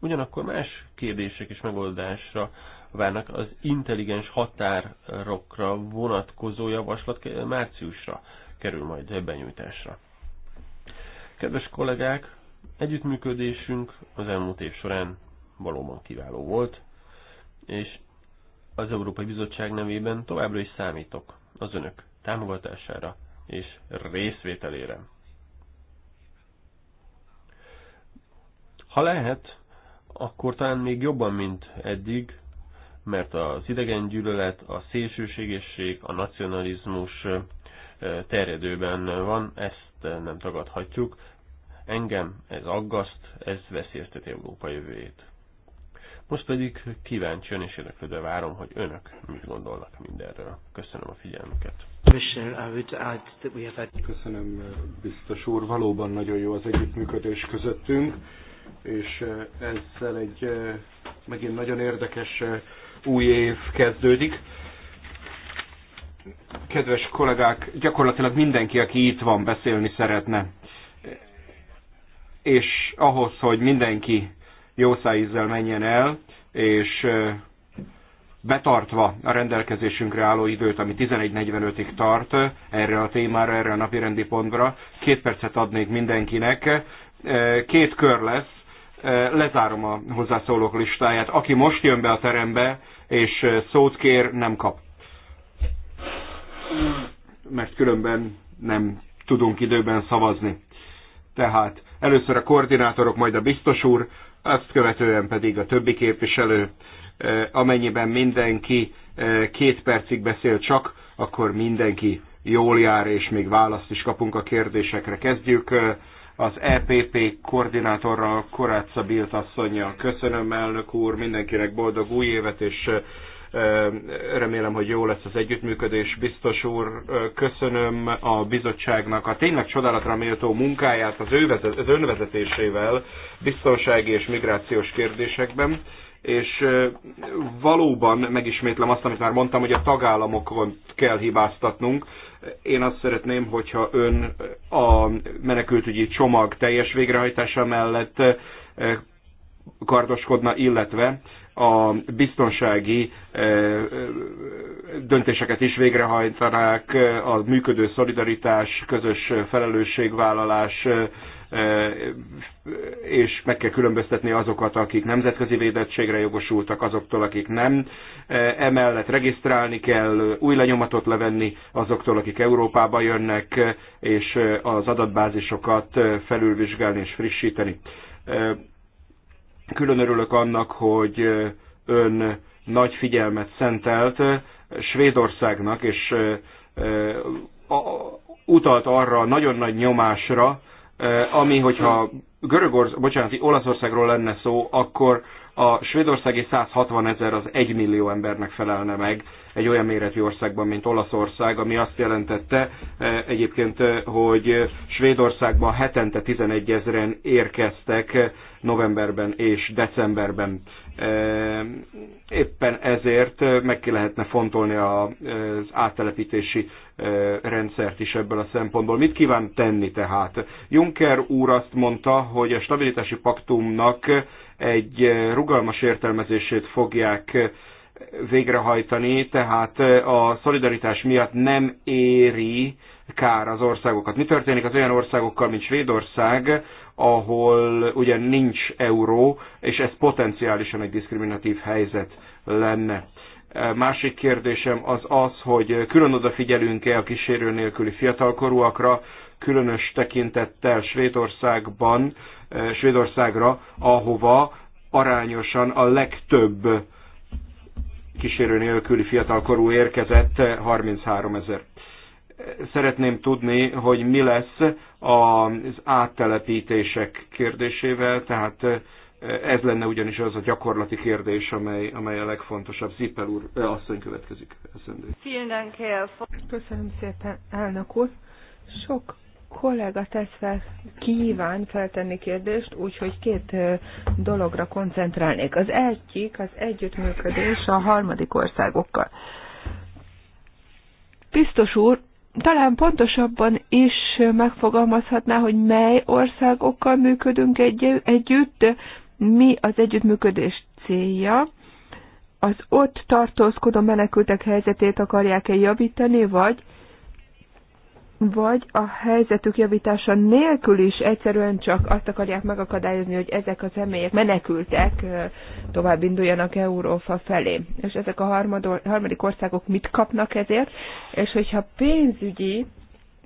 Ugyanakkor más kérdések és megoldásra várnak az intelligens határokra vonatkozó javaslat márciusra kerül majd benyújtásra. Kedves kollégák, együttműködésünk az elmúlt év során valóban kiváló volt, és az Európai Bizottság nevében továbbra is számítok az önök támogatására, és részvételére. Ha lehet, akkor talán még jobban, mint eddig, mert az idegen gyűlölet, a szélsőségesség, a nacionalizmus terjedőben van, ezt nem tagadhatjuk. Engem ez aggaszt, ez veszélyezteti Európa jövőjét. Most pedig kíváncsian és érdeklődve várom, hogy önök mit gondolnak mindenről. Köszönöm a figyelmüket. Köszönöm, biztos úr. Valóban nagyon jó az együttműködés közöttünk, és ezzel egy megint nagyon érdekes új év kezdődik. Kedves kollégák, gyakorlatilag mindenki, aki itt van, beszélni szeretne. És ahhoz, hogy mindenki jó szájízzel menjen el, és betartva a rendelkezésünkre álló időt, ami 11.45-ig tart erre a témára, erre a napi rendi pontra, két percet adnék mindenkinek, e, két kör lesz, e, lezárom a hozzászólók listáját. Aki most jön be a terembe, és szót kér, nem kap. Mert különben nem tudunk időben szavazni. Tehát először a koordinátorok, majd a biztos úr, azt követően pedig a többi képviselő, amennyiben mindenki két percig beszél csak, akkor mindenki jól jár, és még választ is kapunk a kérdésekre. Kezdjük az EPP koordinátorral, Korácsa Bilt asszonyjal. Köszönöm, elnök úr, mindenkinek boldog új évet, és remélem, hogy jó lesz az együttműködés. Biztos úr, köszönöm a bizottságnak a tényleg csodálatra méltó munkáját az, ő vezet, az önvezetésével biztonsági és migrációs kérdésekben és valóban megismétlem azt, amit már mondtam, hogy a tagállamokon kell hibáztatnunk. Én azt szeretném, hogyha ön a menekültügyi csomag teljes végrehajtása mellett kardoskodna, illetve a biztonsági döntéseket is végrehajtanák, a működő szolidaritás, közös felelősségvállalás és meg kell különböztetni azokat, akik nemzetközi védettségre jogosultak, azoktól, akik nem. Emellett regisztrálni kell, új lenyomatot levenni azoktól, akik Európába jönnek, és az adatbázisokat felülvizsgálni és frissíteni. Külön örülök annak, hogy ön nagy figyelmet szentelt Svédországnak, és utalt arra a nagyon nagy nyomásra, Eh, ami, hogyha Görögorsz, bocsánat, Olaszországról lenne szó, akkor a svédországi 160 ezer az 1 millió embernek felelne meg egy olyan méretű országban, mint Olaszország, ami azt jelentette eh, egyébként, eh, hogy Svédországban hetente 11 ezeren érkeztek novemberben és decemberben. Éppen ezért meg ki lehetne fontolni az áttelepítési rendszert is ebből a szempontból. Mit kíván tenni tehát? Juncker úr azt mondta, hogy a stabilitási paktumnak egy rugalmas értelmezését fogják végrehajtani, tehát a szolidaritás miatt nem éri kár az országokat. Mi történik az olyan országokkal, mint Svédország, ahol ugye nincs euró, és ez potenciálisan egy diszkriminatív helyzet lenne. Másik kérdésem az az, hogy külön odafigyelünk-e a kísérő nélküli fiatalkorúakra, különös tekintettel Svédországban, eh, Svédországra, ahova arányosan a legtöbb kísérő nélküli fiatalkorú érkezett, 33 eh, ezer. Szeretném tudni, hogy mi lesz az áttelepítések kérdésével, tehát eh, ez lenne ugyanis az a gyakorlati kérdés, amely, amely a legfontosabb. Zippel úr, asszony következik. Köszönöm. szépen, elnök úr. Sok kollega tesz fel, kíván feltenni kérdést, úgyhogy két dologra koncentrálnék. Az egyik az együttműködés a harmadik országokkal. Biztos úr, talán pontosabban is megfogalmazhatná, hogy mely országokkal működünk egy- együtt, mi az együttműködés célja, az ott tartózkodó menekültek helyzetét akarják-e javítani, vagy, vagy a helyzetük javítása nélkül is egyszerűen csak azt akarják megakadályozni, hogy ezek az személyek menekültek tovább induljanak Európa felé. És ezek a harmadik országok mit kapnak ezért, és hogyha pénzügyi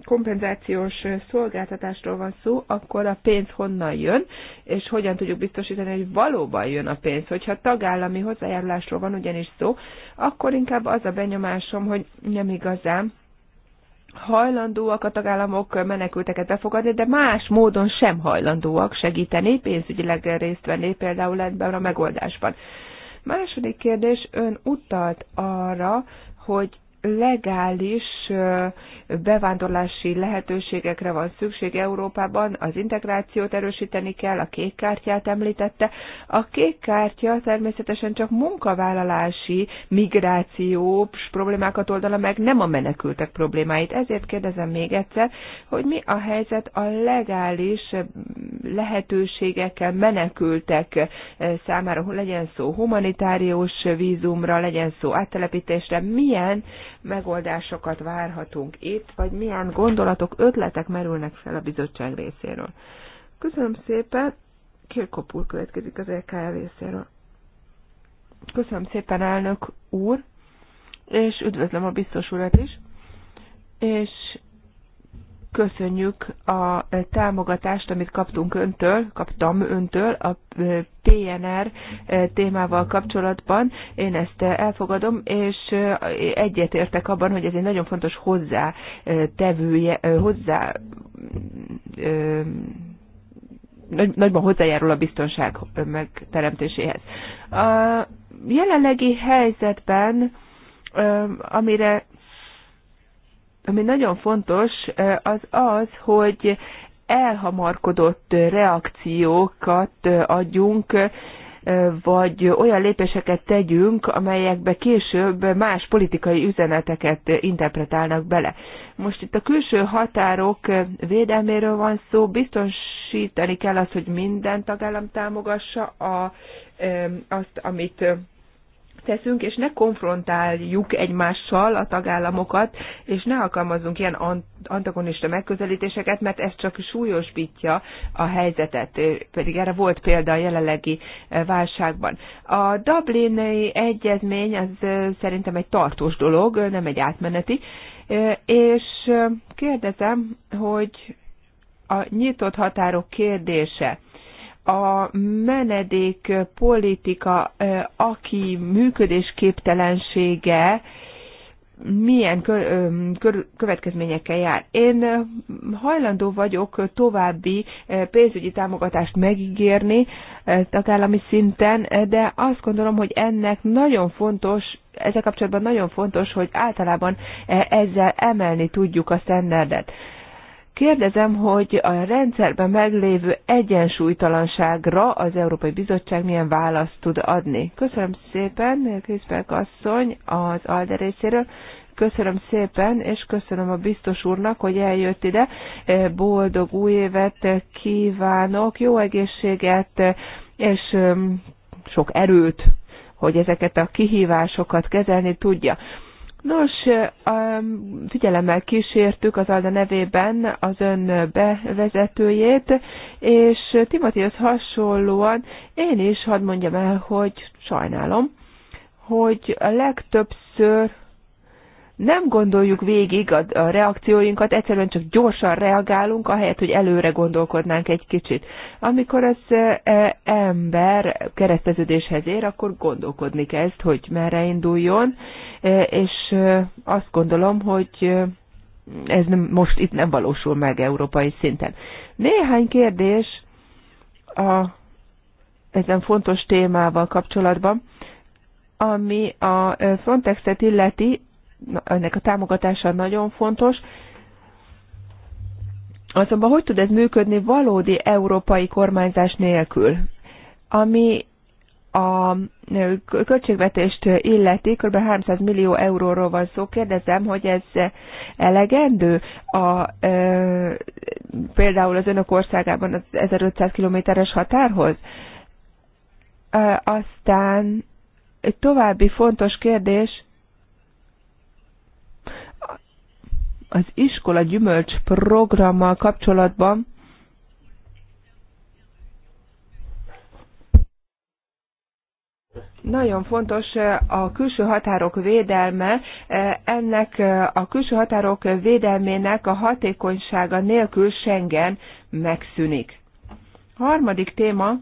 kompenzációs szolgáltatásról van szó, akkor a pénz honnan jön, és hogyan tudjuk biztosítani, hogy valóban jön a pénz. Hogyha tagállami hozzájárulásról van ugyanis szó, akkor inkább az a benyomásom, hogy nem igazán hajlandóak a tagállamok menekülteket befogadni, de más módon sem hajlandóak segíteni, pénzügyileg részt venni például ebben a megoldásban. Második kérdés, ön utalt arra, hogy legális bevándorlási lehetőségekre van szükség Európában, az integrációt erősíteni kell, a kék kártyát említette. A kék kártya természetesen csak munkavállalási, migrációs problémákat oldala meg, nem a menekültek problémáit. Ezért kérdezem még egyszer, hogy mi a helyzet a legális lehetőségekkel menekültek számára, hogy legyen szó humanitárius vízumra, legyen szó áttelepítésre, milyen megoldásokat várhatunk itt, vagy milyen gondolatok, ötletek merülnek fel a bizottság részéről. Köszönöm szépen, Kirkopul következik az EKL részéről. Köszönöm szépen, elnök úr, és üdvözlöm a biztos urat is, és köszönjük a támogatást, amit kaptunk öntől, kaptam öntől a PNR témával kapcsolatban. Én ezt elfogadom, és egyetértek abban, hogy ez egy nagyon fontos hozzá tevője, hozzá nagy, nagyban hozzájárul a biztonság megteremtéséhez. A jelenlegi helyzetben, amire ami nagyon fontos, az az, hogy elhamarkodott reakciókat adjunk, vagy olyan lépéseket tegyünk, amelyekbe később más politikai üzeneteket interpretálnak bele. Most itt a külső határok védelméről van szó, biztosítani kell azt, hogy minden tagállam támogassa a, azt, amit teszünk, és ne konfrontáljuk egymással a tagállamokat, és ne alkalmazzunk ilyen antagonista megközelítéseket, mert ez csak súlyosbítja a helyzetet, pedig erre volt példa a jelenlegi válságban. A Dublini egyezmény az szerintem egy tartós dolog, nem egy átmeneti, és kérdezem, hogy a nyitott határok kérdése, a menedék politika, aki működésképtelensége milyen következményekkel jár. Én hajlandó vagyok további pénzügyi támogatást megígérni tagállami szinten, de azt gondolom, hogy ennek nagyon fontos, ezzel kapcsolatban nagyon fontos, hogy általában ezzel emelni tudjuk a standardet. Kérdezem, hogy a rendszerben meglévő egyensúlytalanságra az Európai Bizottság milyen választ tud adni. Köszönöm szépen, Kriszberg asszony az ALDE részéről. Köszönöm szépen, és köszönöm a biztos úrnak, hogy eljött ide. Boldog új évet kívánok, jó egészséget, és um, sok erőt, hogy ezeket a kihívásokat kezelni tudja. Nos, figyelemmel kísértük az Alda nevében az ön bevezetőjét, és Timothyhoz hasonlóan én is hadd mondjam el, hogy sajnálom, hogy a legtöbbször nem gondoljuk végig a, a reakcióinkat, egyszerűen csak gyorsan reagálunk, ahelyett, hogy előre gondolkodnánk egy kicsit. Amikor az e, e ember kereszteződéshez ér, akkor gondolkodni kezd, hogy merre induljon, e, és e, azt gondolom, hogy e, ez nem, most itt nem valósul meg európai szinten. Néhány kérdés a ezen fontos témával kapcsolatban, ami a e, Frontexet illeti, ennek a támogatása nagyon fontos. Azonban hogy tud ez működni valódi európai kormányzás nélkül? Ami a költségvetést illeti, kb. 300 millió euróról van szó. Kérdezem, hogy ez elegendő? A, e, például az önök országában az 1500 kilométeres határhoz? E, aztán egy további fontos kérdés, az iskola gyümölcs programmal kapcsolatban Nagyon fontos eh, a külső határok védelme. Eh, ennek eh, a külső határok védelmének a hatékonysága nélkül Schengen megszűnik. Harmadik téma,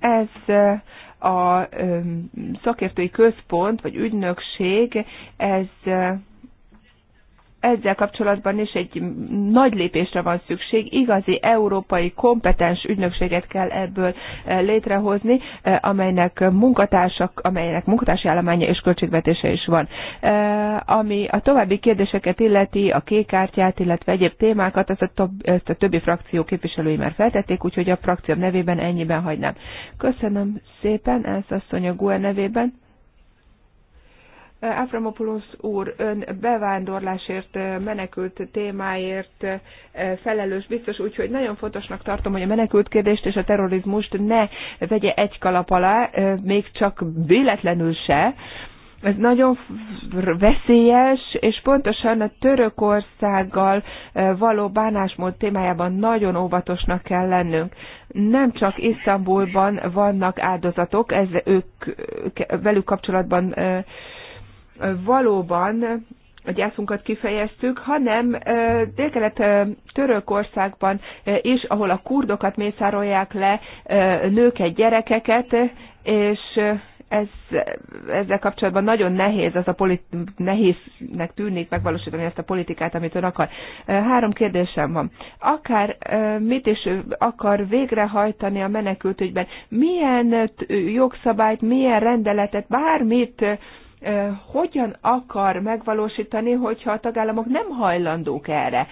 ez a szakértői központ vagy ügynökség, ez ezzel kapcsolatban is egy nagy lépésre van szükség, igazi európai kompetens ügynökséget kell ebből eh, létrehozni, eh, amelynek munkatársak, amelynek munkatársi állománya és költségvetése is van. Eh, ami a további kérdéseket illeti, a kékkártyát, illetve egyéb témákat, ezt a, több, ezt a többi frakció képviselői már feltették, úgyhogy a frakció nevében ennyiben hagynám. Köszönöm szépen, Elszasszony a GUE nevében. Afromopoulos úr, ön bevándorlásért, menekült témáért eh, felelős biztos, úgyhogy nagyon fontosnak tartom, hogy a menekült kérdést és a terrorizmust ne vegye egy kalap alá, eh, még csak véletlenül se. Ez nagyon veszélyes, és pontosan a Törökországgal eh, való bánásmód témájában nagyon óvatosnak kell lennünk. Nem csak Isztambulban vannak áldozatok, ez ők velük kapcsolatban valóban a gyászunkat kifejeztük, hanem délkelet Törökországban is, ahol a kurdokat mészárolják le, nőket, gyerekeket, és ez, ezzel kapcsolatban nagyon nehéz, az a politi- nehéznek tűnik megvalósítani ezt a politikát, amit ön akar. Három kérdésem van. Akár mit is akar végrehajtani a menekültügyben, milyen jogszabályt, milyen rendeletet, bármit hogyan akar megvalósítani, hogyha a tagállamok nem hajlandók erre.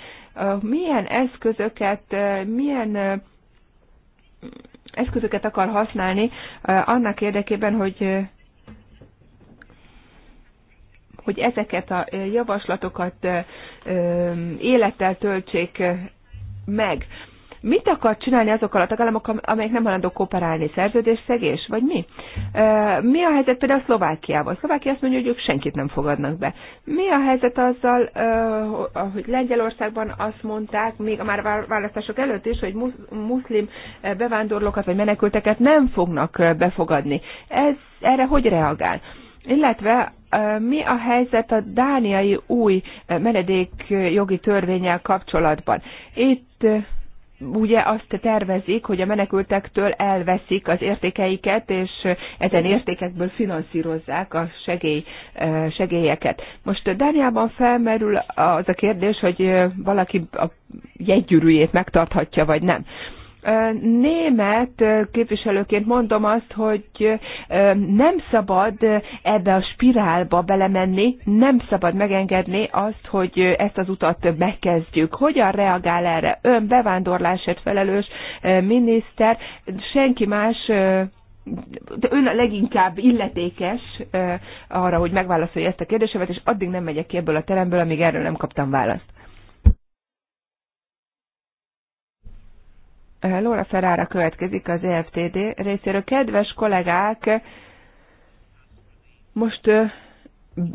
Milyen eszközöket, milyen eszközöket akar használni annak érdekében, hogy hogy ezeket a javaslatokat élettel töltsék meg. Mit akar csinálni azokkal a tagállamok, amelyek nem hajlandó kooperálni? szerződés szegés, Vagy mi? Mi a helyzet például Szlovákiával? Szlovákia azt mondja, hogy ők senkit nem fogadnak be. Mi a helyzet azzal, hogy Lengyelországban azt mondták, még már a választások előtt is, hogy muszlim bevándorlókat vagy menekülteket nem fognak befogadni. Ez, erre hogy reagál? Illetve mi a helyzet a dániai új menedékjogi törvényel kapcsolatban? Itt ugye azt tervezik, hogy a menekültektől elveszik az értékeiket, és ezen értékekből finanszírozzák a segély, segélyeket. Most Dániában felmerül az a kérdés, hogy valaki a jegygyűrűjét megtarthatja, vagy nem. Német képviselőként mondom azt, hogy nem szabad ebbe a spirálba belemenni, nem szabad megengedni azt, hogy ezt az utat megkezdjük. Hogyan reagál erre ön bevándorlásért felelős miniszter, senki más de ön a leginkább illetékes arra, hogy megválaszolja ezt a kérdésemet, és addig nem megyek ki ebből a teremből, amíg erről nem kaptam választ. Laura Ferrara következik az EFTD részéről. Kedves kollégák, most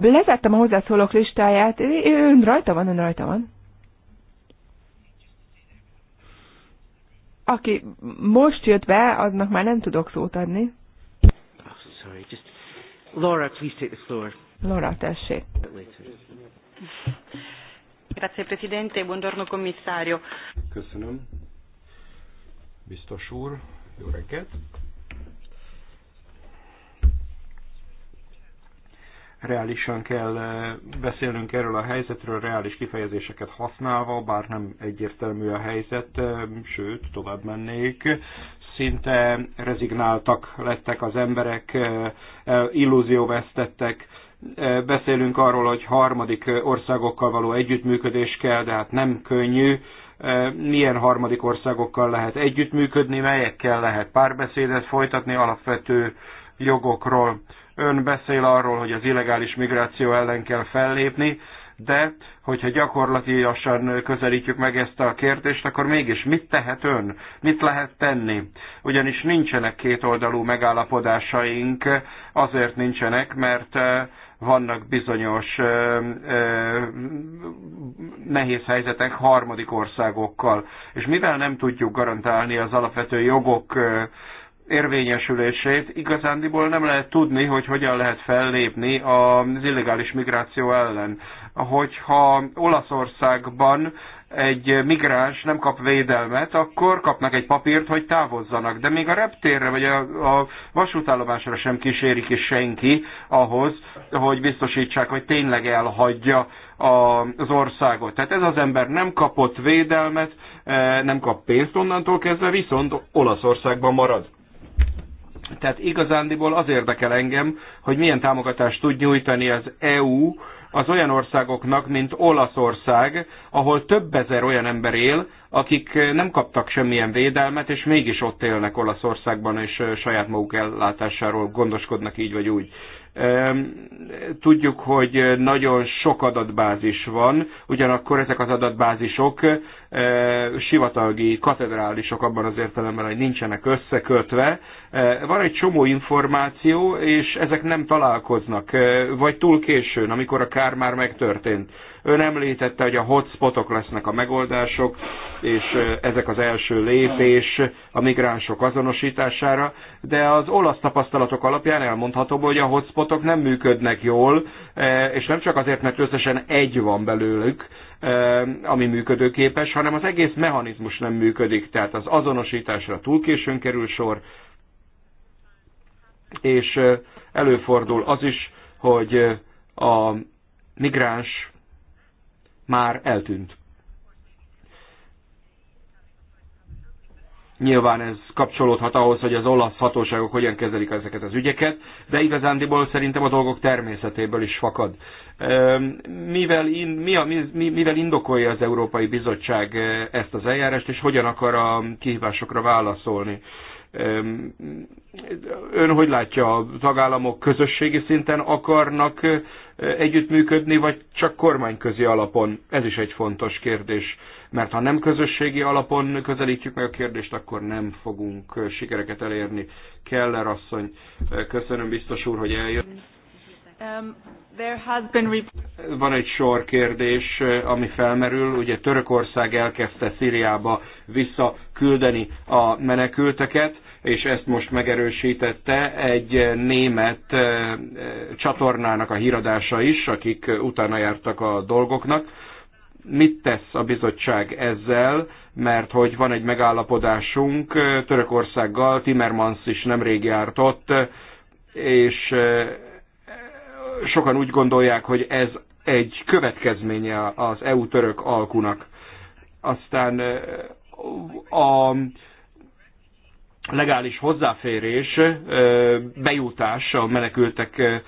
lezártam a hozzászólók listáját, ön rajta van, ön rajta van. Aki most jött be, aznak már nem tudok szót adni. Oh, sorry, just... Laura, please take the floor. Laura, tessék. Grazie Presidente, buongiorno commissario. Köszönöm biztos úr, jó reggelt! Reálisan kell eh, beszélnünk erről a helyzetről, reális kifejezéseket használva, bár nem egyértelmű a helyzet, eh, sőt, tovább mennék, szinte rezignáltak lettek az emberek, eh, illúzióvesztettek, beszélünk arról, hogy harmadik országokkal való együttműködés kell, de hát nem könnyű. Eh, milyen harmadik országokkal lehet együttműködni, melyekkel lehet párbeszédet folytatni alapvető jogokról. Ön beszél arról, hogy az illegális migráció ellen kell fellépni, de hogyha gyakorlatilag közelítjük meg ezt a kérdést, akkor mégis mit tehet ön? Mit lehet tenni? Ugyanis nincsenek kétoldalú megállapodásaink, azért nincsenek, mert eh, vannak bizonyos nehéz helyzetek harmadik országokkal. És mivel nem tudjuk garantálni az alapvető jogok érvényesülését, igazándiból nem lehet tudni, hogy hogyan lehet fellépni az illegális migráció ellen. Hogyha Olaszországban egy migráns nem kap védelmet, akkor kapnak egy papírt, hogy távozzanak. De még a reptérre vagy a, a vasútállomásra sem kísérik is senki ahhoz, hogy biztosítsák, hogy tényleg elhagyja az országot. Tehát ez az ember nem kapott védelmet, e, nem kap pénzt onnantól kezdve, viszont Olaszországban marad. Tehát igazándiból az érdekel engem, hogy milyen támogatást tud nyújtani az EU az olyan országoknak, mint Olaszország, ahol több ezer olyan ember él, akik nem kaptak semmilyen védelmet, és mégis ott élnek Olaszországban, és saját maguk ellátásáról gondoskodnak így vagy úgy. Tudjuk, hogy nagyon sok adatbázis van, ugyanakkor ezek az adatbázisok sivatagi katedrálisok abban az értelemben, hogy nincsenek összekötve. Van egy csomó információ, és ezek nem találkoznak, vagy túl későn, amikor a kár már megtörtént. Ön említette, hogy a hotspotok lesznek a megoldások, és ezek az első lépés a migránsok azonosítására, de az olasz tapasztalatok alapján elmondható, hogy a hotspotok nem működnek jól, és nem csak azért, mert összesen egy van belőlük, ami működőképes, hanem az egész mechanizmus nem működik, tehát az azonosításra túl későn kerül sor, és előfordul az is, hogy a migráns már eltűnt. Nyilván ez kapcsolódhat ahhoz, hogy az olasz hatóságok hogyan kezelik ezeket az ügyeket, de igazándiból szerintem a dolgok természetéből is fakad. Mivel, in, mi a, mi, mivel indokolja az Európai Bizottság ezt az eljárást, és hogyan akar a kihívásokra válaszolni? Ön hogy látja, a tagállamok közösségi szinten akarnak együttműködni, vagy csak kormányközi alapon? Ez is egy fontos kérdés, mert ha nem közösségi alapon közelítjük meg a kérdést, akkor nem fogunk sikereket elérni. Keller asszony, köszönöm biztos úr, hogy eljött. Um, there has been... Van egy sor kérdés, ami felmerül. Ugye Törökország elkezdte Szíriába visszaküldeni a menekülteket és ezt most megerősítette egy német csatornának a híradása is, akik utána jártak a dolgoknak. Mit tesz a bizottság ezzel, mert hogy van egy megállapodásunk Törökországgal, Timmermans is nemrég járt ott, és sokan úgy gondolják, hogy ez egy következménye az EU-török alkunak. Aztán a legális hozzáférés, bejutás a menekültek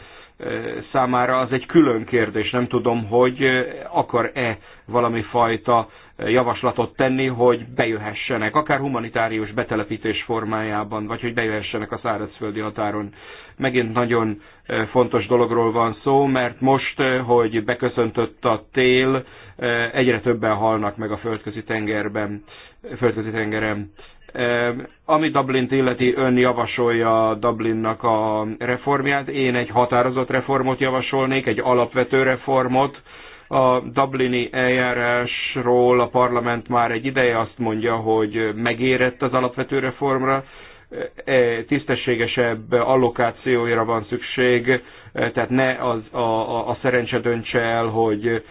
számára az egy külön kérdés. Nem tudom, hogy akar-e valami fajta javaslatot tenni, hogy bejöhessenek, akár humanitárius betelepítés formájában, vagy hogy bejöhessenek a szárazföldi határon. Megint nagyon fontos dologról van szó, mert most, hogy beköszöntött a tél, egyre többen halnak meg a földközi tengerben, földközi tengeren. Ami Dublint illeti, ön javasolja Dublinnak a reformját. Én egy határozott reformot javasolnék, egy alapvető reformot. A Dublini eljárásról a parlament már egy ideje azt mondja, hogy megérett az alapvető reformra, tisztességesebb allokációira van szükség, tehát ne az, a, a, a szerencse döntse el, hogy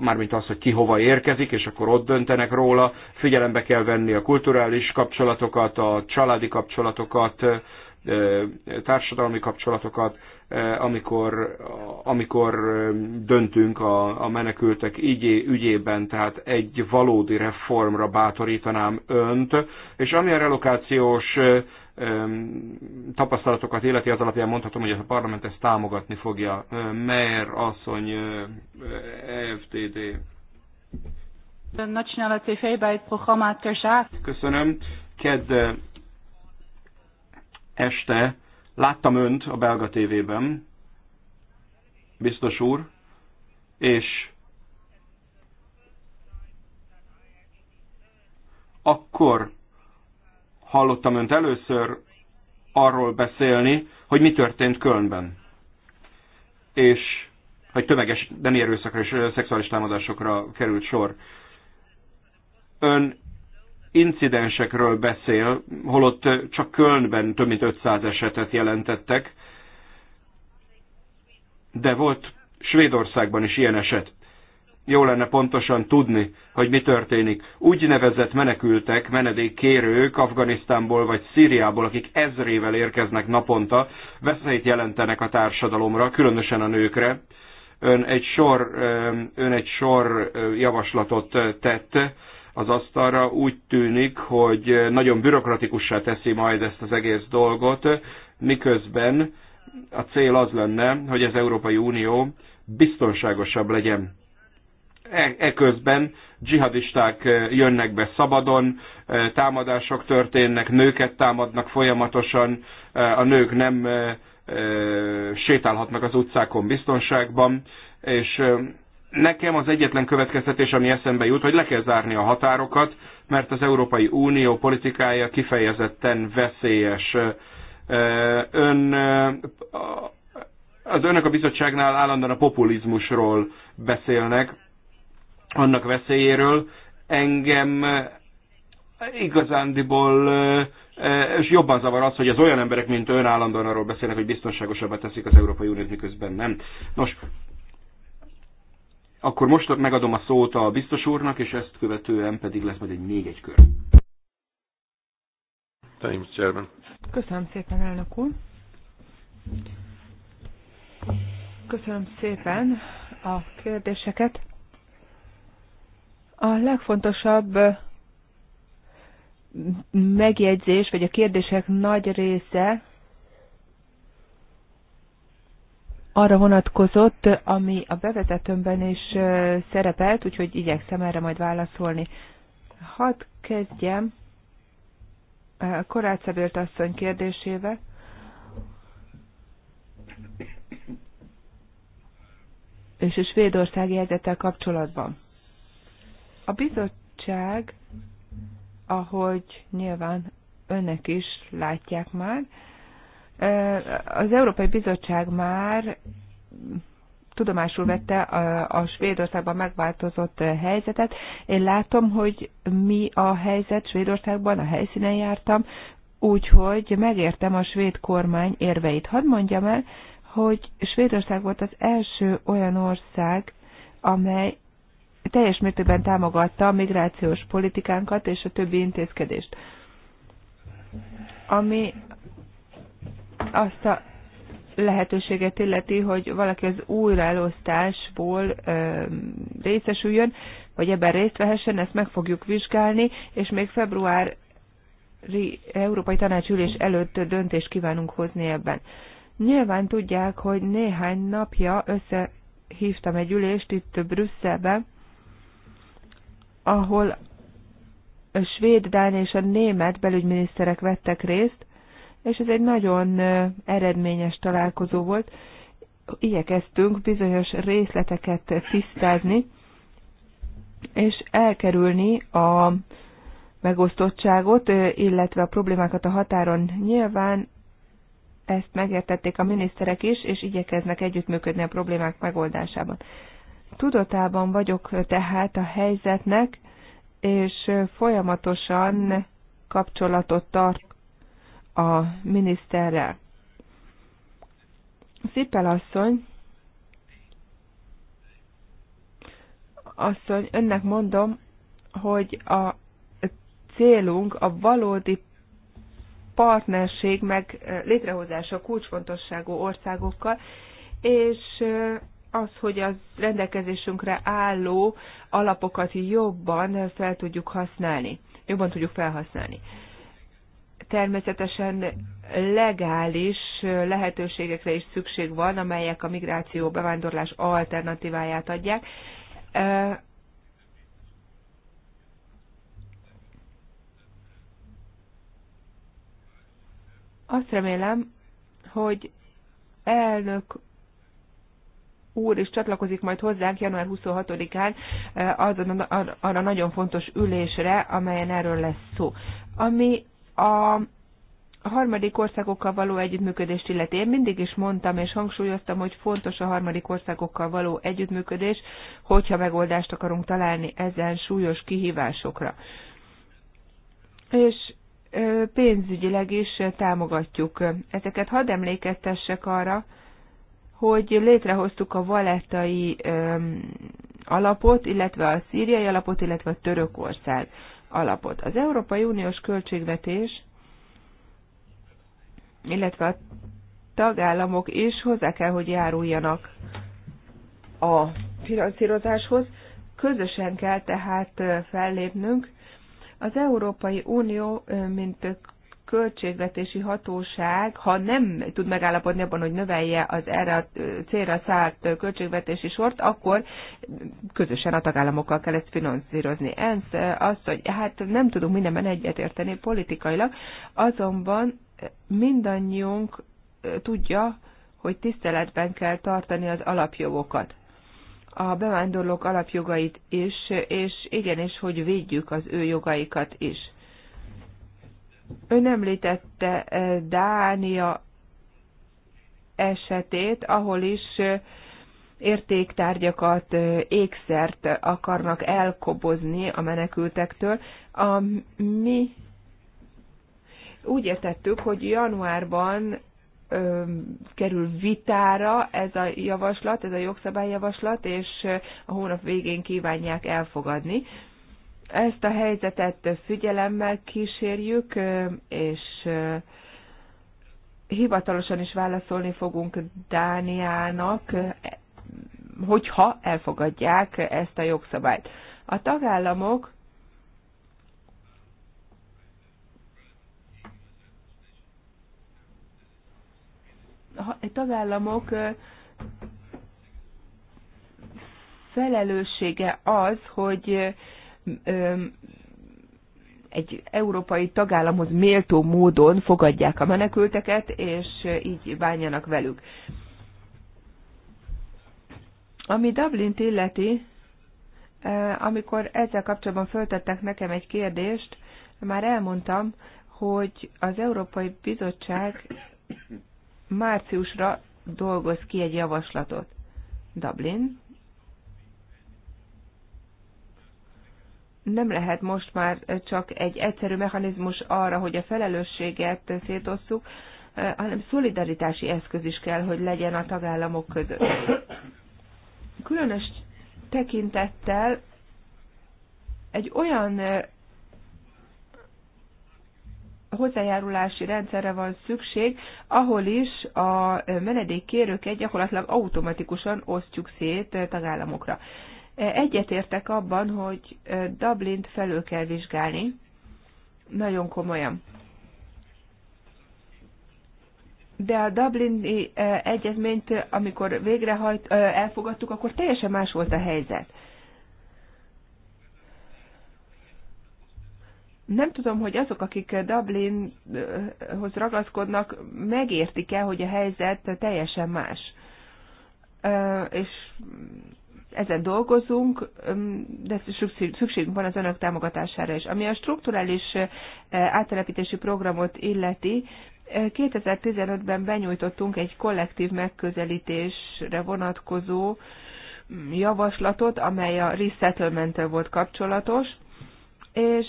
mármint az, hogy ki hova érkezik, és akkor ott döntenek róla. Figyelembe kell venni a kulturális kapcsolatokat, a családi kapcsolatokat, társadalmi kapcsolatokat, amikor, amikor döntünk a, a menekültek ügyé, ügyében, tehát egy valódi reformra bátorítanám önt, és ami a relokációs tapasztalatokat életi az alapján mondhatom, hogy a parlament ezt támogatni fogja. Mer, asszony, EFTD. TV Köszönöm. Kedd este láttam önt a belga tévében, biztos úr, és akkor hallottam önt először arról beszélni, hogy mi történt Kölnben. És hogy tömeges demi erőszakra és szexuális támadásokra került sor. Ön incidensekről beszél, holott csak Kölnben több mint 500 esetet jelentettek, de volt Svédországban is ilyen eset jó lenne pontosan tudni, hogy mi történik. Úgynevezett menekültek, menedékkérők Afganisztánból vagy Szíriából, akik ezrével érkeznek naponta, veszélyt jelentenek a társadalomra, különösen a nőkre. Ön egy sor, eh, ön egy sor eh, javaslatot eh, tett az asztalra, úgy tűnik, hogy nagyon bürokratikussá teszi majd ezt az egész dolgot, miközben a cél az lenne, hogy az Európai Unió biztonságosabb legyen E, eközben dzsihadisták e, jönnek be szabadon, e, támadások történnek, nőket támadnak folyamatosan, a nők nem sétálhatnak az utcákon biztonságban, és nekem az egyetlen következtetés, ami eszembe jut, hogy le kell zárni a határokat, mert az Európai Unió politikája kifejezetten veszélyes. Ön, az önök a bizottságnál állandóan a populizmusról beszélnek, annak veszélyéről. Engem eh, igazándiból eh, eh, és jobban zavar az, hogy az olyan emberek, mint ön állandóan arról beszélnek, hogy biztonságosabbá teszik az Európai Uniót, miközben nem. Nos, akkor most megadom a szót a biztos úrnak, és ezt követően pedig lesz majd egy még egy kör. Köszönöm szépen, elnök úr. Köszönöm szépen a kérdéseket. A legfontosabb megjegyzés, vagy a kérdések nagy része arra vonatkozott, ami a bevezetőmben is szerepelt, úgyhogy igyekszem erre majd válaszolni. Hadd kezdjem Korátszabért asszony kérdésével. És a svédországi helyzettel kapcsolatban. A bizottság, ahogy nyilván önök is látják már, az Európai Bizottság már tudomásul vette a, a Svédországban megváltozott helyzetet. Én látom, hogy mi a helyzet Svédországban, a helyszínen jártam, úgyhogy megértem a svéd kormány érveit. Hadd mondjam el, hogy Svédország volt az első olyan ország, amely teljes mértékben támogatta a migrációs politikánkat és a többi intézkedést. Ami azt a lehetőséget illeti, hogy valaki az újraelosztásból ö, részesüljön, vagy ebben részt vehessen, ezt meg fogjuk vizsgálni, és még február Európai Tanácsülés előtt döntést kívánunk hozni ebben. Nyilván tudják, hogy néhány napja összehívtam egy ülést itt Brüsszelben, ahol a svéd, dán és a német belügyminiszterek vettek részt, és ez egy nagyon eredményes találkozó volt. Igyekeztünk bizonyos részleteket tisztázni, és elkerülni a megosztottságot, illetve a problémákat a határon. Nyilván ezt megértették a miniszterek is, és igyekeznek együttműködni a problémák megoldásában. Tudatában vagyok tehát a helyzetnek, és folyamatosan kapcsolatot tart a miniszterrel. Szipel asszony, asszony, önnek mondom, hogy a célunk a valódi partnerség meg létrehozása kulcsfontosságú országokkal, és az, hogy az rendelkezésünkre álló alapokat jobban fel tudjuk használni, jobban tudjuk felhasználni. Természetesen legális lehetőségekre is szükség van, amelyek a migráció bevándorlás alternatíváját adják. Azt remélem, hogy elnök úr és csatlakozik majd hozzánk január 26-án eh, arra nagyon fontos ülésre, amelyen erről lesz szó. Ami a a harmadik országokkal való együttműködést illeti. Én mindig is mondtam és hangsúlyoztam, hogy fontos a harmadik országokkal való együttműködés, hogyha megoldást akarunk találni ezen súlyos kihívásokra. És eh, pénzügyileg is eh, támogatjuk ezeket. Hadd emlékeztessek arra, hogy létrehoztuk a valettai alapot, illetve a szíriai alapot, illetve a Törökország alapot. Az Európai Uniós költségvetés, illetve a tagállamok is hozzá kell, hogy járuljanak a finanszírozáshoz. Közösen kell tehát fellépnünk. Az Európai Unió, mint költségvetési hatóság, ha nem tud megállapodni abban, hogy növelje az erre a célra szállt költségvetési sort, akkor közösen a tagállamokkal kell ezt finanszírozni. ENSZ azt, hogy hát nem tudunk mindenben egyetérteni politikailag, azonban mindannyiunk tudja, hogy tiszteletben kell tartani az alapjogokat a bevándorlók alapjogait is, és igenis, hogy védjük az ő jogaikat is. Ön említette eh, Dánia esetét, ahol is eh, értéktárgyakat, eh, ékszert akarnak elkobozni a menekültektől. A, mi úgy értettük, hogy januárban ö, kerül vitára ez a javaslat, ez a jogszabályjavaslat, és a hónap végén kívánják elfogadni. Ezt a helyzetet figyelemmel kísérjük, és hivatalosan is válaszolni fogunk Dániának, hogyha elfogadják ezt a jogszabályt. A tagállamok a tagállamok felelőssége az, hogy egy európai tagállamhoz méltó módon fogadják a menekülteket, és így bánjanak velük. Ami Dublin illeti, amikor ezzel kapcsolatban föltettek nekem egy kérdést, már elmondtam, hogy az Európai Bizottság márciusra dolgoz ki egy javaslatot. Dublin nem lehet most már csak egy egyszerű mechanizmus arra, hogy a felelősséget szétosszuk, hanem szolidaritási eszköz is kell, hogy legyen a tagállamok között. Különös tekintettel egy olyan hozzájárulási rendszerre van szükség, ahol is a menedékkérőket gyakorlatilag automatikusan osztjuk szét tagállamokra. Egyetértek abban, hogy Dublint felül kell vizsgálni, nagyon komolyan. De a Dublini egyezményt, amikor végrehajt, elfogadtuk, akkor teljesen más volt a helyzet. nem tudom, hogy azok, akik Dublinhoz ragaszkodnak, megértik-e, hogy a helyzet teljesen más. És ezen dolgozunk, de szükségünk van az önök támogatására is. Ami a strukturális áttelepítési programot illeti, 2015-ben benyújtottunk egy kollektív megközelítésre vonatkozó mm, javaslatot, amely a resettlement volt kapcsolatos, és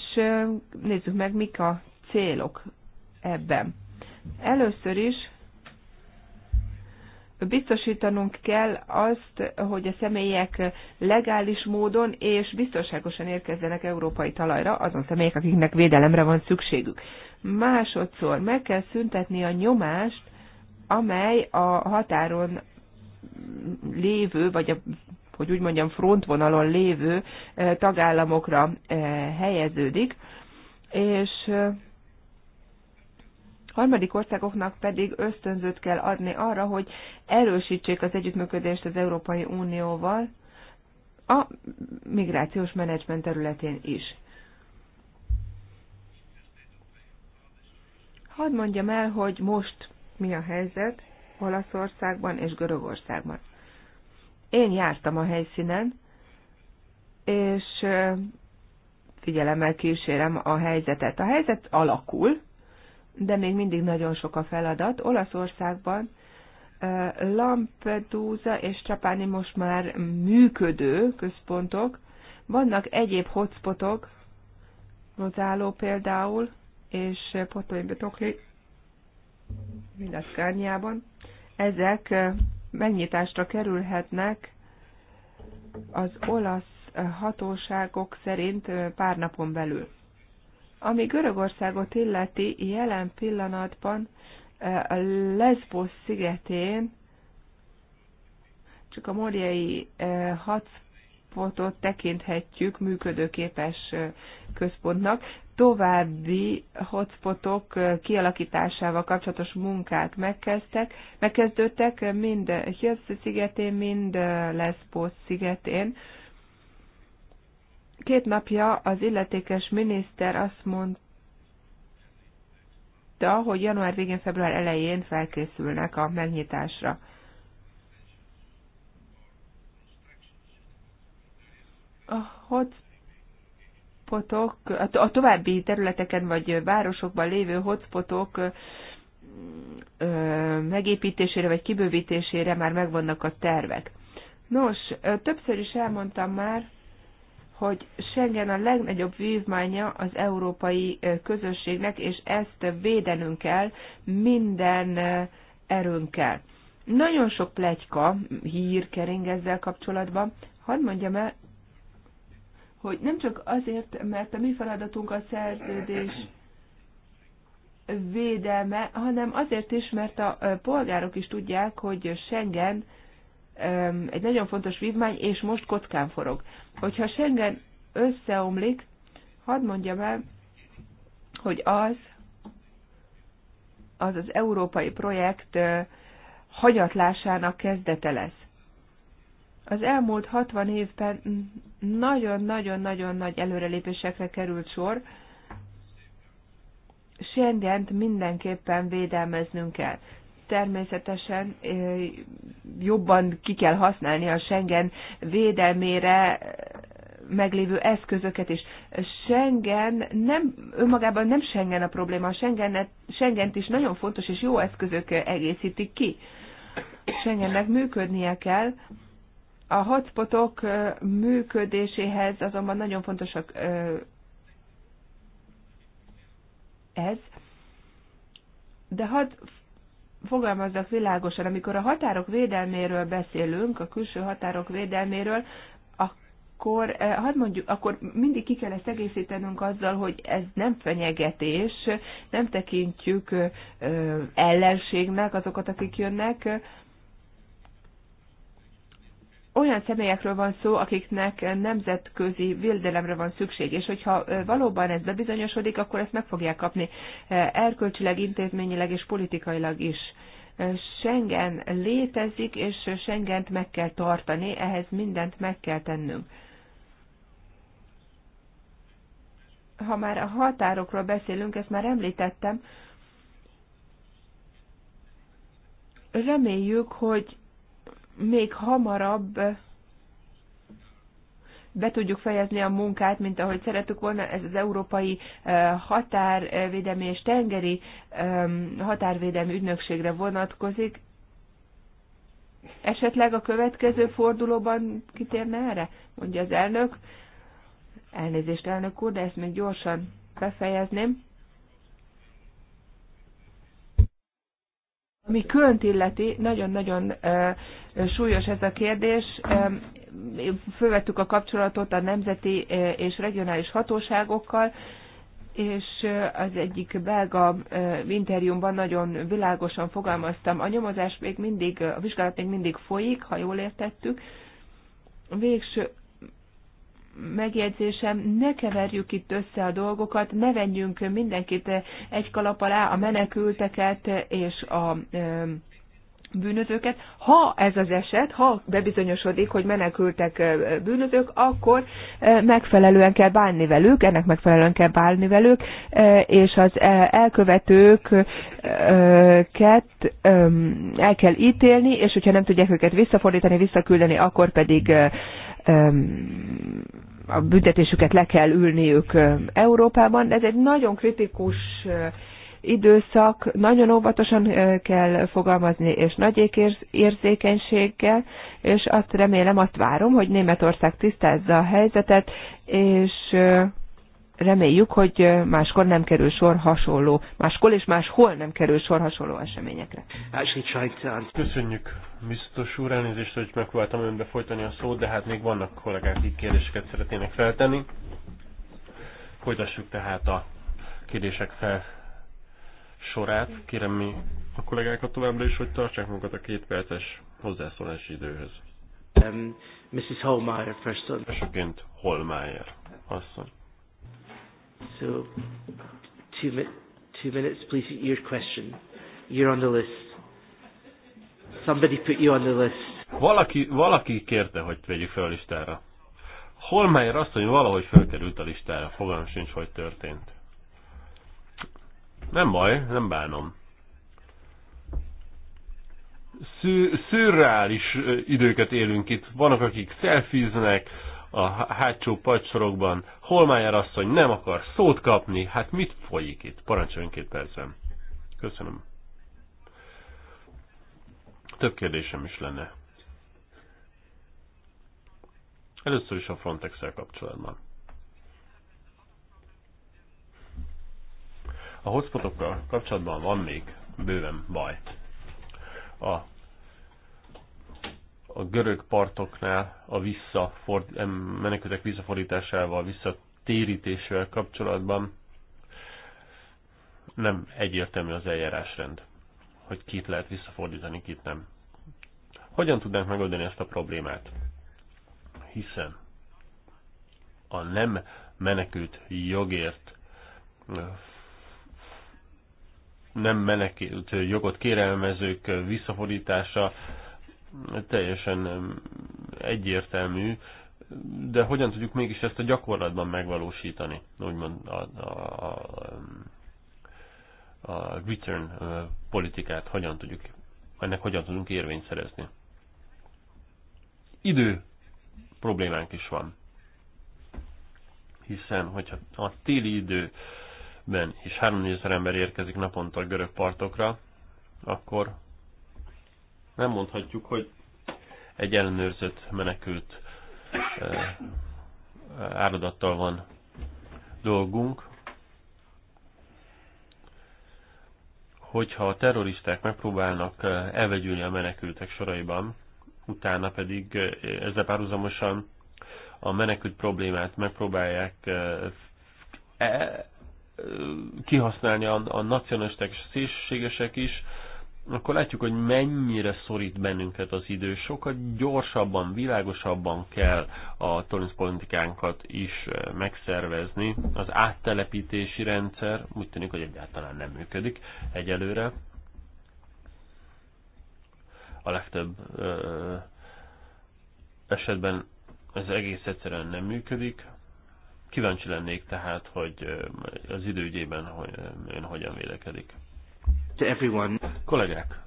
nézzük meg, mik a célok ebben. Először is biztosítanunk kell azt, hogy a személyek legális módon és biztonságosan érkezzenek európai talajra, azon személyek, akiknek védelemre van szükségük. Másodszor meg kell szüntetni a nyomást, amely a határon lévő, vagy a hogy úgy mondjam, frontvonalon lévő eh, tagállamokra eh, helyeződik, és eh, harmadik országoknak pedig ösztönzőt kell adni arra, hogy erősítsék az együttműködést az Európai Unióval a migrációs menedzsment területén is. Hadd mondjam el, hogy most mi a helyzet Olaszországban és Görögországban. Én jártam a helyszínen, és figyelemmel kísérem a helyzetet. A helyzet alakul, de még mindig nagyon sok a feladat. Olaszországban Lampedusa és Csapáni most már működő központok, vannak egyéb hotspotok, Rozáló például, és Potolin Betokli, Ezek megnyitásra kerülhetnek az olasz hatóságok szerint pár napon belül. Ami Görögországot illeti, jelen pillanatban eh, a Lesbos szigetén csak a morjai eh, hotspotot tekinthetjük működőképes eh, központnak. További hotspotok kialakításával kapcsolatos munkák megkezdtek, megkezdődtek mind Hirsz szigetén, mind Lesbos szigetén Két napja az illetékes miniszter azt mondta, hogy január végén, február elején felkészülnek a megnyitásra. A hotspotok, a további területeken vagy városokban lévő hotspotok megépítésére vagy kibővítésére már megvannak a tervek. Nos, többször is elmondtam már, hogy Schengen a legnagyobb vívmánya az európai közösségnek, és ezt védenünk kell minden erőnkkel. Nagyon sok plegyka, hír kering ezzel kapcsolatban. Hadd mondjam el, hogy nem csak azért, mert a mi feladatunk a szerződés védelme, hanem azért is, mert a polgárok is tudják, hogy Schengen egy nagyon fontos vívmány, és most kockán forog. Hogyha Schengen összeomlik, hadd mondjam el, hogy az, az az európai projekt hagyatlásának kezdete lesz. Az elmúlt 60 évben nagyon-nagyon-nagyon nagy előrelépésekre került sor, Schengent mindenképpen védelmeznünk kell természetesen jobban ki kell használni a Schengen védelmére meglévő eszközöket is. Schengen nem, önmagában nem Schengen a probléma, a Schengen, Schengent is nagyon fontos és jó eszközök egészítik ki. Schengennek működnie kell, a hotspotok működéséhez azonban nagyon fontosak ez, de hadd fogalmazzak világosan, amikor a határok védelméről beszélünk, a külső határok védelméről, akkor, eh, hadd mondjuk, akkor mindig ki kell ezt egészítenünk azzal, hogy ez nem fenyegetés, nem tekintjük eh, eh, ellenségnek azokat, akik jönnek, olyan személyekről van szó, akiknek nemzetközi védelemre van szükség, és hogyha valóban ez bebizonyosodik, akkor ezt meg fogják kapni erkölcsileg, intézményileg és politikailag is. Schengen létezik, és Schengent meg kell tartani, ehhez mindent meg kell tennünk. Ha már a határokról beszélünk, ezt már említettem, reméljük, hogy még hamarabb be tudjuk fejezni a munkát, mint ahogy szerettük volna, ez az Európai Határvédelmi és Tengeri Határvédelmi Ügynökségre vonatkozik. Esetleg a következő fordulóban kitérne erre, mondja az elnök. Elnézést, elnök úr, de ezt még gyorsan befejezném. Ami könt illeti, nagyon-nagyon súlyos ez a kérdés. Fölvettük a kapcsolatot a nemzeti és regionális hatóságokkal, és az egyik belga interjúmban nagyon világosan fogalmaztam, a nyomozás még mindig, a vizsgálat még mindig folyik, ha jól értettük. Végső megjegyzésem, ne keverjük itt össze a dolgokat, ne venjünk mindenkit egy kalap alá, a menekülteket és a bűnözőket. Ha ez az eset, ha bebizonyosodik, hogy menekültek bűnözők, akkor megfelelően kell bánni velük, ennek megfelelően kell bánni velük, és az elkövetőket el kell ítélni, és hogyha nem tudják őket visszafordítani, visszaküldeni, akkor pedig a büntetésüket le kell ülniük Európában. Ez egy nagyon kritikus időszak, nagyon óvatosan kell fogalmazni, és nagy érzékenységgel, és azt remélem, azt várom, hogy Németország tisztázza a helyzetet, és reméljük, hogy máskor nem kerül sor hasonló, máskor és máshol nem kerül sor hasonló eseményekre. Köszönjük biztos úr, elnézést, hogy megpróbáltam önbe folytani a szót, de hát még vannak kollégák, akik kérdéseket szeretnének feltenni. Folytassuk tehát a kérdések fel sorát. Kérem mi a kollégákat továbbra is, hogy tartsák magukat a két perces hozzászólási időhöz. Um, Mrs. Holmeyer first on. Elsőként Holmeyer asszony. So, two, mi two minutes please, your question. You're on the list. Somebody put you on the list. Valaki, valaki kérte, hogy vegyük fel a listára. Holmeyer asszony valahogy felkerült a listára, fogalmam sincs, hogy történt. Nem baj, nem bánom. Szür szürreális időket élünk itt. Vannak, akik szelfiznek a hátsó pacsorokban. Holmeyer asszony nem akar szót kapni. Hát mit folyik itt? Parancsoljon két percben. Köszönöm. Több kérdésem is lenne. Először is a Frontex-el kapcsolatban. A hotspotokkal kapcsolatban van még bőven baj. A, a görög partoknál a visszaford, menekültek visszafordításával, visszatérítésével kapcsolatban nem egyértelmű az eljárásrend hogy kit lehet visszafordítani, kit nem. Hogyan tudnánk megoldani ezt a problémát? Hiszen a nem menekült jogért nem menekült jogot kérelmezők visszafordítása teljesen egyértelmű, de hogyan tudjuk mégis ezt a gyakorlatban megvalósítani, úgymond a, a, a a return politikát hogyan tudjuk, ennek hogyan tudunk érvényt szerezni. Idő problémánk is van. Hiszen, hogyha a téli időben is 3000 ember érkezik naponta a görög partokra, akkor nem mondhatjuk, hogy egy ellenőrzött menekült áradattal van dolgunk, hogyha a terroristák megpróbálnak eh, elvegyülni a menekültek soraiban, utána pedig eh, ezzel párhuzamosan a menekült problémát megpróbálják eh, e- kihasználni a, nacionalisták és szélsőségesek is, akkor látjuk, hogy mennyire szorít bennünket az idő. Sokkal gyorsabban, világosabban kell a Torrens politikánkat is eh, megszervezni. Az áttelepítési rendszer úgy tűnik, hogy egyáltalán nem működik egyelőre. A legtöbb ö, eh, esetben ez egész egyszerűen nem működik. Kíváncsi lennék tehát, hogy eh, az időgyében hogy, ön hogyan védekedik to everyone. Kollégák,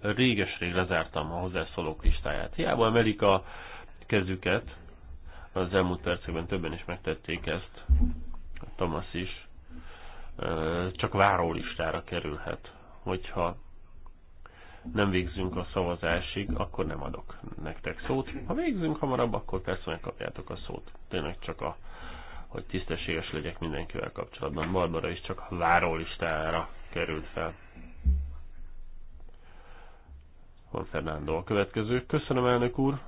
réges-rég lezártam a hozzászólók listáját. Hiába emelik a kezüket, az elmúlt percekben többen is megtették ezt, Thomas is, csak listára kerülhet. Hogyha nem végzünk a szavazásig, akkor nem adok nektek szót. Ha végzünk hamarabb, akkor persze megkapjátok a szót. Tényleg csak a hogy tisztességes legyek mindenkivel kapcsolatban. Barbara is csak várólistára került fel. Juan Fernando a következő. Köszönöm, elnök úr.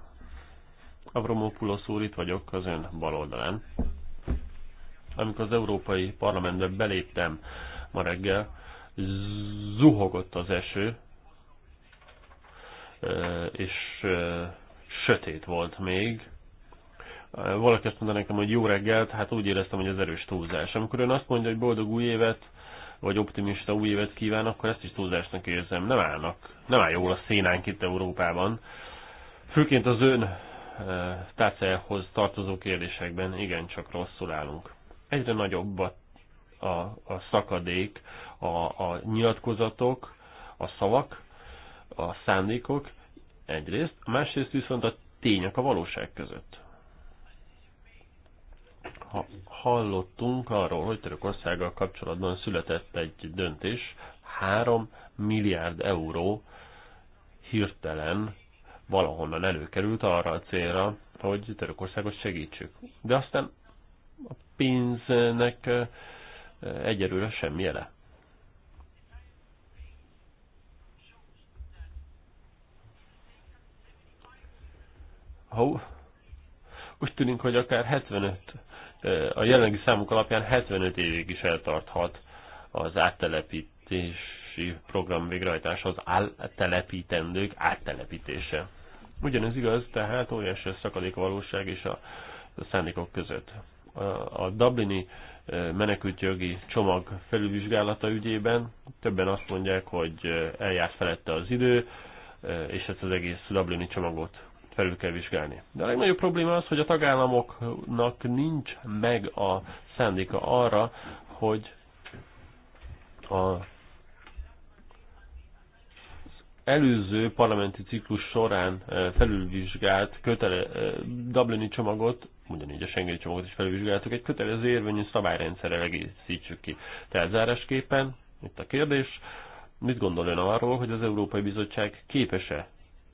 Avromopulos úr, itt vagyok az ön bal oldalán. Amikor az Európai Parlamentbe beléptem ma reggel, zuhogott az eső, és sötét volt még. Valaki azt mondta nekem, hogy jó reggelt, hát úgy éreztem, hogy az erős túlzás. Amikor ön azt mondja, hogy boldog új évet, vagy optimista új évet kíván, akkor ezt is túlzásnak érzem. Nem állnak, nem áll jól a szénánk itt Európában. Főként az ön e, tárcájához tartozó kérdésekben igencsak rosszul állunk. Egyre nagyobb a, a, a szakadék, a, a nyilatkozatok, a szavak, a szándékok egyrészt, másrészt viszont a tények a valóság között hallottunk arról, hogy Törökországgal kapcsolatban született egy döntés, 3 milliárd euró hirtelen valahonnan előkerült arra a célra, hogy Törökországot segítsük. De aztán a pénznek egyelőre semmi jele. Ha úgy tűnik, hogy akár 75 a jelenlegi számuk alapján 75 évig is eltarthat az áttelepítési program végrehajtása, az áttelepítendők áttelepítése. Ugyanez igaz, tehát óriási a szakadék valóság és a szándékok között. A Dublini e, menekültjogi csomag felülvizsgálata ügyében többen azt mondják, hogy e, eljárt felette az idő, e, és ezt az egész Dublini csomagot felül kell vizsgálni. De a legnagyobb probléma az, hogy a tagállamoknak nincs meg a szándéka arra, hogy a előző parlamenti ciklus során eh, felülvizsgált kötele, eh, Dublini csomagot, ugyanígy a Schengeni csomagot is felülvizsgáltuk, egy kötelező érvényű szabályrendszerrel egészítsük ki. Tehát zárásképpen, itt a kérdés, mit gondol ön arról, hogy az Európai Bizottság képes-e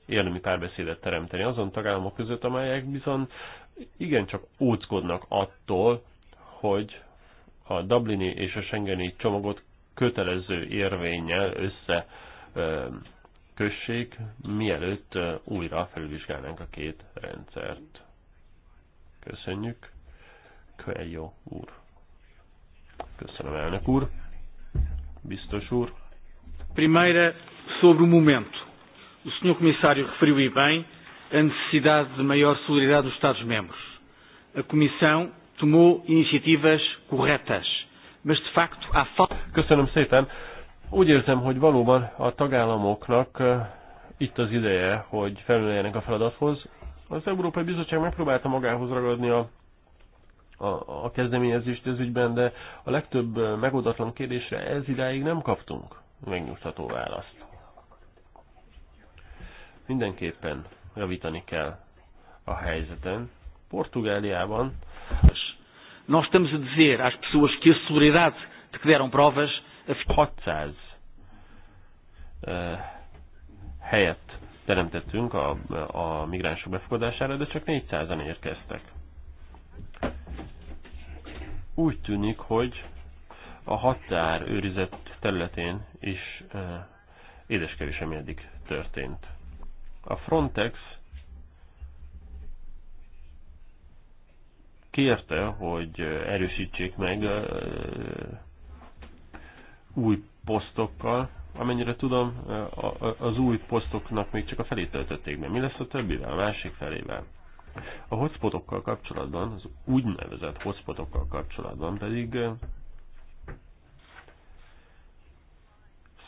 érdemi párbeszédet teremteni azon tagállamok között, amelyek bizony igencsak óckodnak attól, hogy a Dublini és a Schengeni csomagot kötelező érvényel össze kössék, mielőtt újra felülvizsgálnánk a két rendszert. Köszönjük. Kölyó úr. Köszönöm, elnök úr. Biztos úr. Primeira sobre o momento. O Sr. Comissário referiu e bem a necessidade de maior solidariedade dos Estados-membros. A Comissão tomou iniciativas corretas, mas de facto há falta. Köszönöm szépen. Úgy érzem, hogy valóban a tagállamoknak eh, itt az ideje, hogy felüljenek a feladathoz. Az Európai Bizottság megpróbálta magához ragadni a, a, a kezdeményezést ez ügyben, de a legtöbb eh, megoldatlan kérdésre ez idáig nem kaptunk megnyugtató választ. Mindenképpen javítani kell a helyzeten. Portugáliában és Nós estamos a dizer às pessoas que a celeridade de que deram provas a 600 uh, helyet teremtettünk a, a migránsok befogadására, de csak 400-an érkeztek. Úgy tűnik, hogy a határ őrizett területén is uh, édeskevés, ami eddig történt. A Frontex kérte, hogy erősítsék meg új posztokkal. Amennyire tudom, az új posztoknak még csak a felét töltötték be. Mi lesz a többivel, a másik felével? A hotspotokkal kapcsolatban, az úgynevezett hotspotokkal kapcsolatban pedig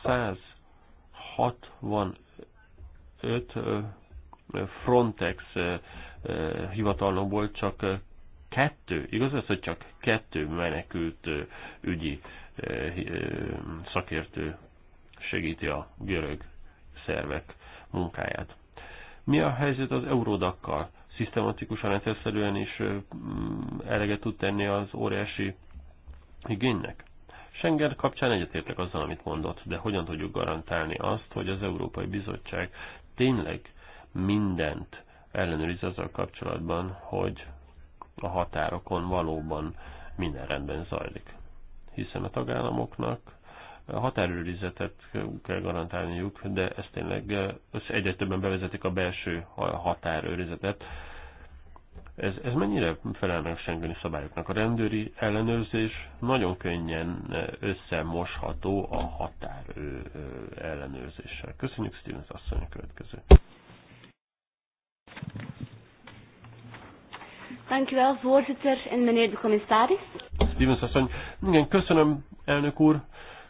165 öt Frontex volt, csak kettő, igaz az, hogy csak kettő menekült ügyi szakértő segíti a görög szervek munkáját. Mi a helyzet az eurodakkal? Szisztematikusan, egyszerűen is mm, eleget tud tenni az óriási igénynek? Schengen kapcsán egyetértek azzal, amit mondott, de hogyan tudjuk garantálni azt, hogy az Európai Bizottság tényleg mindent ellenőriz azzal kapcsolatban, hogy a határokon valóban minden rendben zajlik. Hiszen a tagállamoknak határőrizetet kell garantálniuk, de ezt tényleg egyre többen bevezetik a belső határőrizetet, ez, ez mennyire felel meg Schengeni szabályoknak? A rendőri ellenőrzés nagyon könnyen összemosható a határ ellenőrzéssel. Köszönjük, Stevens asszony, a következő. Dankjewel, voorzitter en meneer de commissaris. Stevens asszony, igen, köszönöm, elnök úr,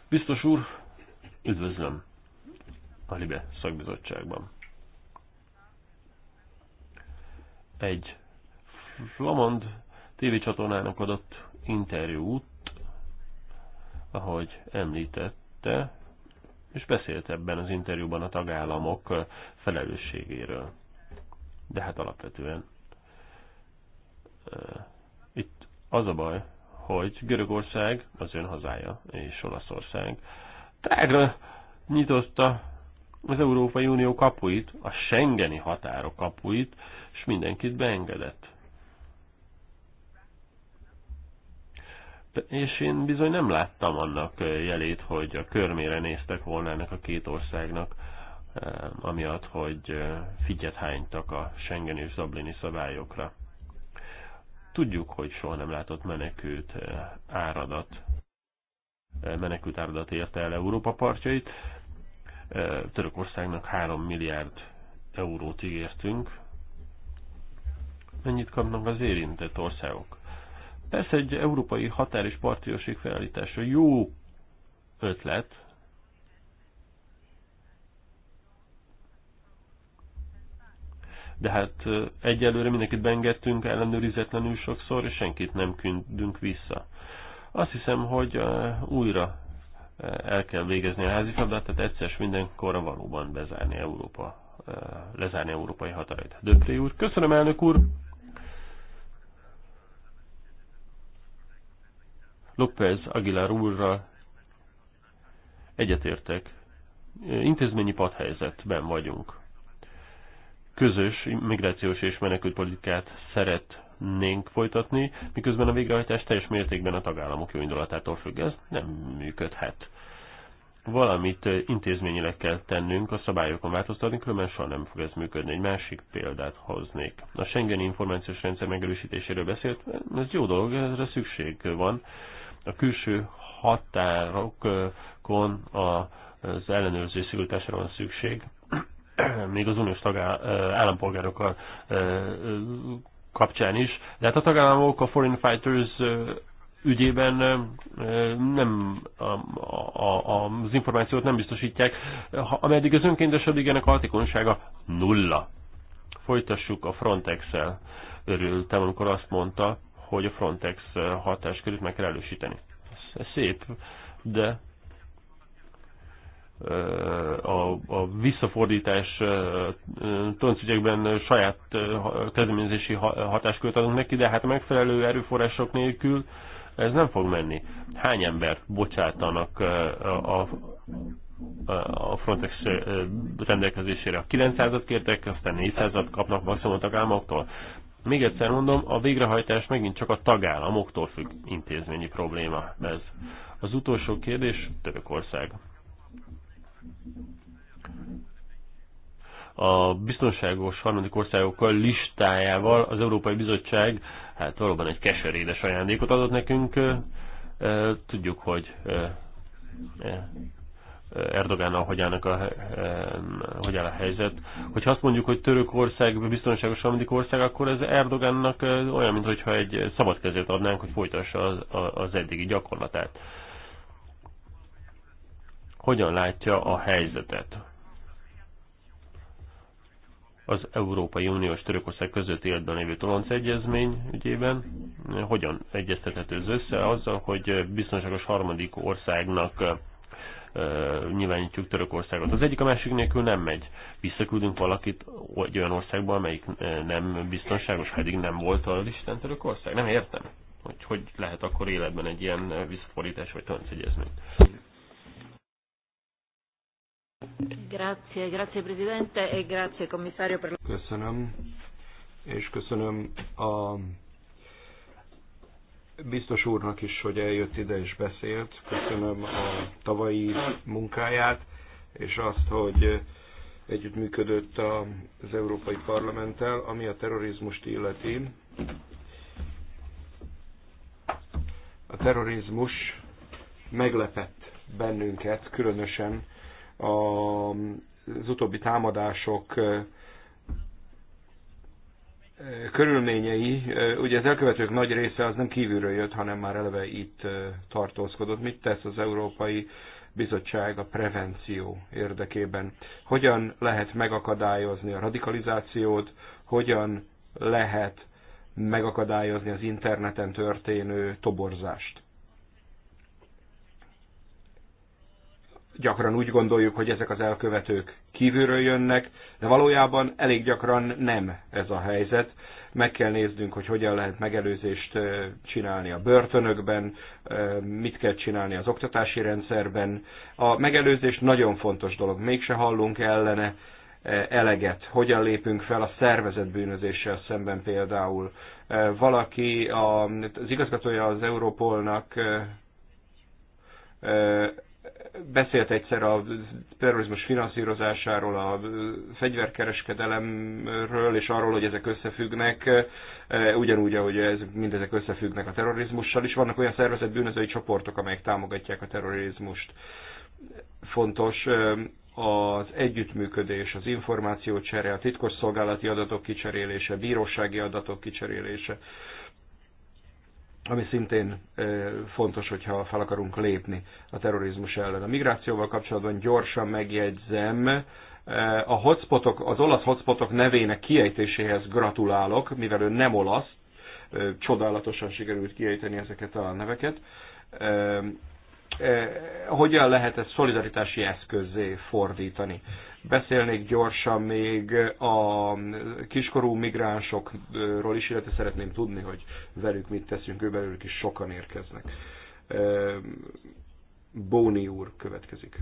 biztos úr, üdvözlöm a Libe szakbizottságban. Egy Lamond tévécsatornának adott interjút, ahogy említette, és beszélt ebben az interjúban a tagállamok felelősségéről. De hát alapvetően itt az a baj, hogy Görögország, az ön hazája, és Olaszország tágra nyitotta az Európai Unió kapuit, a Schengeni határok kapuit, és mindenkit beengedett. és én bizony nem láttam annak jelét, hogy a körmére néztek volna ennek a két országnak, eh, amiatt, hogy eh, figyet hánytak a Schengen és Dublini szabályokra. Tudjuk, hogy soha nem látott menekült eh, áradat, menekült áradat érte el Európa partjait. Törökországnak 3 milliárd eurót ígértünk. Mennyit kapnak az érintett országok? Persze egy európai határ és parti felállítása jó ötlet, de hát egyelőre mindenkit beengedtünk ellenőrizetlenül sokszor, és senkit nem küldünk vissza. Azt hiszem, hogy újra el kell végezni a házi feladat, tehát egyszer mindenkorra valóban bezárni Európa, lezárni európai határait. Döpré úr, köszönöm elnök úr! López Aguilar úrral egyetértek. Intézményi padhelyzetben vagyunk. Közös migrációs és menekültpolitikát szeretnénk folytatni, miközben a végrehajtás teljes mértékben a tagállamok jó indulatától függ. Ez nem működhet. Valamit intézményileg kell tennünk, a szabályokon változtatni, különben soha nem fog ez működni. Egy másik példát hoznék. A Schengen információs rendszer megerősítéséről beszélt, ez jó dolog, ezre szükség van a külső határokon az ellenőrzés szigorítására van szükség. Még az uniós állampolgárokkal kapcsán is. De hát a tagállamok a Foreign Fighters ügyében nem a, a, az információt nem biztosítják, ameddig az önkéntes, addig ennek a hatékonysága nulla. Folytassuk a Frontex-el. Örültem, amikor azt mondta, hogy a Frontex eh, hatáskörét meg kell elősíteni. Ez szép, de eh, a, a visszafordítás eh, toncügyekben saját kezdeményezési hatáskört adunk neki, de hát megfelelő erőforrások nélkül ez nem fog menni. Hány embert bocsátanak a, a, a Frontex rendelkezésére? 900-at kértek, aztán 400-at kapnak maximum a tagállamoktól. Még egyszer mondom, a végrehajtás megint csak a tagállamoktól függ intézményi probléma ez. Az utolsó kérdés Törökország. A biztonságos harmadik országokkal listájával az Európai Bizottság hát valóban egy keserédes ajándékot adott nekünk. Tudjuk, hogy Erdogánnal hogy, állnak a, hogy áll a helyzet. Hogyha azt mondjuk, hogy Törökország biztonságos harmadik ország, akkor ez Erdogánnak eh, olyan, mintha egy szabad kezét adnánk, hogy folytassa az, az eddigi gyakorlatát. Hogyan látja a helyzetet? az Európai Unió és Törökország között életben lévő Tolonc Egyezmény ügyében. Eh, hogyan egyeztethető össze azzal, hogy biztonságos harmadik országnak eh, nyilvánítjuk Törökországot. Az egyik a másik nélkül nem megy. Visszaküldünk valakit egy olyan országba, amelyik nem biztonságos, pedig nem volt az Isten Törökország. Nem értem, hogy hogy lehet akkor életben egy ilyen visszafordítás vagy tanácsegyezmény. Grazie, grazie Presidente e grazie Commissario per... Köszönöm, és köszönöm a biztos úrnak is, hogy eljött ide és beszélt. Köszönöm a tavalyi munkáját, és azt, hogy együttműködött az Európai Parlamenttel, ami a terrorizmust illeti. A terrorizmus meglepett bennünket, különösen az utóbbi támadások körülményei, ugye az elkövetők nagy része az nem kívülről jött, hanem már eleve itt tartózkodott. Mit tesz az Európai Bizottság a prevenció érdekében? Hogyan lehet megakadályozni a radikalizációt? Hogyan lehet megakadályozni az interneten történő toborzást? gyakran úgy gondoljuk, hogy ezek az elkövetők kívülről jönnek, de valójában elég gyakran nem ez a helyzet. Meg kell néznünk, hogy hogyan lehet megelőzést csinálni a börtönökben, mit kell csinálni az oktatási rendszerben. A megelőzés nagyon fontos dolog, mégse hallunk ellene eleget, hogyan lépünk fel a szervezett bűnözéssel szemben például. Valaki, az igazgatója az Európolnak beszélt egyszer a terrorizmus finanszírozásáról, a fegyverkereskedelemről, és arról, hogy ezek összefüggnek, eh, ugyanúgy, ahogy ez, mindezek összefüggnek a terrorizmussal is. Vannak olyan szervezett bűnözői csoportok, amelyek támogatják a terrorizmust. Fontos eh, az együttműködés, az információcsere, a titkosszolgálati adatok kicserélése, bírósági adatok kicserélése ami szintén fontos, hogyha fel akarunk lépni a terrorizmus ellen. A migrációval kapcsolatban gyorsan megjegyzem, a hotspotok, az olasz hotspotok nevének kiejtéséhez gratulálok, mivel ő nem olasz, csodálatosan sikerült kiejteni ezeket a neveket. Hogyan lehet ezt szolidaritási eszközé fordítani? Beszélnék gyorsan még a kiskorú migránsokról is, illetve szeretném tudni, hogy velük mit teszünk, körülbelül is sokan érkeznek. Bóni úr következik.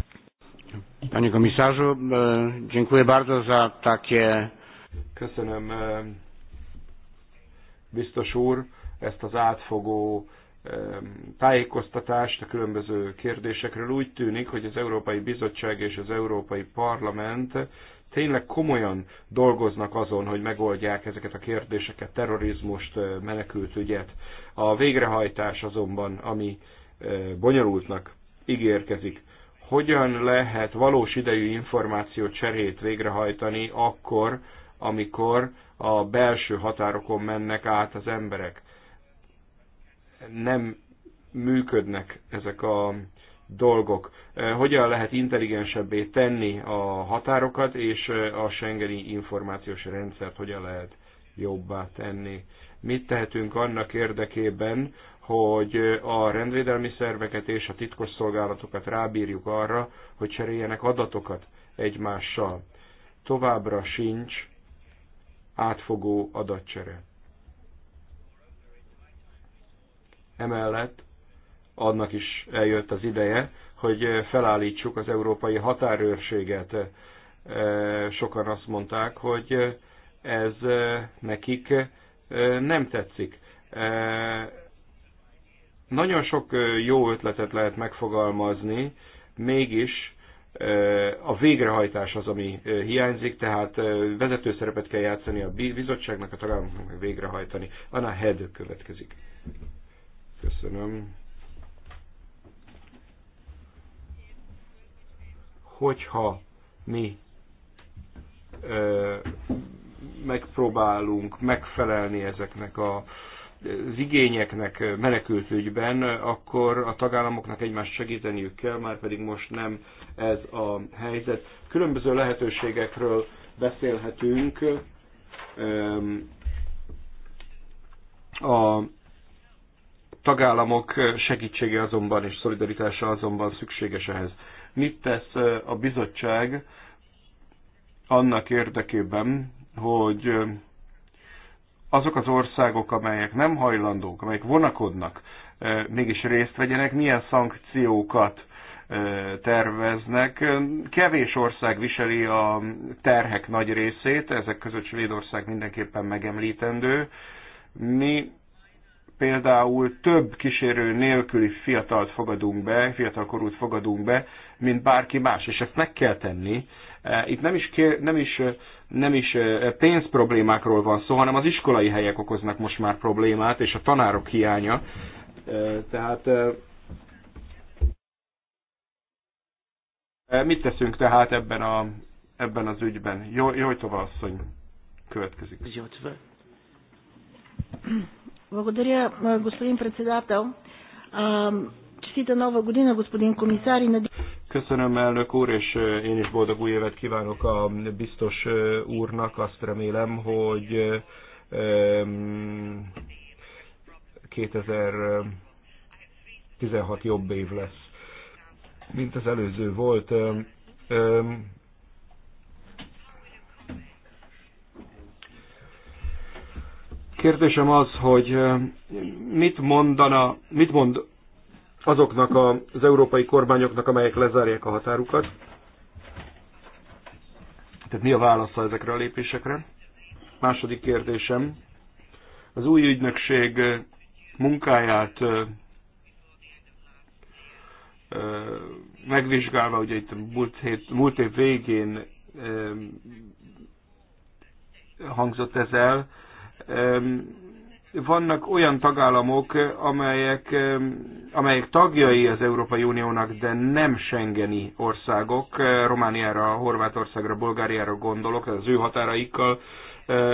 Panie komisarzu, e, dziękuję bardzo za takie... Köszönöm, e, biztos úr, ezt az átfogó tájékoztatást a különböző kérdésekről. Úgy tűnik, hogy az Európai Bizottság és az Európai Parlament tényleg komolyan dolgoznak azon, hogy megoldják ezeket a kérdéseket, terrorizmust, menekült ügyet. A végrehajtás azonban, ami bonyolultnak ígérkezik, hogyan lehet valós idejű információ cserét végrehajtani akkor, amikor a belső határokon mennek át az emberek nem működnek ezek a dolgok. Eh, hogyan lehet intelligensebbé tenni a határokat, és eh, a Schengeni információs rendszert hogyan lehet jobbá tenni. Mit tehetünk annak érdekében, hogy eh, a rendvédelmi szerveket és a titkos szolgálatokat rábírjuk arra, hogy cseréljenek adatokat egymással. Továbbra sincs átfogó adatcsere. Emellett annak is eljött az ideje, hogy felállítsuk az európai határőrséget. E, sokan azt mondták, hogy ez nekik e, nem tetszik. E, nagyon sok jó ötletet lehet megfogalmazni, mégis a végrehajtás az, ami hiányzik, tehát vezető szerepet kell játszani a bizottságnak, a tagállamoknak végrehajtani. Anna hedd következik. Köszönöm. Hogyha mi ö, megpróbálunk megfelelni ezeknek a az igényeknek menekültügyben, akkor a tagállamoknak egymást segíteniük kell, már pedig most nem ez a helyzet. Különböző lehetőségekről beszélhetünk. A tagállamok segítsége azonban és szolidaritása azonban szükséges ehhez. Mit tesz a bizottság annak érdekében, hogy azok az országok, amelyek nem hajlandók, amelyek vonakodnak, mégis részt vegyenek, milyen szankciókat terveznek. Kevés ország viseli a terhek nagy részét, ezek között Svédország mindenképpen megemlítendő. Mi például több kísérő nélküli fiatalt fogadunk be, fiatalkorút fogadunk be, mint bárki más, és ezt meg kell tenni. E, itt nem is, kér, nem is, e, nem is e, problémákról van szó, hanem az iskolai helyek okoznak most már problémát, és a tanárok hiánya. Tehát mit teszünk tehát ebben, a, ebben az ügyben? Jó, jó tovább, asszony, következik. Jó, Благодаря, господин председател. Честита нова година, господин комисар. Köszönöm, elnök úr, és én is boldog új évet kívánok a biztos úrnak. Azt remélem, hogy 2016 jobb év lesz, mint az előző volt Kérdésem az, hogy mit mondana, mit mond azoknak az európai kormányoknak, amelyek lezárják a határukat? Tehát mi a válasza ezekre a lépésekre? Második kérdésem. Az új ügynökség munkáját megvizsgálva, ugye itt múlt, hét, múlt év végén hangzott ez el, vannak olyan tagállamok, amelyek, amelyek tagjai az Európai Uniónak, de nem Schengeni országok, Romániára, Horvátországra, Bulgáriára gondolok, az ő határaikkal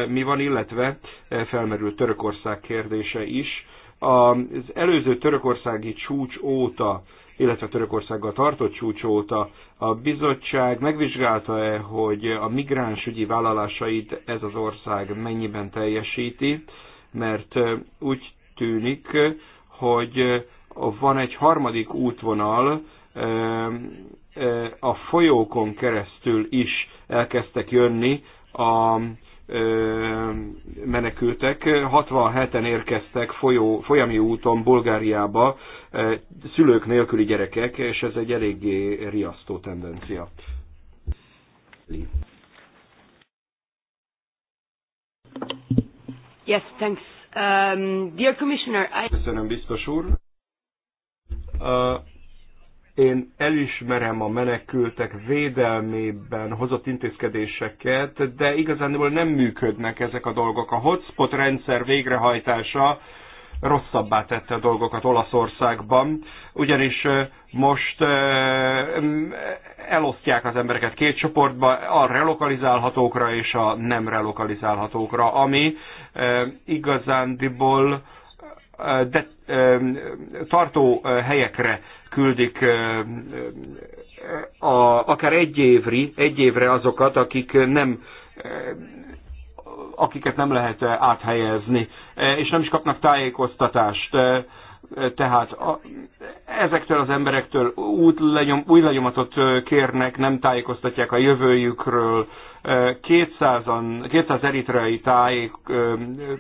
mi van, illetve felmerül Törökország kérdése is. Az előző törökországi csúcs óta illetve Törökországgal tartott csúcs óta a bizottság megvizsgálta-e, hogy a migránsügyi vállalásait ez az ország mennyiben teljesíti, mert úgy tűnik, hogy van egy harmadik útvonal, a folyókon keresztül is elkezdtek jönni a menekültek. 67-en érkeztek folyó, folyami úton Bulgáriába szülők nélküli gyerekek, és ez egy eléggé riasztó tendencia. Yes, thanks. Um, dear Commissioner, I... Köszönöm, biztos úr. Uh, én elismerem a menekültek védelmében hozott intézkedéseket, de igazából nem működnek ezek a dolgok. A hotspot rendszer végrehajtása rosszabbá tette a dolgokat Olaszországban, ugyanis most elosztják az embereket két csoportba, a relokalizálhatókra és a nem relokalizálhatókra, ami igazándiból de, tartó helyekre küldik a, akár egy, évri, egy évre azokat, akik nem akiket nem lehet áthelyezni E, és nem is kapnak tájékoztatást. E, e, tehát a, ezektől az emberektől út lenyom, új lenyomatot kérnek, nem tájékoztatják a jövőjükről. 200 200 eritreai tájék,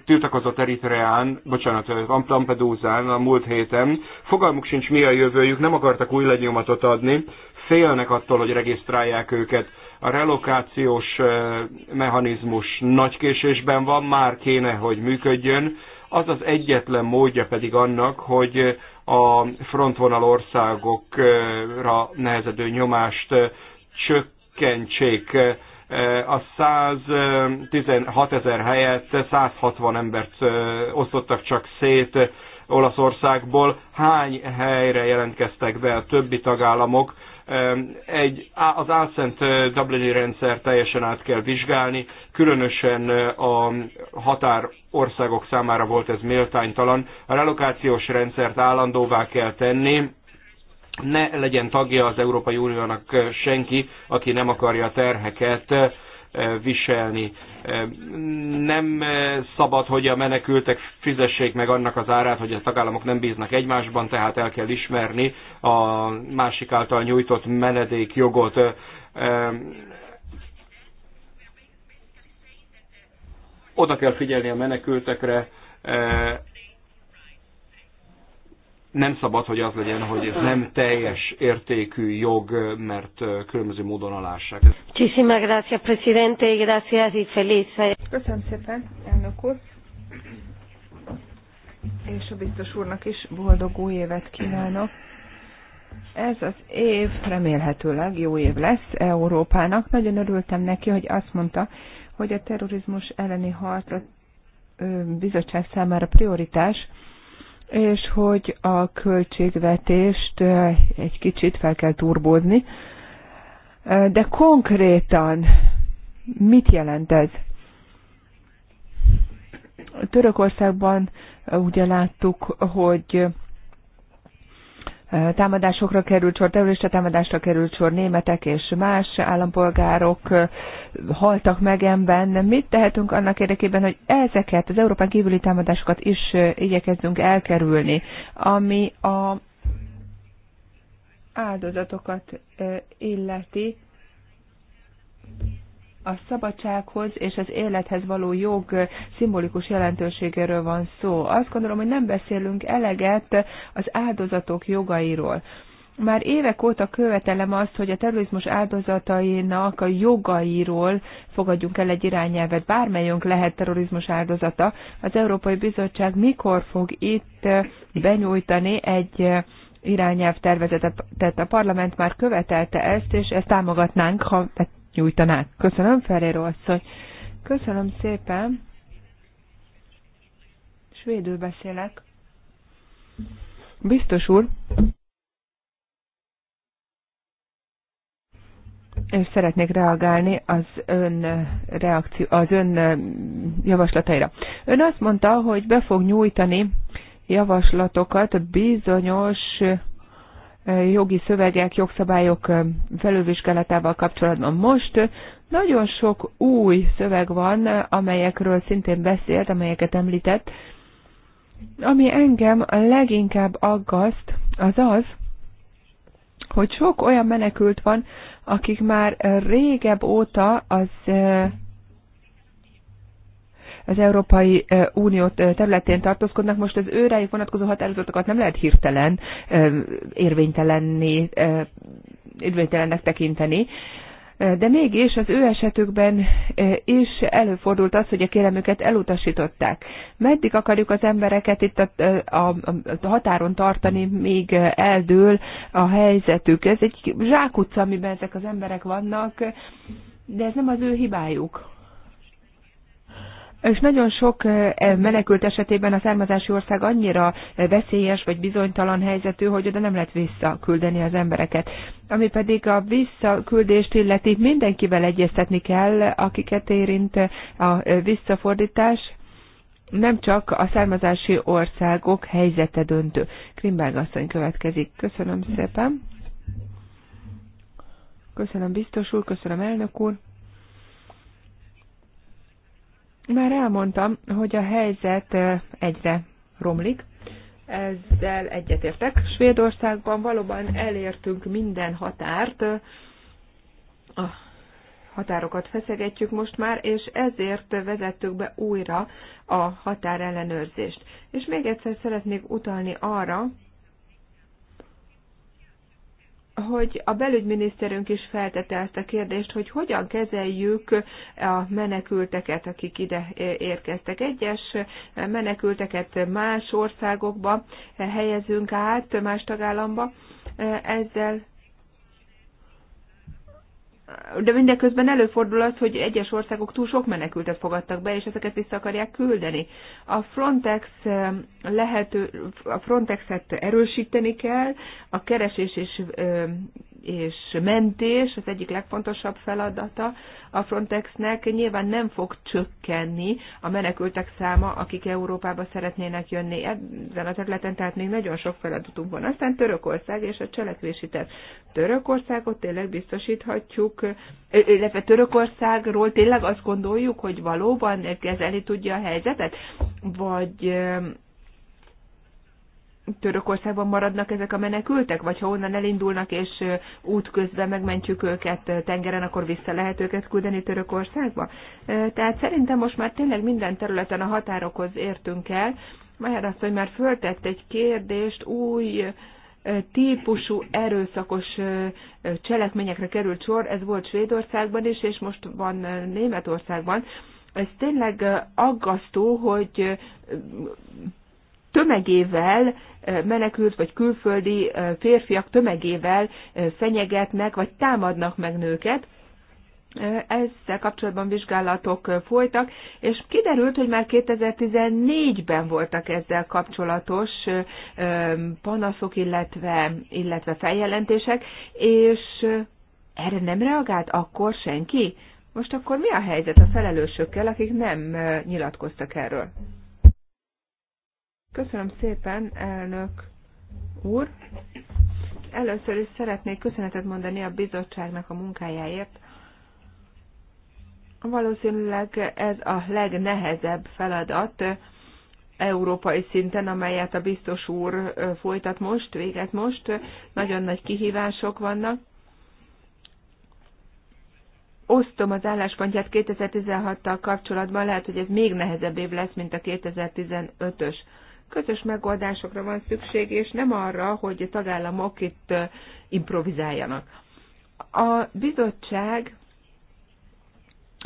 tiltakozott eritreán, bocsánat, Lampedusán a múlt héten, fogalmuk sincs mi a jövőjük, nem akartak új lenyomatot adni, félnek attól, hogy regisztrálják őket a relokációs eh, mechanizmus nagy késésben van, már kéne, hogy működjön. Az az egyetlen módja pedig annak, hogy a frontvonal országokra nehezedő nyomást eh, csökkentsék eh, a 116 ezer helyett 160 embert osztottak csak szét Olaszországból. Hány helyre jelentkeztek be a többi tagállamok, egy, az álszent Dublini rendszer teljesen át kell vizsgálni, különösen a határ országok számára volt ez méltánytalan. A relokációs rendszert állandóvá kell tenni, ne legyen tagja az Európai Uniónak senki, aki nem akarja a terheket viselni. Nem szabad, hogy a menekültek fizessék meg annak az árát, hogy a tagállamok nem bíznak egymásban, tehát el kell ismerni a másik által nyújtott menedékjogot. Oda kell figyelni a menekültekre, nem szabad, hogy az legyen, hogy ez nem teljes értékű jog, mert különböző módon alássák. Muchísimas gracias, presidente, gracias y feliz. Köszönöm szépen, elnök úr. És a biztos úrnak is boldog új évet kívánok. Ez az év remélhetőleg jó év lesz Európának. Nagyon örültem neki, hogy azt mondta, hogy a terrorizmus elleni harc a bizottság számára prioritás, és hogy a költségvetést eh, egy kicsit fel kell turbózni. Eh, de konkrétan mit jelent ez? Törökországban eh, ugye láttuk, hogy támadásokra került sor, terrorista támadásra került sor, németek és más állampolgárok haltak meg ebben. Mit tehetünk annak érdekében, hogy ezeket az Európán kívüli támadásokat is igyekezzünk elkerülni, ami a áldozatokat illeti a szabadsághoz és az élethez való jog szimbolikus jelentőségéről van szó. Azt gondolom, hogy nem beszélünk eleget az áldozatok jogairól. Már évek óta követelem azt, hogy a terrorizmus áldozatainak a jogairól fogadjunk el egy irányelvet. Bármelyünk lehet terrorizmus áldozata. Az Európai Bizottság mikor fog itt benyújtani egy irányelv tervezetet? A parlament már követelte ezt, és ezt támogatnánk, ha nyújtanák. Köszönöm, Ferrero asszony. Köszönöm szépen. Svédül beszélek. Biztos úr. és szeretnék reagálni az ön, reakció, az ön javaslataira. Ön azt mondta, hogy be fog nyújtani javaslatokat bizonyos jogi szövegek, jogszabályok felülvizsgálatával kapcsolatban. Most nagyon sok új szöveg van, amelyekről szintén beszélt, amelyeket említett. Ami engem leginkább aggaszt, az az, hogy sok olyan menekült van, akik már régebb óta az az Európai Unió területén tartózkodnak. Most az őrájuk vonatkozó határozatokat nem lehet hirtelen érvénytelennek tekinteni. De mégis az ő esetükben is előfordult az, hogy a kérelmüket elutasították. Meddig akarjuk az embereket itt a, a, a határon tartani, még eldől a helyzetük? Ez egy zsákutca, amiben ezek az emberek vannak, de ez nem az ő hibájuk és nagyon sok e, menekült esetében a származási ország annyira veszélyes vagy bizonytalan helyzetű, hogy oda nem lehet visszaküldeni az embereket. Ami pedig a visszaküldést illeti, mindenkivel egyeztetni kell, akiket érint a visszafordítás, nem csak a származási országok helyzete döntő. Krimberg asszony következik. Köszönöm szépen. Köszönöm biztos úr, köszönöm elnök úr. Már elmondtam, hogy a helyzet egyre romlik. Ezzel egyetértek. Svédországban valóban elértünk minden határt. A határokat feszegetjük most már, és ezért vezettük be újra a határellenőrzést. És még egyszer szeretnék utalni arra, hogy a belügyminiszterünk is feltette ezt a kérdést, hogy hogyan kezeljük a menekülteket, akik ide érkeztek. Egyes menekülteket más országokba helyezünk át, más tagállamba. Ezzel de mindeközben előfordul az, hogy egyes országok túl sok menekültet fogadtak be, és ezeket vissza akarják küldeni. A Frontex lehető, a Frontexet erősíteni kell, a keresés és és mentés az egyik legfontosabb feladata a Frontexnek. Nyilván nem fog csökkenni a menekültek száma, akik Európába szeretnének jönni ezen a területen, tehát még nagyon sok feladatunk van. Aztán Törökország és a cselekvési terv. Törökországot tényleg biztosíthatjuk, illetve Törökországról tényleg azt gondoljuk, hogy valóban kezelni tudja a helyzetet, vagy Törökországban maradnak ezek a menekültek, vagy ha onnan elindulnak, és útközben megmentjük őket tengeren, akkor vissza lehet őket küldeni Törökországba? Tehát szerintem most már tényleg minden területen a határokhoz értünk el. Már azt, hogy már föltett egy kérdést, új típusú erőszakos cselekményekre került sor, ez volt Svédországban is, és most van Németországban. Ez tényleg aggasztó, hogy tömegével menekült vagy külföldi férfiak tömegével fenyegetnek vagy támadnak meg nőket. Ezzel kapcsolatban vizsgálatok folytak, és kiderült, hogy már 2014-ben voltak ezzel kapcsolatos panaszok, illetve, illetve feljelentések, és erre nem reagált akkor senki? Most akkor mi a helyzet a felelősökkel, akik nem nyilatkoztak erről? Köszönöm szépen, elnök úr. Először is szeretnék köszönetet mondani a bizottságnak a munkájáért. Valószínűleg ez a legnehezebb feladat európai szinten, amelyet a biztos úr folytat most, véget most. Nagyon nagy kihívások vannak osztom az álláspontját 2016-tal kapcsolatban, lehet, hogy ez még nehezebb év lesz, mint a 2015-ös. Közös megoldásokra van szükség, és nem arra, hogy a tagállamok itt improvizáljanak. A bizottság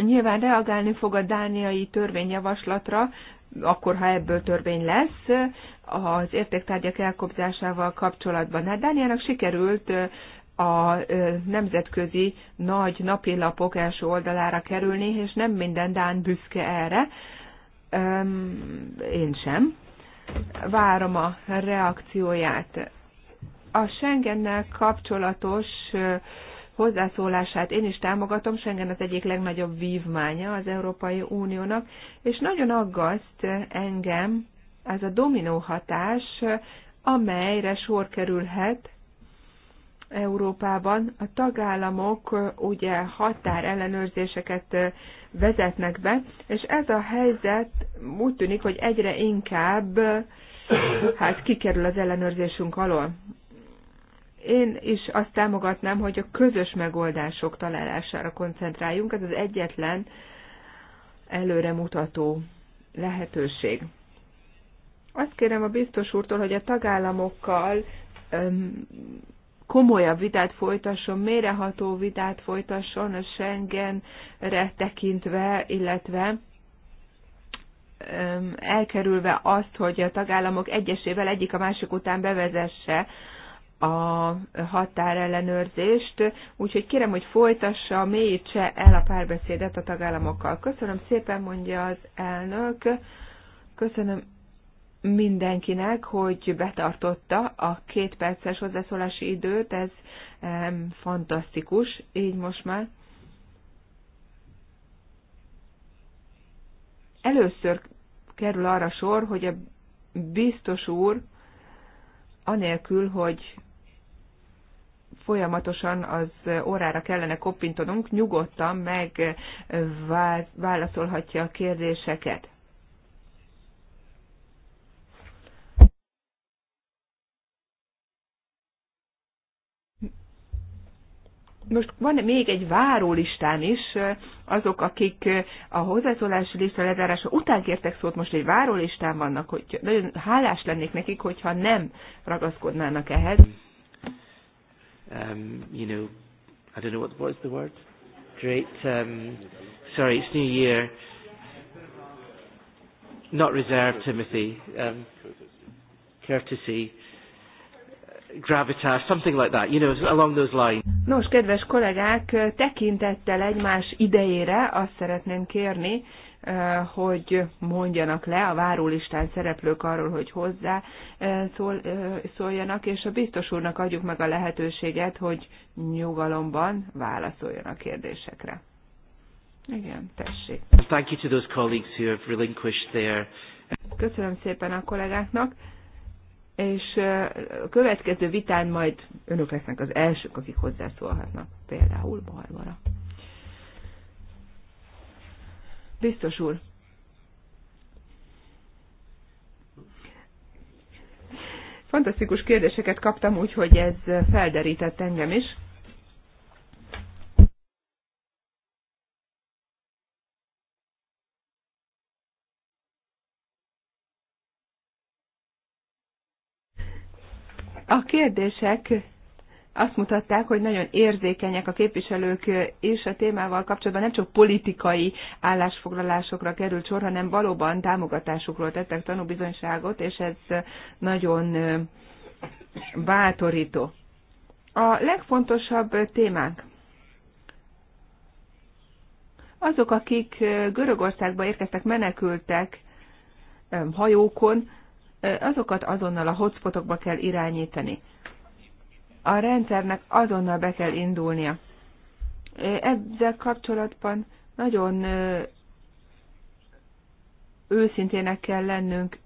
nyilván reagálni fog a dániai törvényjavaslatra, akkor, ha ebből törvény lesz, az értéktárgyak elkobzásával kapcsolatban. Hát Dániának sikerült a nemzetközi nagy napilapok első oldalára kerülni, és nem minden Dán büszke erre. Én sem várom a reakcióját. A Schengennel kapcsolatos hozzászólását én is támogatom, Schengen az egyik legnagyobb vívmánya az Európai Uniónak, és nagyon aggaszt engem ez a dominó hatás, amelyre sor kerülhet, Európában. A tagállamok ugye határellenőrzéseket vezetnek be, és ez a helyzet úgy tűnik, hogy egyre inkább hát kikerül az ellenőrzésünk alól. Én is azt támogatnám, hogy a közös megoldások találására koncentráljunk, ez az egyetlen előremutató lehetőség. Azt kérem a biztos úrtól, hogy a tagállamokkal öm, komolyabb vitát folytasson, méreható vitát folytasson a Schengenre tekintve, illetve elkerülve azt, hogy a tagállamok egyesével egyik a másik után bevezesse a határellenőrzést, úgyhogy kérem, hogy folytassa, mélyítse el a párbeszédet a tagállamokkal. Köszönöm szépen, mondja az elnök. Köszönöm mindenkinek, hogy betartotta a két perces hozzászólási időt, ez em, fantasztikus, így most már. Először kerül arra sor, hogy a biztos úr, anélkül, hogy folyamatosan az órára kellene koppintanunk, nyugodtan megválaszolhatja a kérdéseket. most van még egy várólistán is, azok, akik a hozzászólási lista lezárása után kértek szót, most egy várólistán vannak, hogy nagyon hálás lennék nekik, hogyha nem ragaszkodnának ehhez. Um, you know, I don't know what was the word. Great, um, sorry, it's New Year. Not reserved, Timothy. Um, courtesy gravitas, something like that, you know, along those lines. Nos, kedves kollégák, tekintettel egymás idejére azt szeretném kérni, eh, hogy mondjanak le a várólistán szereplők arról, hogy hozzá eh, szól, eh, szóljanak, és a biztos úrnak adjuk meg a lehetőséget, hogy nyugalomban válaszoljon a kérdésekre. Igen, tessék. Thank you to those colleagues who have relinquished their... Köszönöm szépen a kollégáknak és a következő vitán majd önök lesznek az elsők, akik hozzászólhatnak, például Barbara. Biztos úr. Fantasztikus kérdéseket kaptam, úgyhogy ez felderített engem is. A kérdések azt mutatták, hogy nagyon érzékenyek a képviselők és a témával kapcsolatban nem csak politikai állásfoglalásokra került sor, hanem valóban támogatásukról tettek tanúbizonyságot, és ez nagyon bátorító. A legfontosabb témánk. Azok, akik Görögországba érkeztek, menekültek hajókon, azokat azonnal a hotspotokba kell irányítani. A rendszernek azonnal be kell indulnia. Ezzel kapcsolatban nagyon őszintének kell lennünk.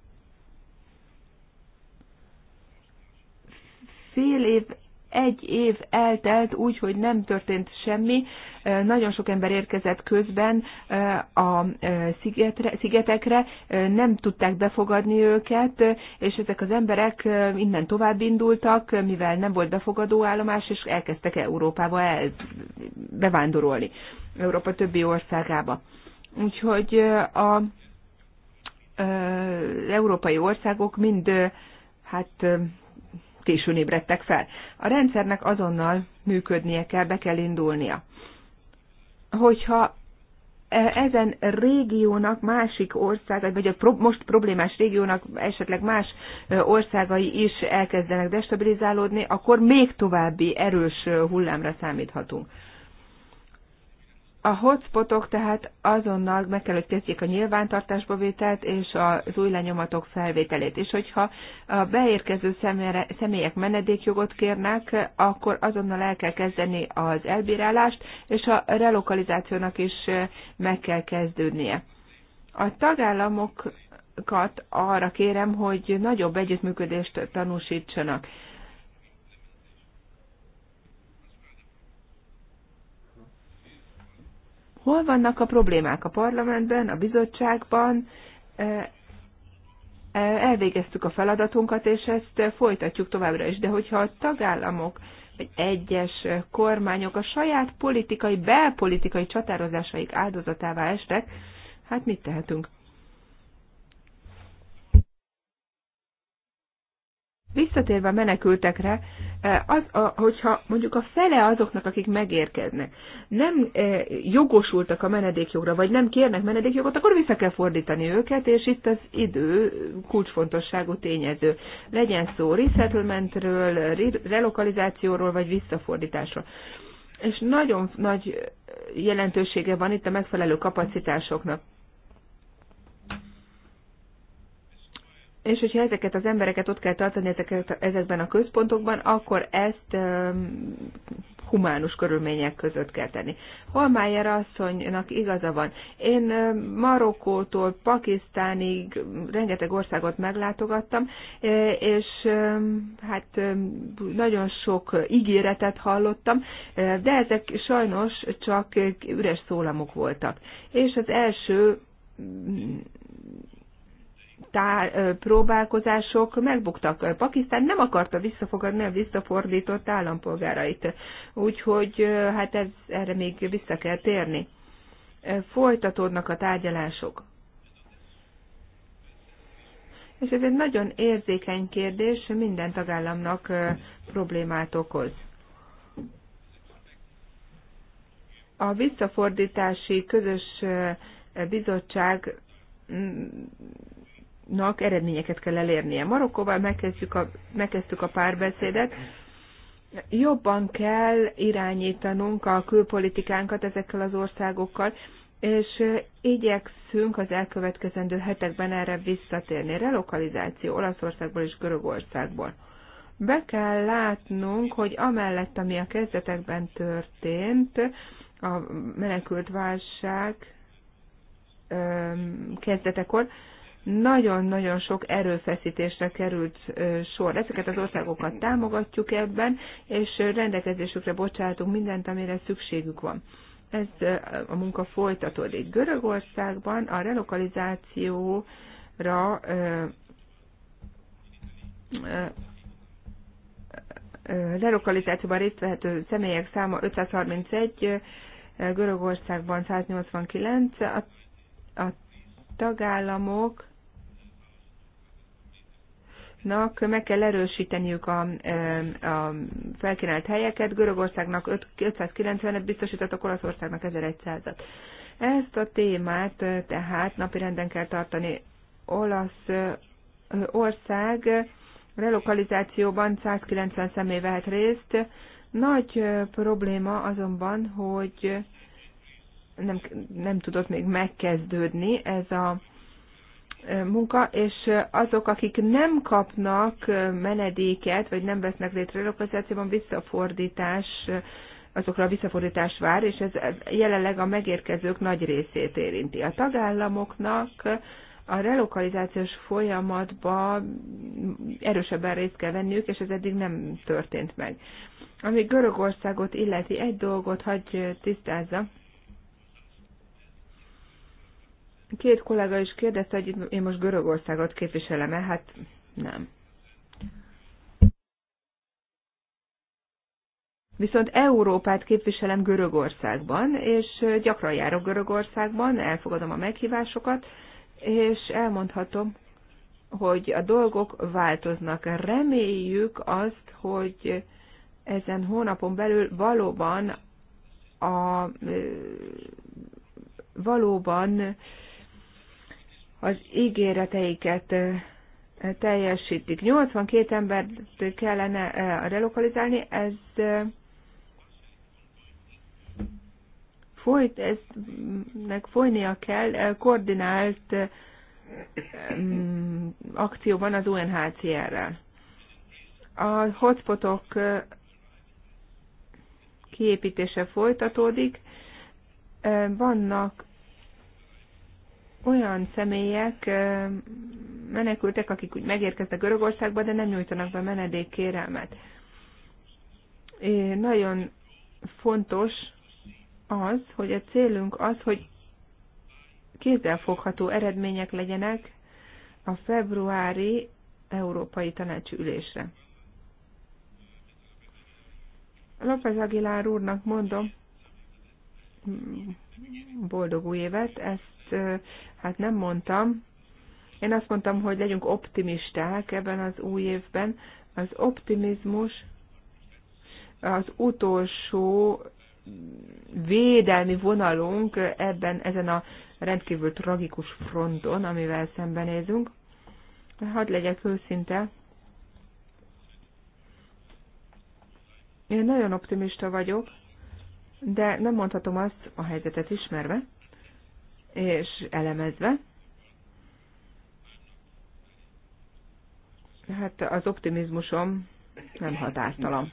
Fél év egy év eltelt úgy, hogy nem történt semmi. Nagyon sok ember érkezett közben a szigetre, szigetekre, nem tudták befogadni őket, és ezek az emberek innen tovább indultak, mivel nem volt befogadó állomás, és elkezdtek Európába el, bevándorolni, Európa többi országába. Úgyhogy a európai országok mind hát későn ébredtek fel. A rendszernek azonnal működnie kell, be kell indulnia. Hogyha e, ezen régiónak másik ország, vagy a most problémás régiónak esetleg más e, országai is elkezdenek destabilizálódni, akkor még további erős e, hullámra számíthatunk. A hotspotok tehát azonnal meg kell, hogy kezdjék a nyilvántartásba vételt és az új lenyomatok felvételét. És hogyha a beérkező személyek menedékjogot kérnek, akkor azonnal el kell kezdeni az elbírálást, és a relokalizációnak is meg kell kezdődnie. A tagállamokat arra kérem, hogy nagyobb együttműködést tanúsítsanak Hol vannak a problémák? A parlamentben, a bizottságban e, e, elvégeztük a feladatunkat, és ezt folytatjuk továbbra is. De hogyha a tagállamok vagy egyes kormányok a saját politikai, belpolitikai csatározásaik áldozatává estek, hát mit tehetünk? Visszatérve a menekültekre, e, az, a, hogyha mondjuk a fele azoknak, akik megérkeznek, nem e, jogosultak a menedékjogra, vagy nem kérnek menedékjogot, akkor vissza kell fordítani őket, és itt az idő kulcsfontosságú tényező. Legyen szó resettlementről, relokalizációról, vagy visszafordításról. És nagyon nagy jelentősége van itt a megfelelő kapacitásoknak. És hogyha ezeket az embereket ott kell tartani ezeket, ezekben a központokban, akkor ezt um, humánus körülmények között kell tenni. Holmájer asszonynak igaza van. Én Marokkótól Pakisztánig rengeteg országot meglátogattam, és hát nagyon sok ígéretet hallottam, de ezek sajnos csak üres szólamok voltak. És az első tár, próbálkozások megbuktak. Pakisztán nem akarta visszafogadni a visszafordított állampolgárait, úgyhogy hát ez, erre még vissza kell térni. Folytatódnak a tárgyalások. És ez egy nagyon érzékeny kérdés, minden tagállamnak problémát okoz. A visszafordítási közös bizottság nak eredményeket kell elérnie. Marokkóval megkezdjük a, megkezdtük a párbeszédet, jobban kell irányítanunk a külpolitikánkat ezekkel az országokkal, és igyekszünk az elkövetkezendő hetekben erre visszatérni. Relokalizáció Olaszországból és Görögországból. Be kell látnunk, hogy amellett, ami a kezdetekben történt, a menekült válság kezdetekor, nagyon-nagyon sok erőfeszítésre került sor. Ezeket az országokat támogatjuk ebben, és rendelkezésükre bocsátunk mindent, amire szükségük van. Ez a munka folytatódik. Görögországban a relokalizációra lerokalizációban részt vehető személyek száma 531, Görögországban 189, a, a tagállamok Nak meg kell erősíteniük a, a felkínált helyeket, Görögországnak 590-et biztosítottak, Olaszországnak 1100-at. Ezt a témát tehát napirenden kell tartani. Olasz ország relokalizációban 190 személy vehet részt. Nagy probléma azonban, hogy nem, nem tudott még megkezdődni ez a munka, és azok, akik nem kapnak menedéket, vagy nem vesznek létre lokalizációban, visszafordítás, azokra a visszafordítás vár, és ez jelenleg a megérkezők nagy részét érinti. A tagállamoknak a relokalizációs folyamatba erősebben részt kell venniük, és ez eddig nem történt meg. Ami Görögországot illeti, egy dolgot hagyj tisztázza. Két kollega is kérdezte, hogy én most Görögországot képviselem-e, hát nem. Viszont Európát képviselem Görögországban, és gyakran járok Görögországban, elfogadom a meghívásokat, és elmondhatom, hogy a dolgok változnak. Reméljük azt, hogy ezen hónapon belül valóban a valóban az ígéreteiket teljesítik. 82 embert kellene relokalizálni, ez folyt, eznek folynia kell koordinált akcióban az UNHCR-rel. A hotspotok kiépítése folytatódik, vannak olyan személyek menekültek, akik úgy megérkeztek Görögországba, de nem nyújtanak be menedékkérelmet. Nagyon fontos az, hogy a célunk az, hogy kézzelfogható eredmények legyenek a februári Európai Tanácsi Ülésre. López Aguilar úrnak mondom, boldog új évet, ezt hát nem mondtam. Én azt mondtam, hogy legyünk optimisták ebben az új évben. Az optimizmus az utolsó védelmi vonalunk ebben, ezen a rendkívül tragikus fronton, amivel szembenézünk. Hadd legyek őszinte. Én nagyon optimista vagyok de nem mondhatom azt a helyzetet ismerve és elemezve, hát az optimizmusom nem határtalan.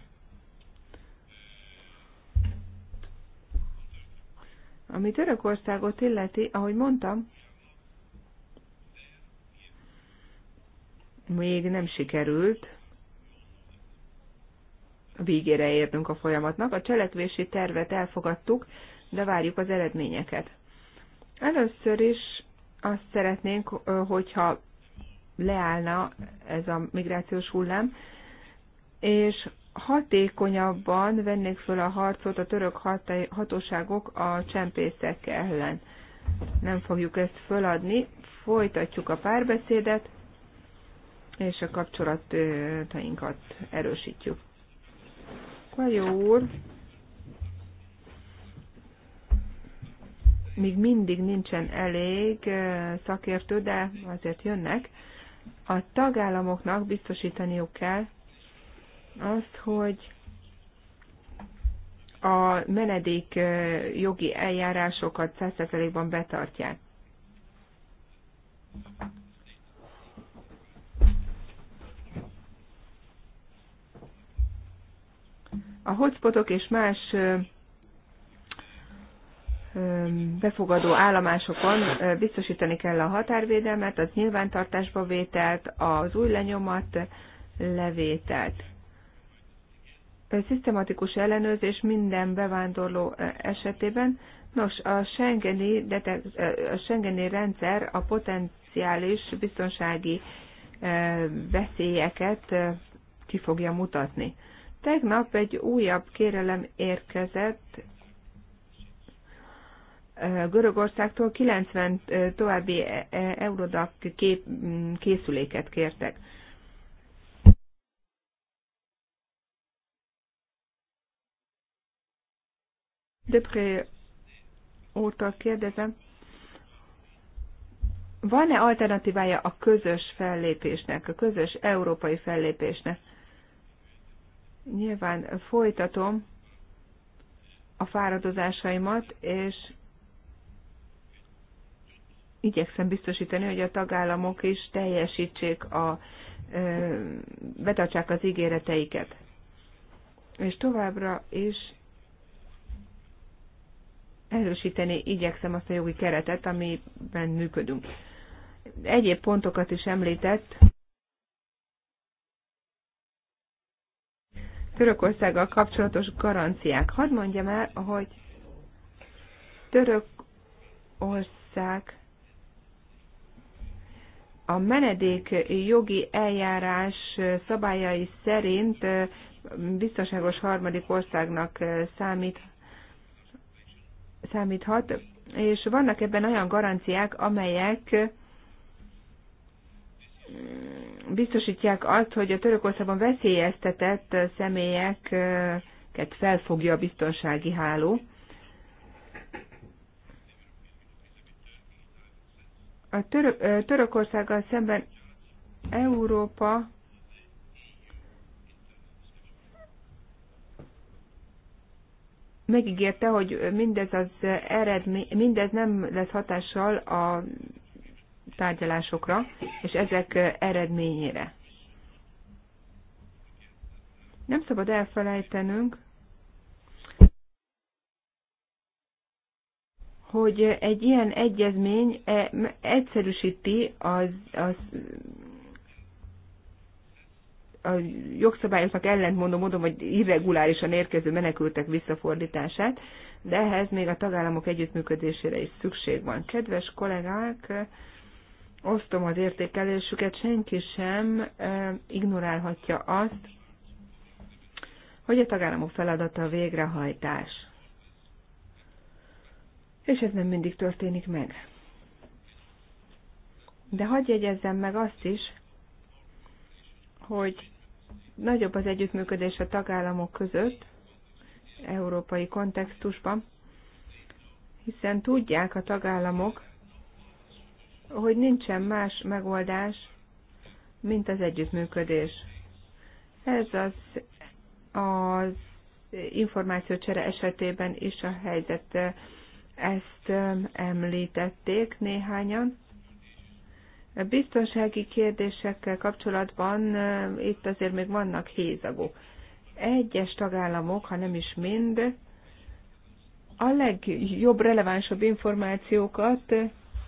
Ami Törökországot illeti, ahogy mondtam, még nem sikerült végére érnünk a folyamatnak. A cselekvési tervet elfogadtuk, de várjuk az eredményeket. Először is azt szeretnénk, hogyha leállna ez a migrációs hullám, és hatékonyabban vennék föl a harcot a török hatóságok a csempészek ellen. Nem fogjuk ezt föladni, folytatjuk a párbeszédet, és a kapcsolatainkat erősítjük. Kajó úr még mindig nincsen elég szakértő, de azért jönnek. A tagállamoknak biztosítaniuk kell azt, hogy a menedék jogi eljárásokat 100%-ban betartják. A hotspotok és más befogadó állomásokon biztosítani kell a határvédelmet, az nyilvántartásba vételt, az új lenyomat levételt. A szisztematikus ellenőrzés minden bevándorló esetében. Nos, a Schengeni, a Schengeni rendszer a potenciális biztonsági veszélyeket ki fogja mutatni. Tegnap egy újabb kérelem érkezett Görögországtól 90 további eurodak kép, mm, készüléket kértek. Döpré úrtól kérdezem, van-e alternatívája a közös fellépésnek, a közös európai fellépésnek? Nyilván folytatom a fáradozásaimat, és igyekszem biztosítani, hogy a tagállamok is teljesítsék a, betartsák az ígéreteiket. És továbbra is erősíteni igyekszem azt a jogi keretet, amiben működünk. Egyéb pontokat is említett, Törökországgal kapcsolatos garanciák. Hadd mondjam el, hogy Törökország a menedék jogi eljárás szabályai szerint biztonságos harmadik országnak számít, számíthat, és vannak ebben olyan garanciák, amelyek biztosítják azt, hogy a Törökországban veszélyeztetett személyeket felfogja a biztonsági háló. A török, Törökországgal szemben Európa megígérte, hogy mindez, az eredmény, mindez nem lesz hatással a tárgyalásokra és ezek eredményére. Nem szabad elfelejtenünk, hogy egy ilyen egyezmény e, egyszerűsíti az, az a jogszabályoknak ellentmondó módon, vagy irregulárisan érkező menekültek visszafordítását, de ehhez még a tagállamok együttműködésére is szükség van. Kedves kollégák, osztom az értékelésüket, senki sem ignorálhatja azt, hogy a tagállamok feladata a végrehajtás. És ez nem mindig történik meg. De hagyj jegyezzem meg azt is, hogy nagyobb az együttműködés a tagállamok között, európai kontextusban, hiszen tudják a tagállamok, hogy nincsen más megoldás, mint az együttműködés. Ez az, az információcsere esetében is a helyzet ezt um, említették néhányan. A biztonsági kérdésekkel kapcsolatban um, itt azért még vannak hézagok. Egyes tagállamok, ha nem is mind, a legjobb relevánsabb információkat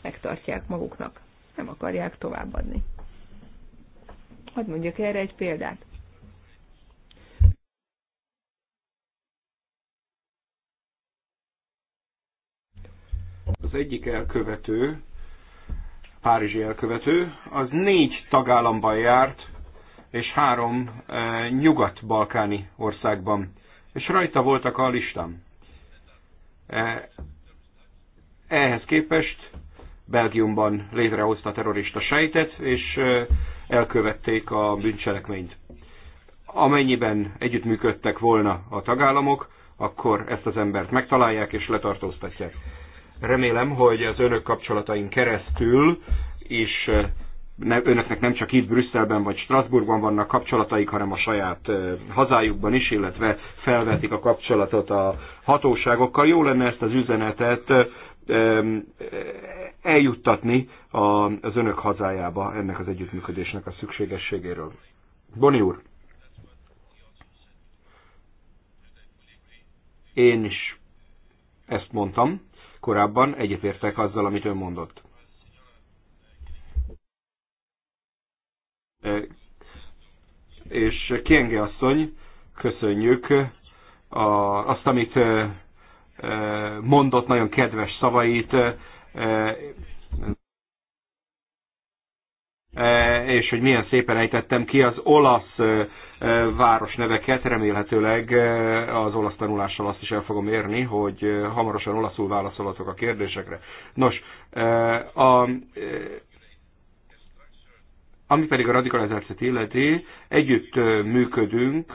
megtartják maguknak, nem akarják továbbadni. Hadd mondjak erre egy példát. Az egyik elkövető, párizsi elkövető, az négy tagállamban járt, és három e, nyugat-balkáni országban. És rajta voltak a listán. E, ehhez képest Belgiumban létrehozta a terrorista sejtet, és elkövették a bűncselekményt. Amennyiben együttműködtek volna a tagállamok, akkor ezt az embert megtalálják és letartóztatják. Remélem, hogy az önök kapcsolatain keresztül is ne, önöknek nem csak itt Brüsszelben vagy Strasbourgban vannak kapcsolataik, hanem a saját ö, hazájukban is, illetve felvetik a kapcsolatot a hatóságokkal. Jó lenne ezt az üzenetet eljuttatni az önök hazájába ennek az együttműködésnek a szükségességéről. Boni úr, én is ezt mondtam korábban, egyetértek azzal, amit ön mondott. És Kienge asszony, köszönjük azt, amit mondott nagyon kedves szavait, és hogy milyen szépen ejtettem ki az olasz város neveket, remélhetőleg az olasz tanulással azt is el fogom érni, hogy hamarosan olaszul válaszolatok a kérdésekre. Nos, a, ami pedig a radikalizációt illeti, együtt működünk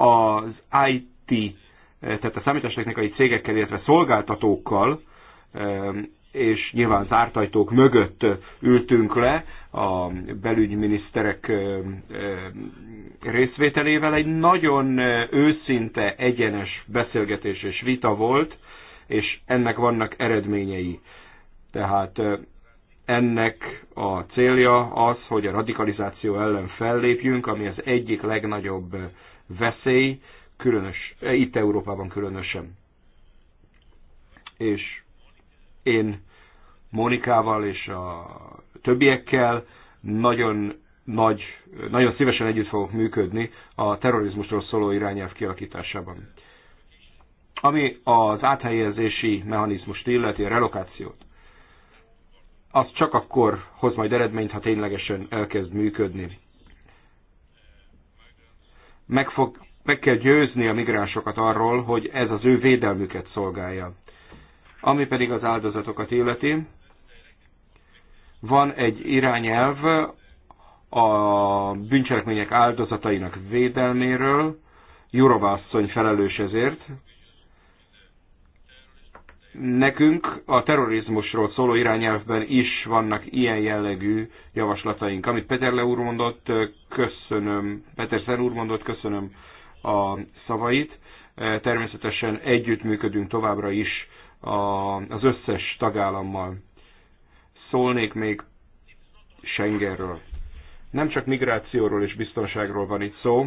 az IT, tehát a számítástechnikai cégekkel, illetve szolgáltatókkal, és nyilván zárt ajtók mögött ültünk le a belügyminiszterek részvételével. Egy nagyon őszinte, egyenes beszélgetés és vita volt, és ennek vannak eredményei. Tehát ennek a célja az, hogy a radikalizáció ellen fellépjünk, ami az egyik legnagyobb veszély, különös, eh, itt Európában különösen. És én Mónikával és a többiekkel nagyon nagy, nagyon szívesen együtt fogok működni a terrorizmusról szóló irányelv kialakításában. Ami az áthelyezési mechanizmust illeti, a relokációt, az csak akkor hoz majd eredményt, ha ténylegesen elkezd működni meg, fog, meg kell győzni a migránsokat arról, hogy ez az ő védelmüket szolgálja. Ami pedig az áldozatokat illeti, van egy irányelv a bűncselekmények áldozatainak védelméről, Jurova asszony felelős ezért, Nekünk a terrorizmusról szóló irányelvben is vannak ilyen jellegű javaslataink. Amit Peter Le úr mondott, köszönöm, Peter Szer úr mondott, köszönöm a szavait. Természetesen együttműködünk továbbra is az összes tagállammal. Szólnék még Schengenről. Nem csak migrációról és biztonságról van itt szó.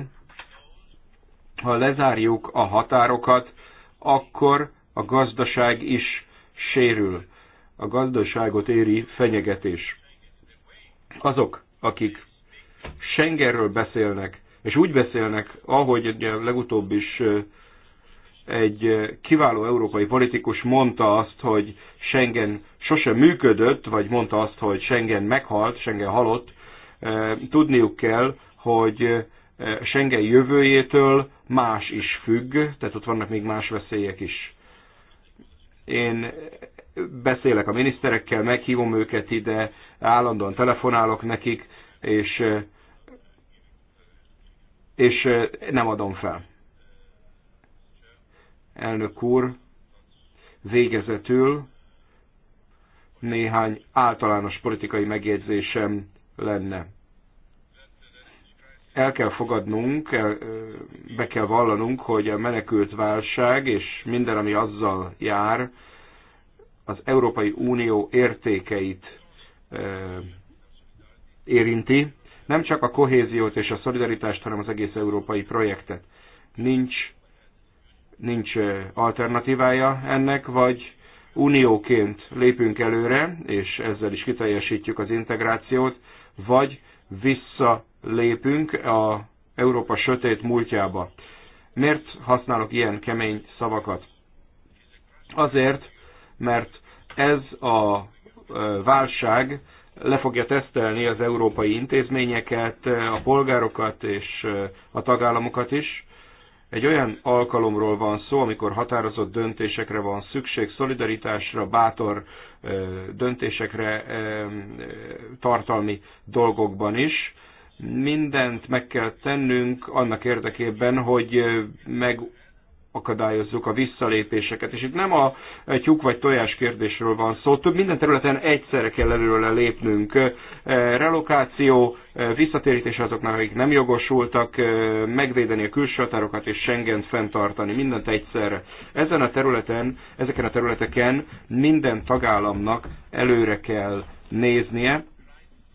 Ha lezárjuk a határokat, akkor a gazdaság is sérül. A gazdaságot éri fenyegetés. Azok, akik Schengenről beszélnek, és úgy beszélnek, ahogy ugye legutóbb is egy kiváló európai politikus mondta azt, hogy Schengen sosem működött, vagy mondta azt, hogy Schengen meghalt, Schengen halott, tudniuk kell, hogy Schengen jövőjétől más is függ, tehát ott vannak még más veszélyek is. Én beszélek a miniszterekkel, meghívom őket ide, állandóan telefonálok nekik, és, és nem adom fel. Elnök úr, végezetül néhány általános politikai megjegyzésem lenne el kell fogadnunk, el, be kell vallanunk, hogy a menekült válság és minden, ami azzal jár, az Európai Unió értékeit érinti, nem csak a kohéziót és a szolidaritást, hanem az egész európai projektet. Nincs, nincs alternatívája ennek, vagy unióként lépünk előre, és ezzel is kiteljesítjük az integrációt, vagy vissza lépünk a Európa sötét múltjába. Miért használok ilyen kemény szavakat? Azért, mert ez a válság le fogja tesztelni az európai intézményeket, a polgárokat és a tagállamokat is. Egy olyan alkalomról van szó, amikor határozott döntésekre van szükség, szolidaritásra, bátor döntésekre tartalmi dolgokban is. Mindent meg kell tennünk annak érdekében, hogy meg akadályozzuk a visszalépéseket. És itt nem a tyúk vagy tojás kérdésről van szó, több minden területen egyszerre kell előre lépnünk. Relokáció, visszatérítés azoknak, akik nem jogosultak, megvédeni a külső határokat és schengen fenntartani, mindent egyszerre. Ezen a területen, ezeken a területeken minden tagállamnak előre kell néznie,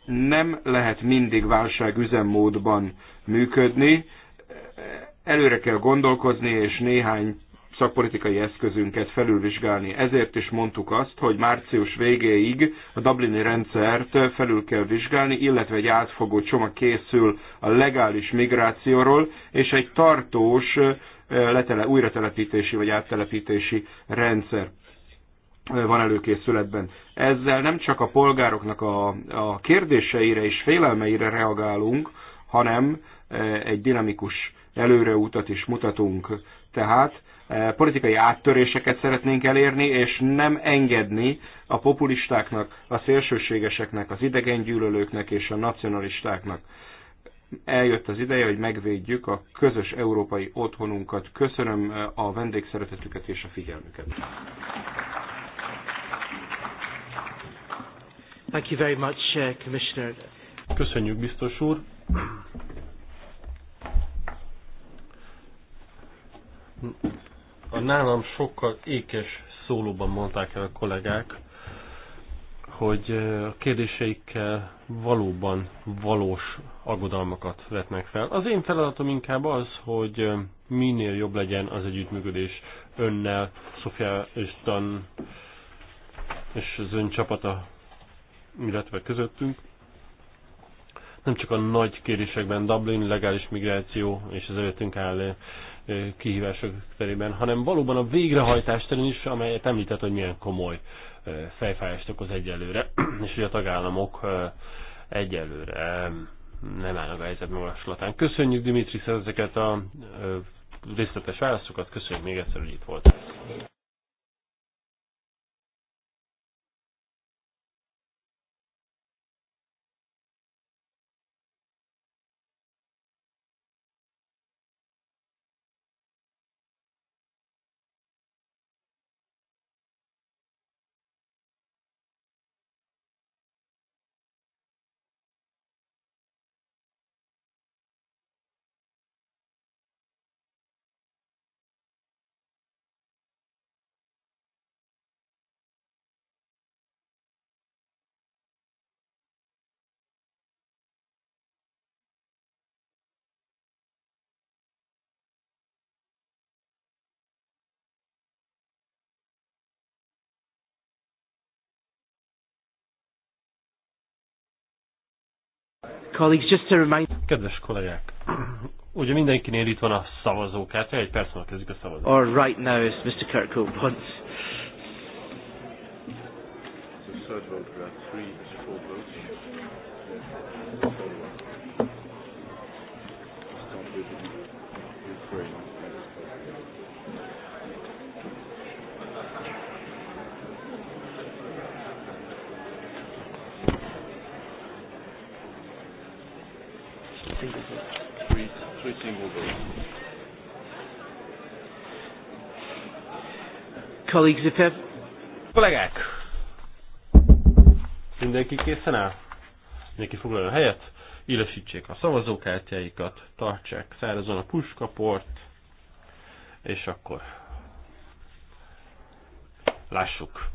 nem lehet mindig válságüzemmódban működni, előre kell gondolkozni, és néhány szakpolitikai eszközünket felülvizsgálni. Ezért is mondtuk azt, hogy március végéig a Dublini rendszert felül kell vizsgálni, illetve egy átfogó csomag készül a legális migrációról, és egy tartós letele, újratelepítési vagy áttelepítési rendszer van előkészületben. Ezzel nem csak a polgároknak a, a kérdéseire és félelmeire reagálunk, hanem e, egy dinamikus előreutat is mutatunk. Tehát e, politikai áttöréseket szeretnénk elérni, és nem engedni a populistáknak, a szélsőségeseknek, az idegengyűlölőknek és a nacionalistáknak. Eljött az ideje, hogy megvédjük a közös európai otthonunkat. Köszönöm e, a vendégszeretetüket és a figyelmüket. Thank you very much, uh, Commissioner. Köszönjük, biztos úr. A nálam sokkal ékes szólóban mondták el a kollégák, hogy uh, a kérdéseikkel valóban valós aggodalmakat vetnek fel. Az én feladatom inkább az, hogy uh, minél jobb legyen az együttműködés önnel, Sofia és Dan és az ön csapata illetve közöttünk. Nem csak a nagy kérdésekben Dublin, legális migráció és az előttünk áll kihívások terében, hanem valóban a végrehajtás terén is, amelyet említett, hogy milyen komoly fejfájást okoz egyelőre, és hogy a tagállamok egyelőre nem állnak a helyzet magaslatán. Köszönjük Dimitris ezeket a részletes válaszokat, köszönjük még egyszer, hogy itt volt. Colleagues, just to remind... Kedves kollégák, ugye mindenkinél itt van a szavazókártya, egy perc van kezdik a szavazást. Or right now is Mr. Kirkhope wants. The third vote, three, four votes. Colleagues, if ever... Kollégák! Mindenki készen áll? Mindenki foglaljon helyet? Illesítsék a szavazókártyáikat, tartsák szárazon a puskaport, és akkor lássuk.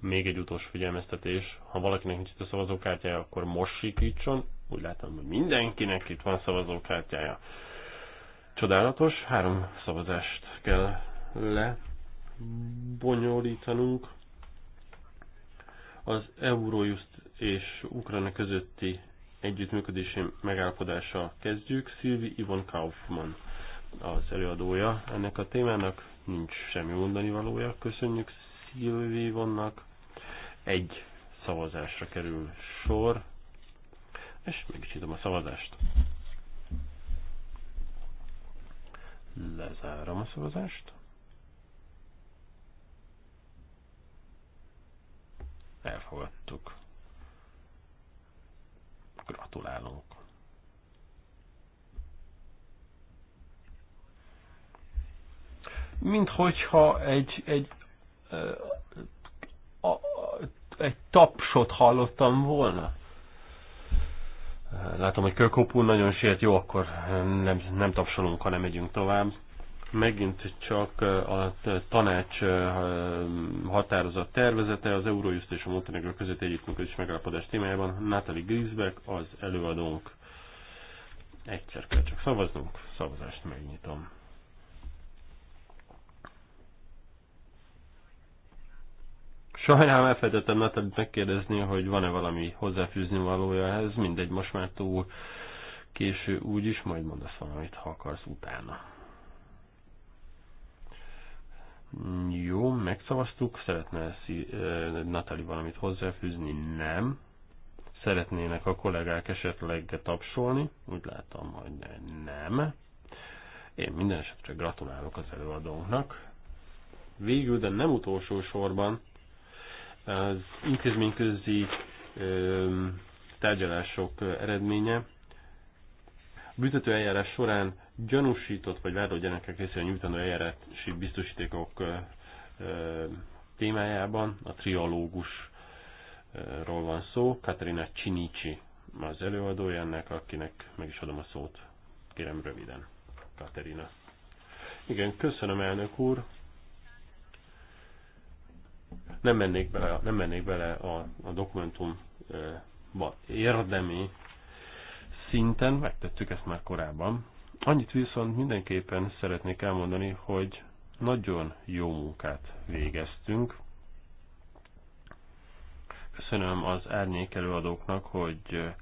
Még egy utolsó figyelmeztetés, ha valakinek nincs itt a szavazókártyája, akkor most sikítson. Úgy látom, hogy mindenkinek itt van szavazókártyája. Csodálatos, három szavazást kell lebonyolítanunk. Az Eurojust és Ukrajna közötti együttműködési megállapodása kezdjük. Szilvi Ivon Kaufmann az előadója ennek a témának. Nincs semmi mondani valója. Köszönjük Szilvi Ivonnak. Egy szavazásra kerül sor, és megcsinom a szavazást. Lezárom a szavazást. Elfogadtuk. Gratulálunk. Mint hogyha egy, egy, egy, egy tapsot hallottam volna. Látom, hogy Kökopú nagyon siet, jó, akkor nem, nem tapsolunk, hanem megyünk tovább. Megint csak a tanács határozat tervezete az Eurojust és a Montenegro közötti együttműködés megállapodás témájában. Natalie Grisbeck az előadónk. Egyszer kell csak szavaznunk, szavazást megnyitom. Sajnálom, elfelejtettem Natalit megkérdezni, hogy van-e valami hozzáfűzni valója ehhez, mindegy, most már túl késő úgyis, majd mondasz valamit, ha akarsz utána. Jó, megszavaztuk, szeretne eh, Natali valamit hozzáfűzni? Nem. Szeretnének a kollégák esetleg tapsolni? Úgy látom, hogy nem. Én minden esetre gratulálok az előadónknak. Végül, de nem utolsó sorban, az intézményközi tárgyalások eredménye. A büntető eljárás során gyanúsított vagy vádló gyerekek részére nyújtandó eljárási biztosítékok témájában a triológusról van szó. Katerina Csinicsi az előadója ennek, akinek meg is adom a szót. Kérem röviden, Katerina. Igen, köszönöm elnök úr nem mennék bele, nem mennék bele a, a dokumentumba érdemi szinten, megtettük ezt már korábban. Annyit viszont mindenképpen szeretnék elmondani, hogy nagyon jó munkát végeztünk. Köszönöm az árnyék előadóknak, hogy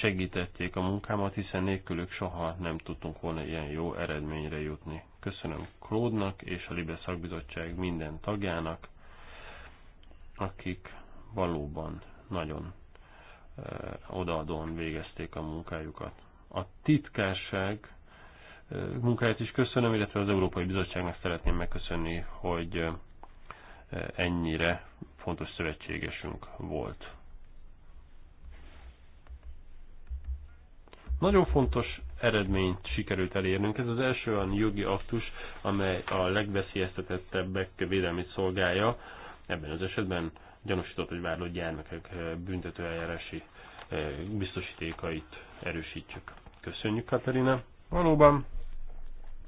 segítették a munkámat, hiszen nélkülük soha nem tudtunk volna ilyen jó eredményre jutni. Köszönöm Klódnak és a Libe Szakbizottság minden tagjának, akik valóban nagyon odaadóan végezték a munkájukat. A titkárság munkáját is köszönöm, illetve az Európai Bizottságnak szeretném megköszönni, hogy ennyire fontos szövetségesünk volt. Nagyon fontos eredményt sikerült elérnünk. Ez az első olyan jogi aktus, amely a legveszélyeztetettebbek védelmét szolgálja, Ebben az esetben gyanúsított hogy vádlott gyermekek eh, büntetőeljárási eh, biztosítékait erősítjük. Köszönjük, Katerina. Valóban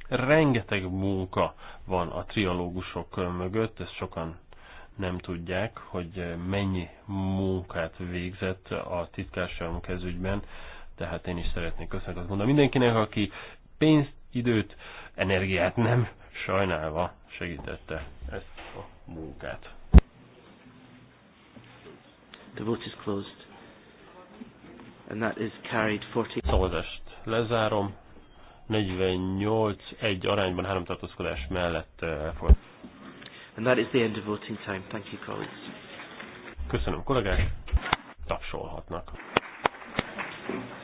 rengeteg munka van a trialógusok eh, mögött, ezt sokan nem tudják, hogy mennyi munkát végzett a titkárságunk ezügyben, tehát én is szeretnék köszönetet mondani mindenkinek, aki pénzt, időt, energiát nem sajnálva segítette ezt a munkát. The vote is closed. And that is carried 40. Szavazást lezárom. 48 egy arányban három tartózkodás mellett eh, elfogad. And that is the end of voting time. Thank you, colleagues. Köszönöm, kollégák. Tapsolhatnak. Thank you.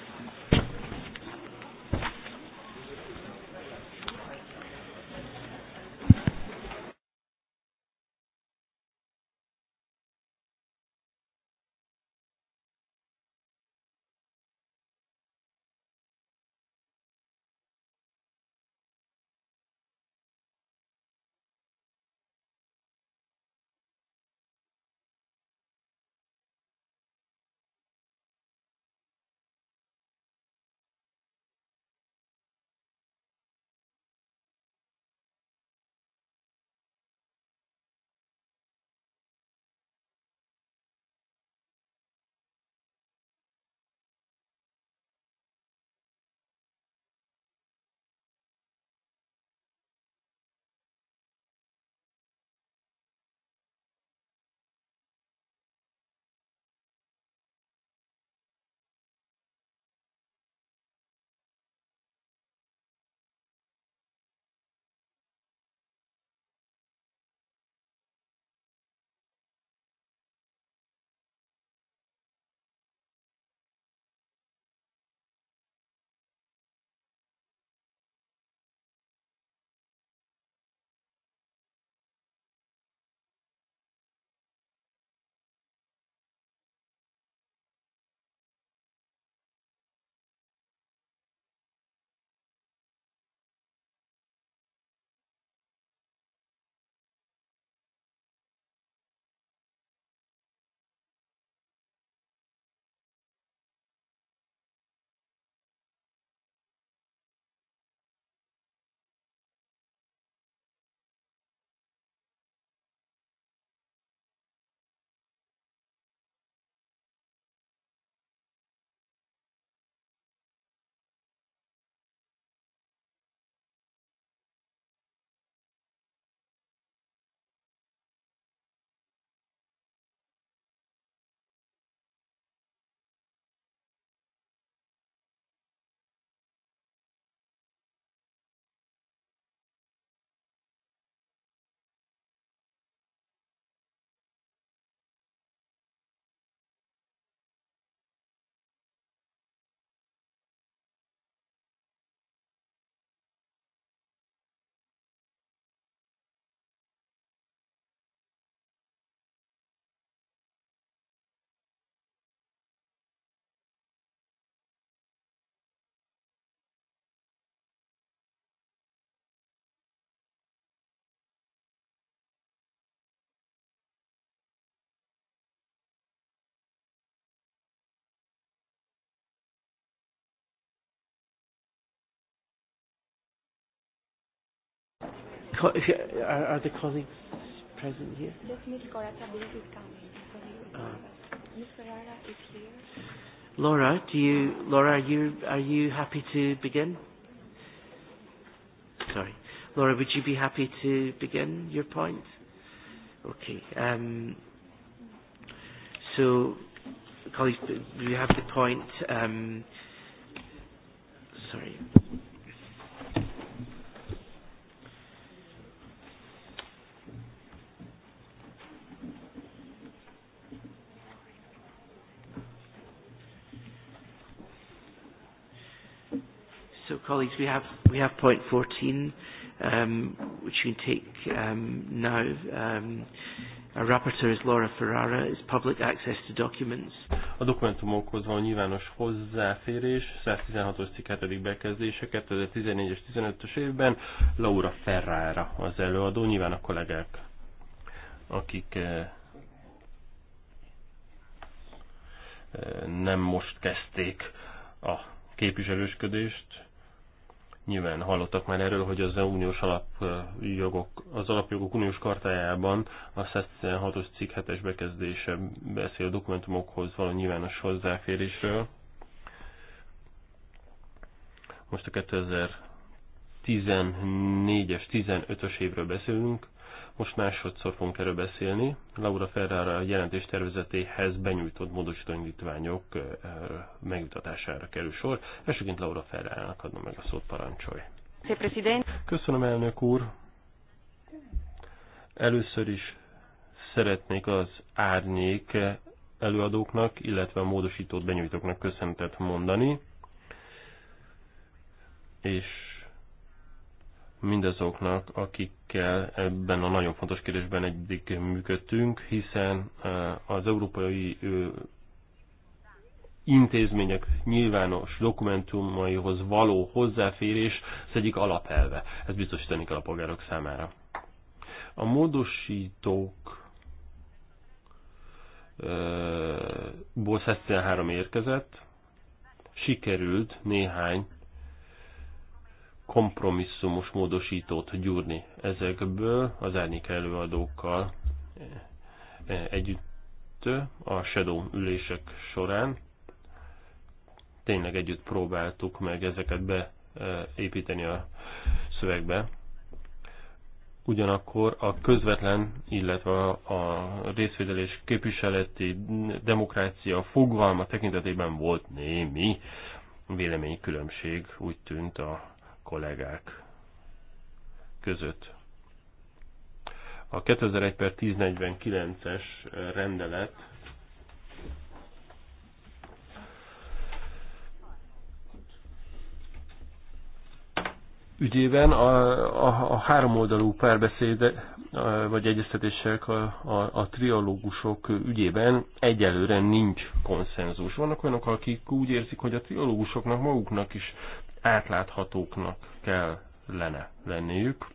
if you, are, are the colleagues present here? Just Ms. Corata Blink is coming. Uh, Ms. Ferrara is here. Laura, do you, Laura, are you, are you happy to begin? Sorry. Laura, would you be happy to begin your point? Okay. Um, so, colleagues, we have the point. Um, sorry. colleagues, we have, we have point 14, um, which we can take um, now. Um, a rapporteur is Laura Ferrara, It's public access to documents. A dokumentumokhoz van nyilvános hozzáférés, 116-os cikk 7. bekezdése 2014-es 15-ös évben, Laura Ferrara az előadó, nyilván a kollégák, akik eh, eh nem most kezdték a képviselősködést, Nyilván hallottak már erről, hogy az uniós alapjogok, az alapjogok uniós kartájában a 116-os cikk 7-es bekezdése beszél a dokumentumokhoz való nyilvános hozzáférésről. Most a 2014-es, 15-ös évről beszélünk, most másodszor fogunk erről beszélni. Laura Ferrara a jelentés tervezetéhez benyújtott módosító indítványok megjutatására kerül sor. Elsőként Laura Ferrara-nak adom meg a szót, parancsolj. Köszönöm, elnök úr. Először is szeretnék az árnyék előadóknak, illetve a módosítót benyújtóknak köszöntet mondani. És mindazoknak, akikkel ebben a nagyon fontos kérdésben eddig működtünk, hiszen eh, az európai intézmények nyilvános dokumentumaihoz való hozzáférés az egyik alapelve. Ez biztosítani kell a polgárok számára. A módosítók eh, ból 13 érkezett, sikerült néhány kompromisszumos módosítót gyúrni ezekből az árnyék előadókkal e, együtt a shadow ülések során. Tényleg együtt próbáltuk meg ezeket beépíteni e, a szövegbe. Ugyanakkor a közvetlen, illetve a részvédelés képviseleti demokrácia fogalma tekintetében volt némi véleménykülönbség, úgy tűnt a kollégák között. A 2001 per 1049-es rendelet ügyében a, a, a háromoldalú párbeszéd vagy egyeztetések a, a, a triológusok ügyében egyelőre nincs konszenzus. Vannak olyanok, akik úgy érzik, hogy a triológusoknak maguknak is átláthatóknak kell lenne, lenniük,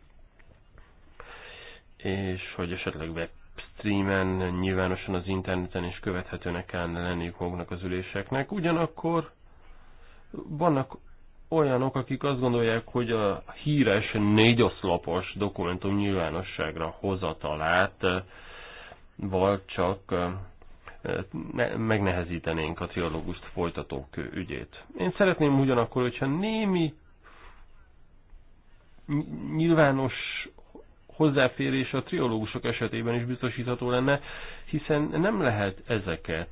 és hogy esetleg webstreamen, nyilvánosan az interneten is követhetőnek kellene lenniük maguknak az üléseknek. Ugyanakkor vannak olyanok, akik azt gondolják, hogy a híres négyoszlopos dokumentum nyilvánosságra hozatalát, eh, vagy csak eh, megnehezítenénk a triológust folytatók ügyét. Én szeretném ugyanakkor, hogyha némi nyilvános hozzáférés a triológusok esetében is biztosítható lenne, hiszen nem lehet ezeket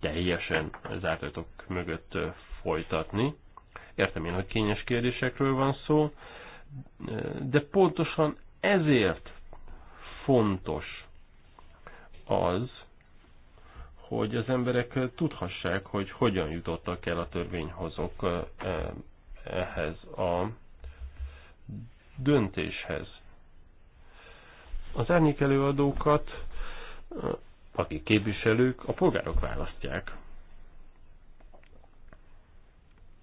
teljesen zárt mögött folytatni. Értem én, hogy kényes kérdésekről van szó, de pontosan ezért fontos az, hogy az emberek tudhassák, hogy hogyan jutottak el a törvényhozók ehhez a döntéshez. Az árnyék előadókat, akik képviselők, a polgárok választják.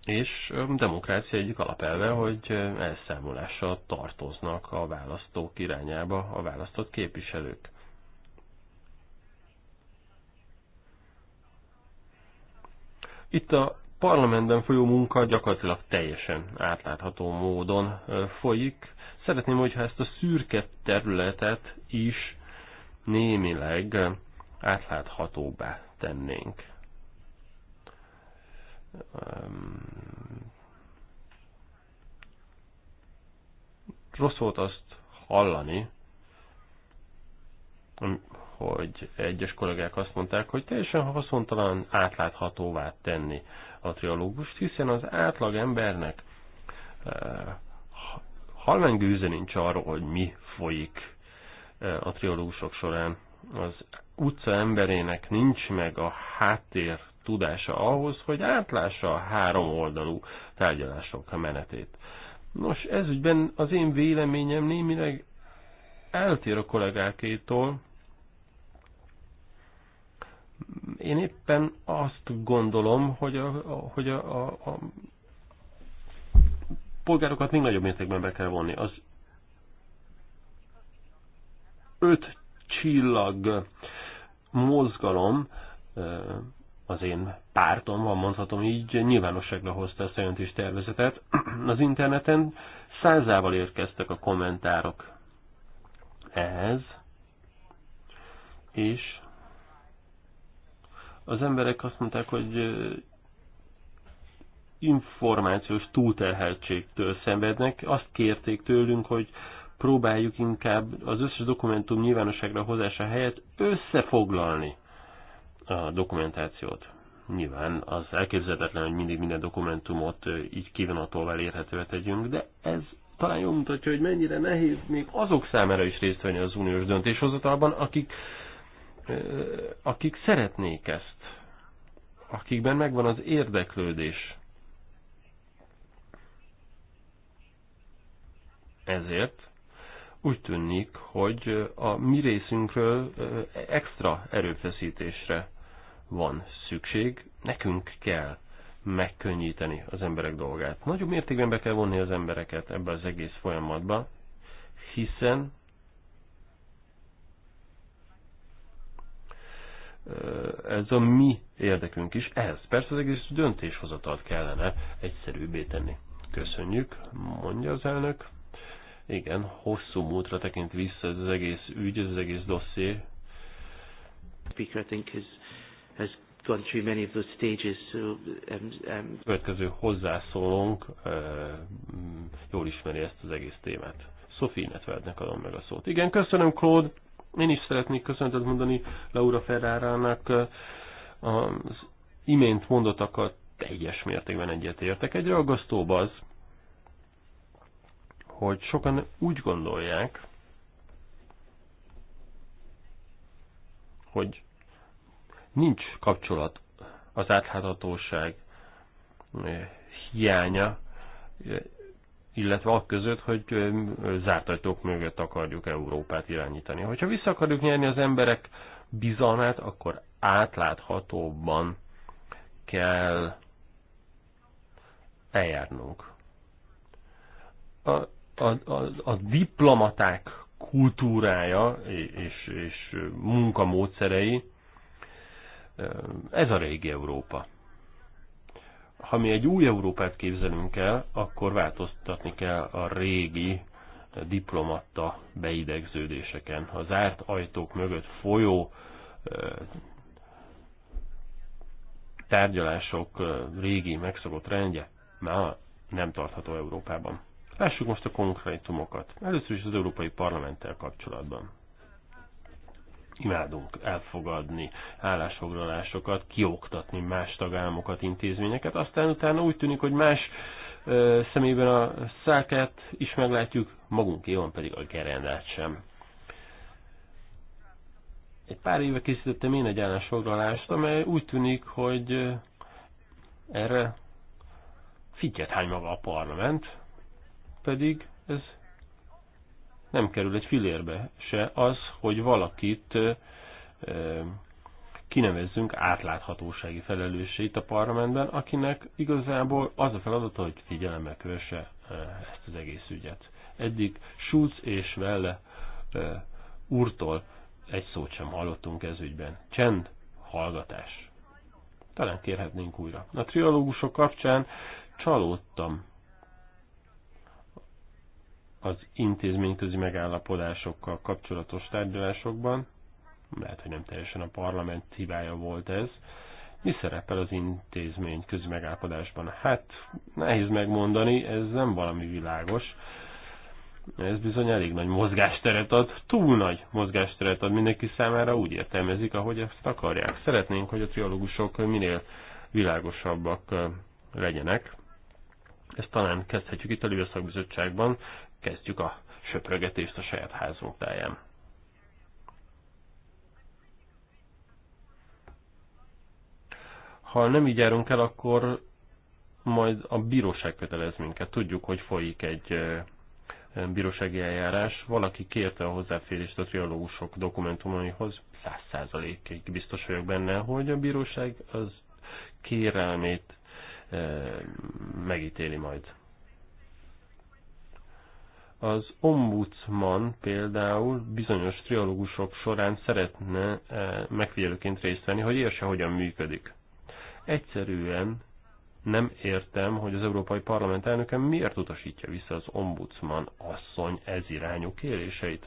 És demokrácia egyik alapelve, hogy elszámolással tartoznak a választók irányába a választott képviselők. Itt a parlamentben folyó munka gyakorlatilag teljesen átlátható módon folyik. Szeretném, hogyha ezt a szürke területet is némileg átláthatóbbá tennénk. Rossz volt azt hallani, hogy egyes kollégák azt mondták, hogy teljesen haszontalan átláthatóvá tenni a triológust, hiszen az átlag embernek eh, halmengőze nincs arról, hogy mi folyik eh, a triológusok során. Az utca emberének nincs meg a háttér tudása ahhoz, hogy átlássa a három oldalú tárgyalások menetét. Nos, ezügyben az én véleményem némileg eltér a kollégákétól, én éppen azt gondolom, hogy a, a, hogy a, a, a polgárokat még nagyobb mértékben be kell vonni. Az öt csillag mozgalom az én pártom, ha mondhatom így, nyilvánosságra hozta ezt a jelentés tervezetet. Az interneten százával érkeztek a kommentárok ehhez, és az emberek azt mondták, hogy információs túlterheltségtől szenvednek. Azt kérték tőlünk, hogy próbáljuk inkább az összes dokumentum nyilvánosságra hozása helyett összefoglalni a dokumentációt. Nyilván az elképzelhetetlen, hogy mindig minden dokumentumot így kivonatolva elérhetővé tegyünk, de ez talán jól mutatja, hogy mennyire nehéz még azok számára is részt venni az uniós döntéshozatalban, akik akik szeretnék ezt, akikben megvan az érdeklődés. Ezért úgy tűnik, hogy a mi részünkről extra erőfeszítésre van szükség, nekünk kell megkönnyíteni az emberek dolgát. Nagyobb mértékben be kell vonni az embereket ebbe az egész folyamatba, hiszen ez a mi érdekünk is. Ehhez persze az egész döntéshozatalt kellene egyszerűbbé tenni. Köszönjük, mondja az elnök. Igen, hosszú múltra tekint vissza ez az egész ügy, ez az egész dosszié. Speaker, I think, has, gone through many of those stages. Um, um, Következő hozzászólónk eh, mm, jól ismeri ezt az egész témát. Sophie Netveldnek adom meg a szót. Igen, köszönöm, Claude. Én is szeretnék köszöntet mondani Laura Ferrárának az imént mondottakat teljes mértékben egyetértek. Egy ragasztóbb az, hogy sokan úgy gondolják, hogy nincs kapcsolat az átláthatóság hiánya illetve a között, hogy zárt ajtók mögött akarjuk Európát irányítani. Hogyha vissza akarjuk nyerni az emberek bizalmát, akkor átláthatóbban kell eljárnunk. A, a, a, a diplomaták kultúrája és, és munkamódszerei, ez a régi Európa ha mi egy új Európát képzelünk el, akkor változtatni kell a régi diplomatta beidegződéseken. az zárt ajtók mögött folyó tárgyalások régi megszokott rendje már nem tartható Európában. Lássuk most a konkrétumokat. Először is az Európai Parlamenttel kapcsolatban imádunk elfogadni állásfoglalásokat, kioktatni más tagállamokat, intézményeket, aztán utána úgy tűnik, hogy más ö, szemében a szákát is meglátjuk, magunké van pedig a gerendát sem. Egy pár éve készítettem én egy állásfoglalást, amely úgy tűnik, hogy erre figyelt hány maga a parlament, pedig ez nem kerül egy filérbe se az, hogy valakit kinevezzünk átláthatósági felelősségét a parlamentben, akinek igazából az a feladata, hogy figyelemmel kövesse ezt az egész ügyet. Eddig Schulz és Velle úrtól egy szót sem hallottunk ez ügyben. Csend, hallgatás. Talán kérhetnénk újra. A triológusok kapcsán csalódtam az intézményközi megállapodásokkal kapcsolatos tárgyalásokban, lehet, hogy nem teljesen a parlament hibája volt ez, mi szerepel az intézmény megállapodásban? Hát nehéz megmondani, ez nem valami világos. Ez bizony elég nagy mozgásteret ad, túl nagy mozgásteret ad mindenki számára, úgy értelmezik, ahogy ezt akarják. Szeretnénk, hogy a triológusok minél világosabbak legyenek. Ezt talán kezdhetjük itt a Lőszakbizottságban, kezdjük a söprögetést a saját házunk táján. Ha nem így járunk el, akkor majd a bíróság kötelez minket. Tudjuk, hogy folyik egy bírósági eljárás. Valaki kérte a hozzáférést a triológusok dokumentumaihoz, száz százalékig biztos vagyok benne, hogy a bíróság az kérelmét megítéli majd. Az ombudsman például bizonyos trialógusok során szeretne eh, megfigyelőként részt venni, hogy érse, hogyan működik. Egyszerűen nem értem, hogy az Európai Parlament elnöke miért utasítja vissza az ombudsman asszony ez irányú kéréseit.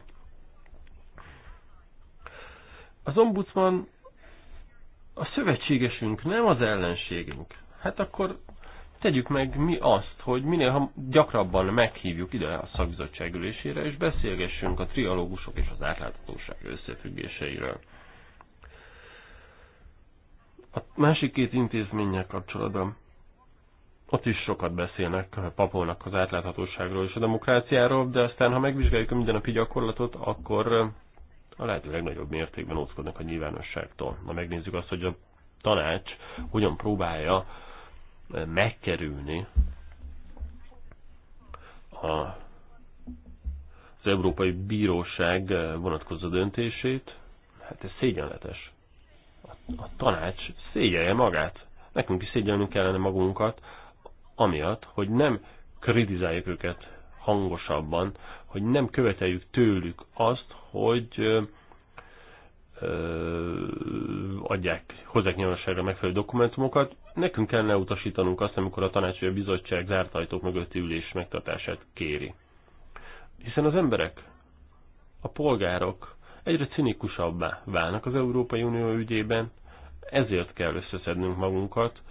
Az ombudsman a szövetségesünk, nem az ellenségünk. Hát akkor tegyük meg mi azt, hogy minél ha gyakrabban meghívjuk ide a szakbizottság ülésére, és beszélgessünk a trialógusok és az átláthatóság összefüggéseiről. A másik két intézménnyel kapcsolatban ott is sokat beszélnek, papolnak az átláthatóságról és a demokráciáról, de aztán, ha megvizsgáljuk a mindennapi gyakorlatot, akkor a lehető legnagyobb mértékben óckodnak a nyilvánosságtól. Na megnézzük azt, hogy a tanács hogyan próbálja megkerülni a, az Európai Bíróság vonatkozó döntését, hát ez szégyenletes. A, a tanács szégyelje magát. Nekünk is szégyelnünk kellene magunkat, amiatt, hogy nem kritizáljuk őket hangosabban, hogy nem követeljük tőlük azt, hogy adják, hozzák nyilvánosságra megfelelő dokumentumokat. Nekünk kellene utasítanunk azt, amikor a tanács vagy a bizottság zárt ajtók mögötti ülés megtartását kéri. Hiszen az emberek, a polgárok egyre cinikusabbá válnak az Európai Unió ügyében, ezért kell összeszednünk magunkat,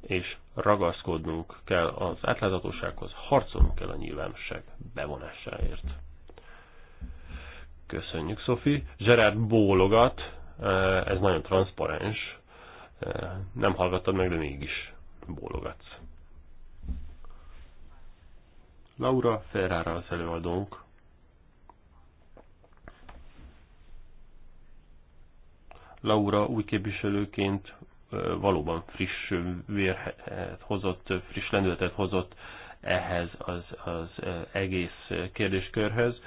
és ragaszkodnunk kell az átláthatósághoz, harcolnunk kell a nyilvánosság bevonásáért. Köszönjük, Szofi. Gerard bólogat, ez nagyon transzparens. Nem hallgattad meg, de mégis bólogatsz. Laura Ferrara az előadónk. Laura új képviselőként valóban friss vérhet hozott, friss lendületet hozott ehhez az, az egész kérdéskörhöz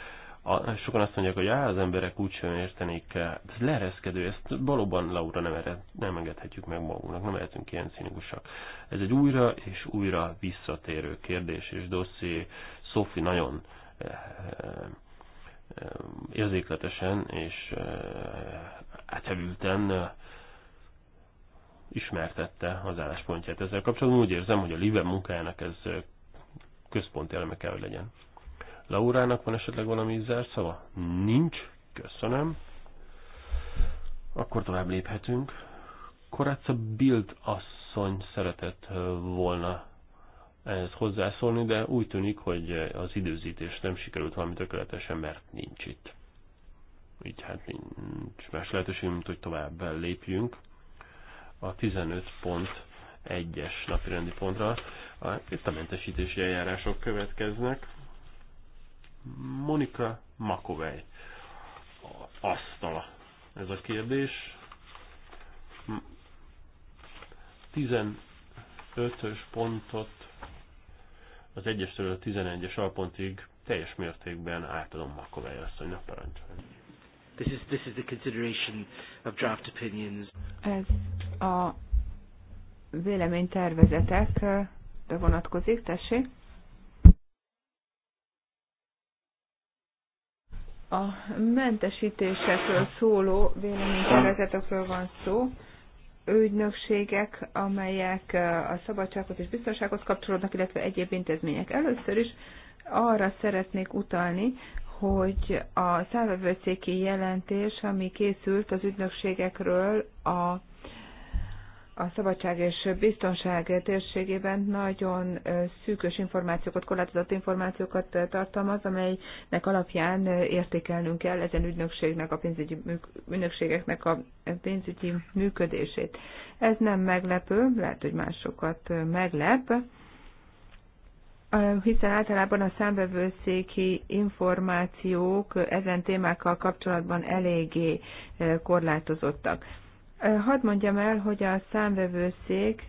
a, sokan azt mondják, hogy á, az emberek úgysem értenék, ez leereszkedő, ezt valóban Laura nem, ered, nem engedhetjük meg magunknak, nem lehetünk ilyen színikusak. Ez egy újra és újra visszatérő kérdés és dosszié. Szofi nagyon e, e, érzékletesen és eh, átevülten ismertette az álláspontját ezzel kapcsolatban. Úgy érzem, hogy a Live munkájának ez központi eleme kell, hogy legyen. Laurának van esetleg valami szava? Nincs. Köszönöm. Akkor tovább léphetünk. Koráca Bild asszony szeretett volna ehhez hozzászólni, de úgy tűnik, hogy az időzítés nem sikerült valami tökéletesen, mert nincs itt. Így hát nincs más lehetőség, mint hogy tovább lépjünk a 15 pont egyes napirendi pontra. Itt a mentesítési eljárások következnek. Monika Makovej asztala. Ez a kérdés. 15-ös pontot az 1-estől a 11-es alpontig teljes mértékben átadom Makovej asszonynak parancsolni. This is, this is the consideration of draft opinions. Ez a véleménytervezetekre eh, vonatkozik, tessék. A mentesítésekről szóló véleménykérdezetekről van szó, ügynökségek, amelyek a szabadságot és biztonságot kapcsolódnak, illetve egyéb intézmények. Először is arra szeretnék utalni, hogy a számvevőszéki jelentés, ami készült az ügynökségekről a a szabadság és biztonság térségében nagyon szűkös információkat, korlátozott információkat tartalmaz, amelynek alapján értékelnünk kell ezen ügynökségnek, a pénzügyi, ügynökségeknek a pénzügyi működését. Ez nem meglepő, lehet, hogy másokat meglep, hiszen általában a számbevőszéki információk ezen témákkal kapcsolatban eléggé korlátozottak. Hadd mondjam el, hogy a számvevőszék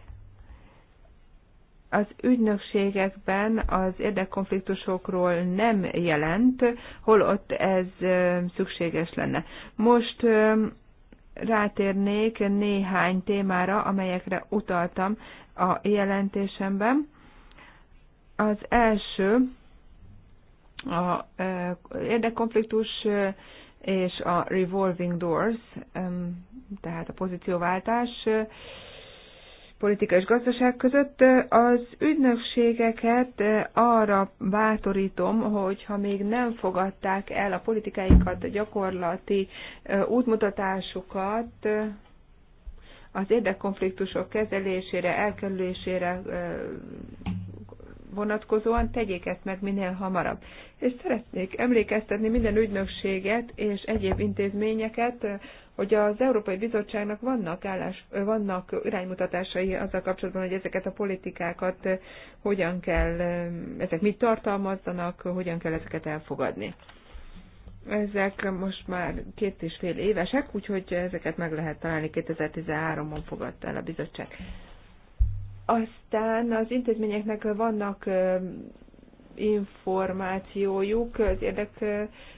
az ügynökségekben az érdekkonfliktusokról nem jelent, holott ez szükséges lenne. Most rátérnék néhány témára, amelyekre utaltam a jelentésemben. Az első az érdekkonfliktus és a revolving doors, tehát a pozícióváltás politika és gazdaság között. Az ügynökségeket arra bátorítom, hogy ha még nem fogadták el a politikáikat, a gyakorlati útmutatásukat, az érdekkonfliktusok kezelésére, elkerülésére vonatkozóan tegyék ezt meg minél hamarabb. És szeretnék emlékeztetni minden ügynökséget és egyéb intézményeket, hogy az Európai Bizottságnak vannak, állás, vannak iránymutatásai azzal kapcsolatban, hogy ezeket a politikákat hogyan kell, ezek mit tartalmazzanak, hogyan kell ezeket elfogadni. Ezek most már két és fél évesek, úgyhogy ezeket meg lehet találni, 2013-ban fogadta el a bizottság. Aztán az intézményeknek vannak információjuk az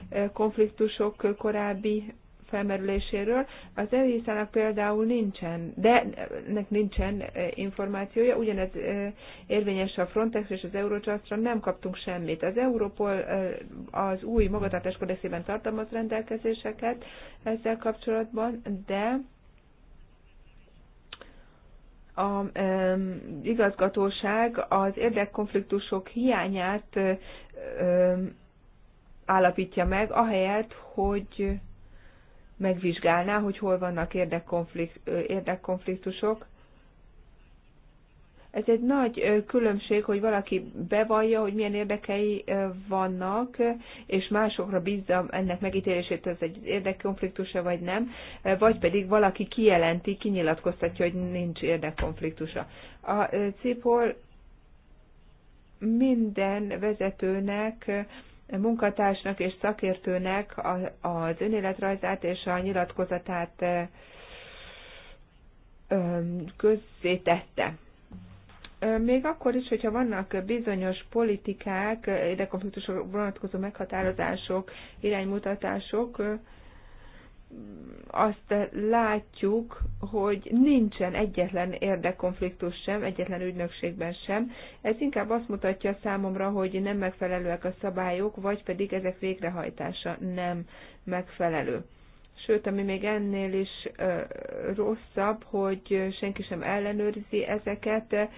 érdekkonfliktusok korábbi felmerüléséről. Az eisz például nincsen, de nek nincsen információja, ugyanez érvényes a Frontex és az Eurocsasztra, nem kaptunk semmit. Az Europol az új magatartás kodexében tartalmaz rendelkezéseket ezzel kapcsolatban, de a igazgatóság az érdekkonfliktusok hiányát állapítja meg, ahelyett, hogy megvizsgálná, hogy hol vannak érdekkonfliktusok, ez egy nagy különbség, hogy valaki bevallja, hogy milyen érdekei vannak, és másokra bízza ennek megítélését, ez egy érdekkonfliktusa vagy nem, vagy pedig valaki kijelenti, kinyilatkoztatja, hogy nincs érdekkonfliktusa. A CIPOL minden vezetőnek munkatársnak és szakértőnek az önéletrajzát és a nyilatkozatát közzétette még akkor is, hogyha vannak bizonyos politikák, ide vonatkozó meghatározások, iránymutatások, azt látjuk, hogy nincsen egyetlen érdekkonfliktus sem, egyetlen ügynökségben sem. Ez inkább azt mutatja számomra, hogy nem megfelelőek a szabályok, vagy pedig ezek végrehajtása nem megfelelő. Sőt, ami még ennél is rosszabb, hogy senki sem ellenőrzi ezeket,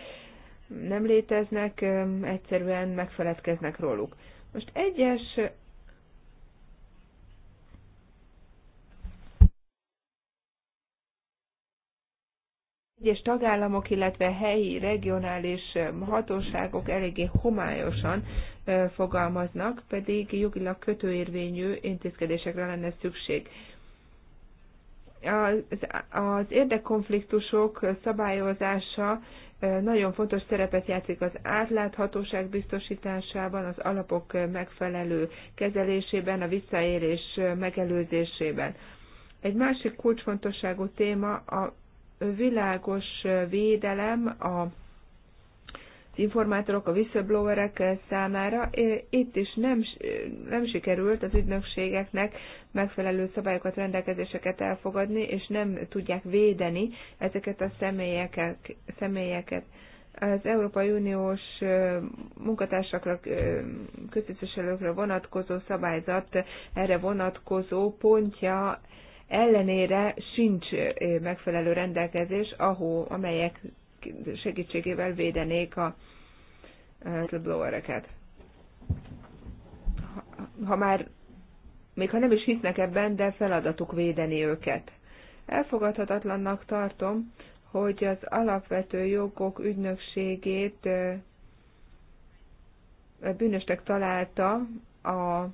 nem léteznek, egyszerűen megfeledkeznek róluk. Most egyes egyes tagállamok, illetve helyi, regionális hatóságok eléggé homályosan fogalmaznak, pedig jogilag kötőérvényű intézkedésekre lenne szükség. Az, az érdekkonfliktusok szabályozása nagyon fontos szerepet játszik az átláthatóság biztosításában, az alapok megfelelő kezelésében, a visszaérés megelőzésében. Egy másik kulcsfontosságú téma a világos védelem a informátorok, a whistleblowerek eh, számára. Itt is nem, eh, nem sikerült az ügynökségeknek megfelelő szabályokat, rendelkezéseket elfogadni, és nem tudják védeni ezeket a személyeket. személyeket. Az Európai Uniós eh, munkatársakra, köztisztviselőkre vonatkozó szabályzat erre vonatkozó pontja ellenére sincs megfelelő rendelkezés, ahol, amelyek segítségével védenék a whistleblowereket. Ha, ha már, még ha nem is hisznek ebben, de feladatuk védeni őket. Elfogadhatatlannak tartom, hogy az alapvető jogok ügynökségét bűnösnek találta a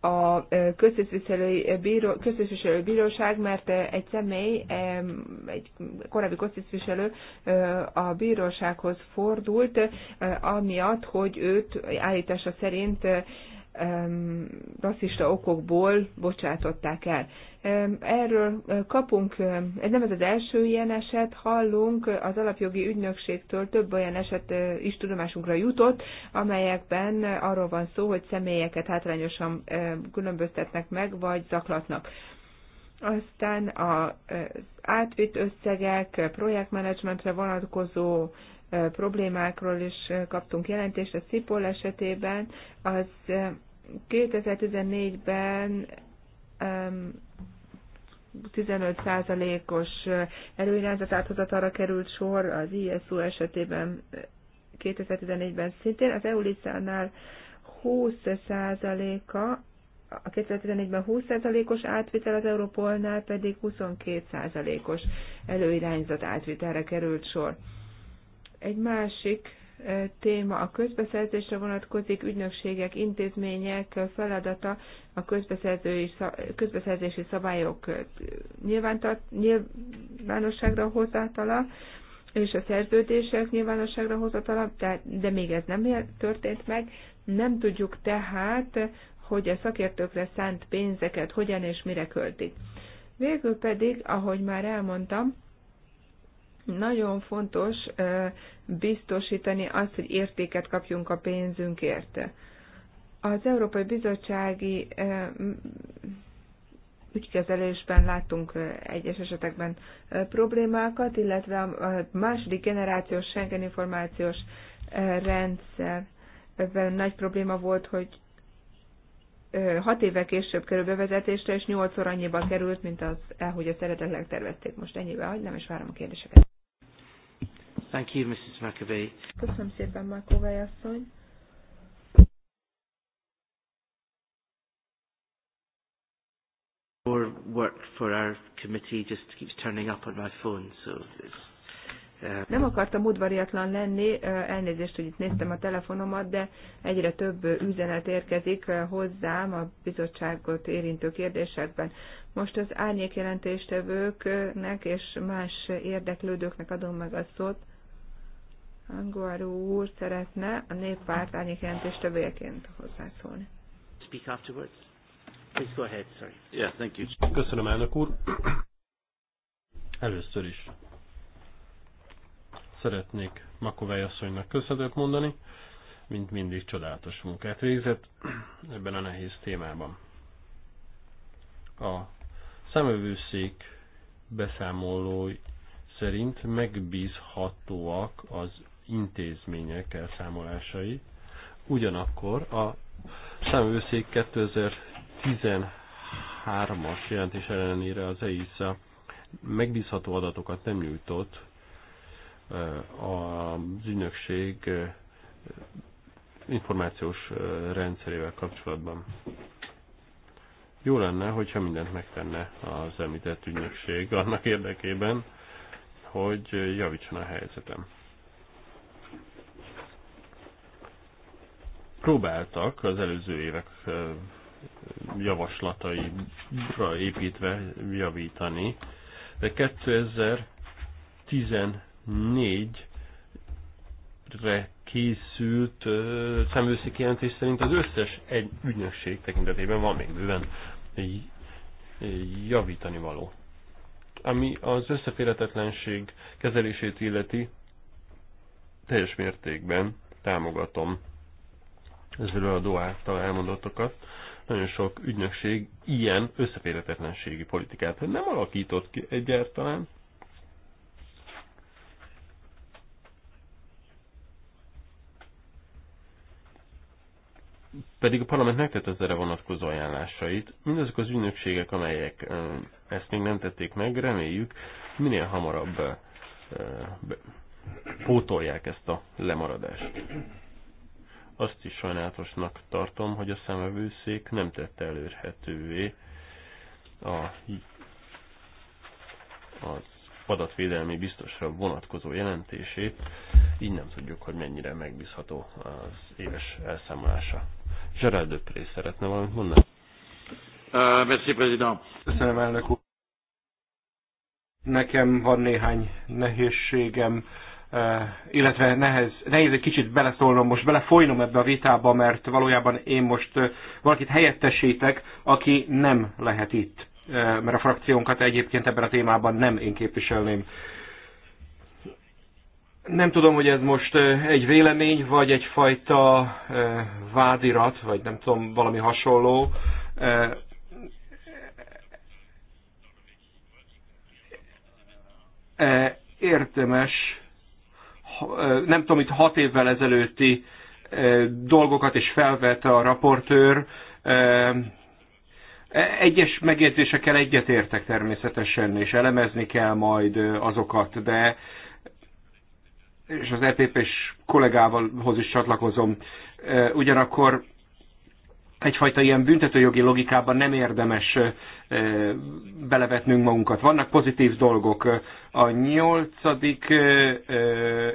a köztisztviselői, bíró, köztisztviselői bíróság, mert egy személy, egy korábbi köztisztviselő a bírósághoz fordult, amiatt, hogy őt állítása szerint rasszista okokból bocsátották el. Erről kapunk, nem ez az első ilyen eset, hallunk az alapjogi ügynökségtől több olyan eset is tudomásunkra jutott, amelyekben arról van szó, hogy személyeket hátrányosan különböztetnek meg, vagy zaklatnak. Aztán az átvitt összegek, projektmenedzsmentre vonatkozó problémákról is kaptunk jelentést a CIPOL esetében. Az 2014-ben 15%-os előirányzat arra került sor, az ISU esetében 2014-ben szintén, az EULISZ-nál 20%-a, a 2014-ben 20%-os átvitel, az Európolnál pedig 22%-os előirányzat átvitelre került sor. Egy másik e, téma a közbeszerzésre vonatkozik, ügynökségek, intézmények feladata a közbeszerzési szabályok e, nyilvánosságra hozatala és a szerződések nyilvánosságra hozatala, de még ez nem történt meg. Nem tudjuk tehát, hogy a szakértőkre szánt pénzeket hogyan és mire költik. Végül pedig, ahogy már elmondtam, nagyon fontos biztosítani azt, hogy értéket kapjunk a pénzünkért. Az Európai Bizottsági ügykezelésben láttunk egyes esetekben problémákat, illetve a második generációs Schengen információs rendszerben nagy probléma volt, hogy hat éve később kerül bevezetésre, és nyolcszor annyiba került, mint az, ahogy a szeretetleg tervezték. Most ennyibe hagynám, és várom a kérdéseket. Thank you, Mrs. McAvee. Köszönöm szépen, McAvey asszony. More work for our committee just keeps turning up on my phone, so it's uh, nem akartam udvariatlan lenni, elnézést, hogy itt néztem a telefonomat, de egyre több üzenet érkezik hozzám a bizottságot érintő kérdésekben. Most az árnyék jelentéstevőknek és más érdeklődőknek adom meg a szót. Angoaru úr szeretne a néppárt árnyék jelentés hozzászólni. Speak afterwards. Please go ahead, sorry. Yeah, thank you. Köszönöm, elnök úr. Először is szeretnék Makovely asszonynak köszönetet mondani, mint mindig csodálatos munkát végzett ebben a nehéz témában. A szemövőszék beszámolói szerint megbízhatóak az intézmények elszámolásai. Ugyanakkor a számvőszék 2013-as jelentés ellenére az EISA megbízható adatokat nem nyújtott az ügynökség információs rendszerével kapcsolatban. Jó lenne, hogyha mindent megtenne az említett ügynökség annak érdekében, hogy javítson a helyzetem. próbáltak az előző évek javaslataira építve javítani, de 2014-re készült szemőszik jelentés szerint az összes egy ügynökség tekintetében van még bőven javítani való. Ami az összeférhetetlenség kezelését illeti, teljes mértékben támogatom az a által elmondottakat. Nagyon sok ügynökség ilyen összeférhetetlenségi politikát nem alakított ki egyáltalán. Pedig a parlament megtett az erre vonatkozó ajánlásait. Mindazok az ügynökségek, amelyek ezt még nem tették meg, reméljük minél hamarabb pótolják ezt a lemaradást. Azt is sajnálatosnak tartom, hogy a szemevőszék nem tette elérhetővé a, az adatvédelmi biztosra vonatkozó jelentését, így nem tudjuk, hogy mennyire megbízható az éves elszámolása. Gerard Döpré szeretne valamit mondani? Uh, merci, Köszönöm, elnök úr. Nekem van néhány nehézségem Eh, illetve nehez, nehéz egy kicsit beleszólnom, most belefolynom ebbe a vitába, mert valójában én most eh, valakit helyettesítek, aki nem lehet itt, eh, mert a frakciónkat egyébként ebben a témában nem én képviselném. Nem tudom, hogy ez most egy vélemény, vagy egyfajta vádirat, vagy nem tudom, valami hasonló. Érdemes nem tudom, itt hat évvel ezelőtti dolgokat is felvette a raportőr. E- egyes megjegyzésekkel egyetértek természetesen, és elemezni kell majd azokat, de és az EPP-s kollégávalhoz is csatlakozom. Ugyanakkor egyfajta ilyen büntetőjogi logikában nem érdemes belevetnünk magunkat. Vannak pozitív dolgok. A nyolcadik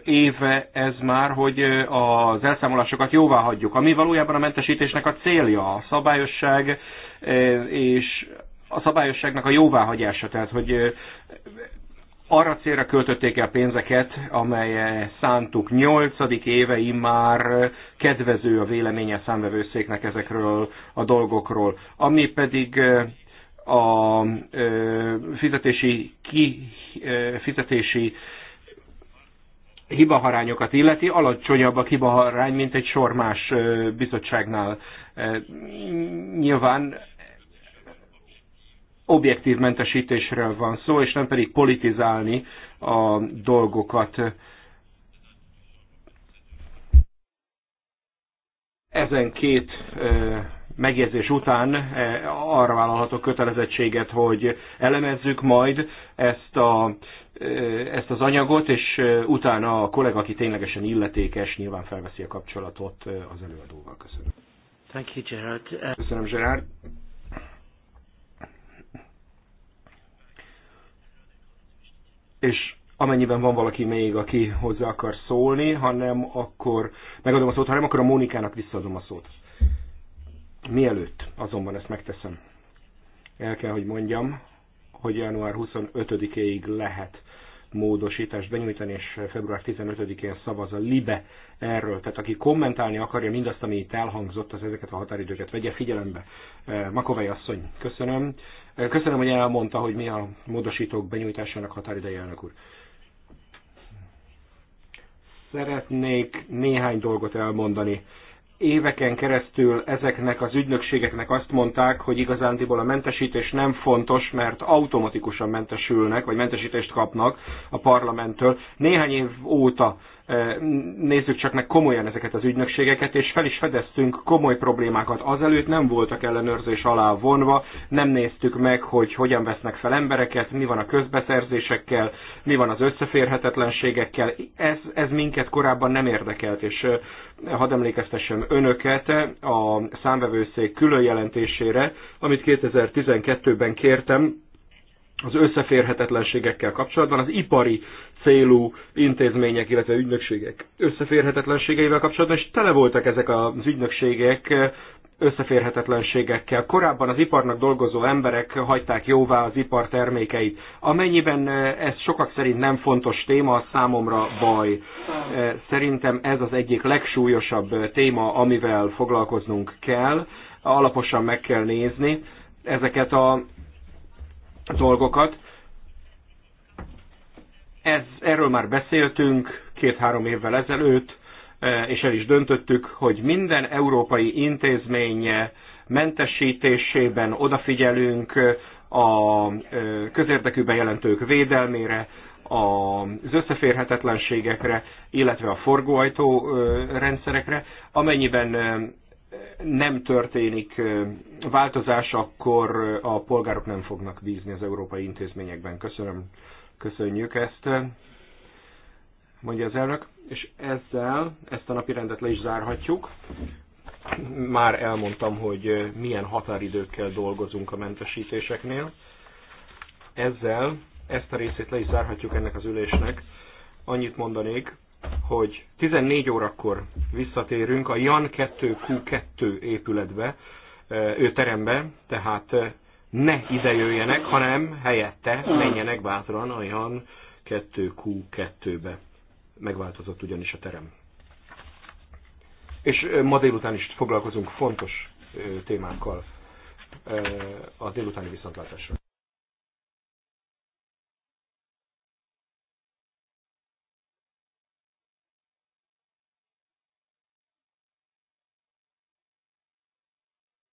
éve ez már, hogy az elszámolásokat jóvá hagyjuk, ami valójában a mentesítésnek a célja, a szabályosság és a szabályosságnak a jóváhagyása, tehát hogy arra célra költötték el pénzeket, amelye szántuk. Nyolcadik éve már kedvező a véleménye számvevőszéknek ezekről a dolgokról. Ami pedig a fizetési, ki, fizetési hibaharányokat illeti, alacsonyabb a hibaharány, mint egy sor más bizottságnál. Nyilván objektív mentesítésről van szó, és nem pedig politizálni a dolgokat. Ezen két megjegyzés után arra vállalhatok kötelezettséget, hogy elemezzük majd ezt, a, ezt az anyagot, és utána a kollega, aki ténylegesen illetékes, nyilván felveszi a kapcsolatot az előadóval. Köszönöm. Thank you, Gerard. Köszönöm, Gerard. és amennyiben van valaki még, aki hozzá akar szólni, hanem akkor megadom a szót, hanem akkor a Mónikának visszaadom a szót. Mielőtt azonban ezt megteszem, el kell, hogy mondjam, hogy január 25-éig lehet módosítást benyújtani, és február 15-én szavaz a LIBE erről. Tehát aki kommentálni akarja mindazt, ami itt elhangzott, az ezeket a határidőket vegye figyelembe. Eh, Makovei asszony, köszönöm. Köszönöm, hogy elmondta, hogy mi a módosítók benyújtásának határideje, elnök úr. Szeretnék néhány dolgot elmondani éveken keresztül ezeknek az ügynökségeknek azt mondták, hogy igazándiból a mentesítés nem fontos, mert automatikusan mentesülnek, vagy mentesítést kapnak a parlamenttől. Néhány év óta nézzük csak meg komolyan ezeket az ügynökségeket, és fel is fedeztünk komoly problémákat. Azelőtt nem voltak ellenőrzés alá vonva, nem néztük meg, hogy hogyan vesznek fel embereket, mi van a közbeszerzésekkel, mi van az összeférhetetlenségekkel. Ez, ez minket korábban nem érdekelt, és hadd emlékeztessem önöket a számvevőszék külön jelentésére, amit 2012-ben kértem, az összeférhetetlenségekkel kapcsolatban, az ipari célú intézmények, illetve ügynökségek összeférhetetlenségeivel kapcsolatban, és tele voltak ezek az ügynökségek összeférhetetlenségekkel. Korábban az iparnak dolgozó emberek hagyták jóvá az ipar termékeit. Amennyiben eh, ez sokak szerint nem fontos téma, számomra baj. Eh, szerintem ez az egyik legsúlyosabb eh, téma, amivel foglalkoznunk kell. Alaposan meg kell nézni ezeket a dolgokat ez, erről már beszéltünk két-három évvel ezelőtt, e, és el is döntöttük, hogy minden európai intézmény mentesítésében odafigyelünk a e, közérdekű bejelentők védelmére, az összeférhetetlenségekre, illetve a forgóajtó e, rendszerekre. Amennyiben nem történik változás, akkor a polgárok nem fognak bízni az európai intézményekben. Köszönöm. Köszönjük ezt, mondja az elnök, és ezzel ezt a napi rendet le is zárhatjuk. Már elmondtam, hogy milyen határidőkkel dolgozunk a mentesítéseknél. Ezzel ezt a részét le is zárhatjuk ennek az ülésnek. Annyit mondanék, hogy 14 órakor visszatérünk a Jan 2Q2 épületbe, ő terembe, tehát ne idejöjjenek, hanem helyette ah. menjenek bátran olyan 2Q2-be. Megváltozott ugyanis a terem. És ma délután is foglalkozunk fontos témákkal a délutáni viszontlátásra.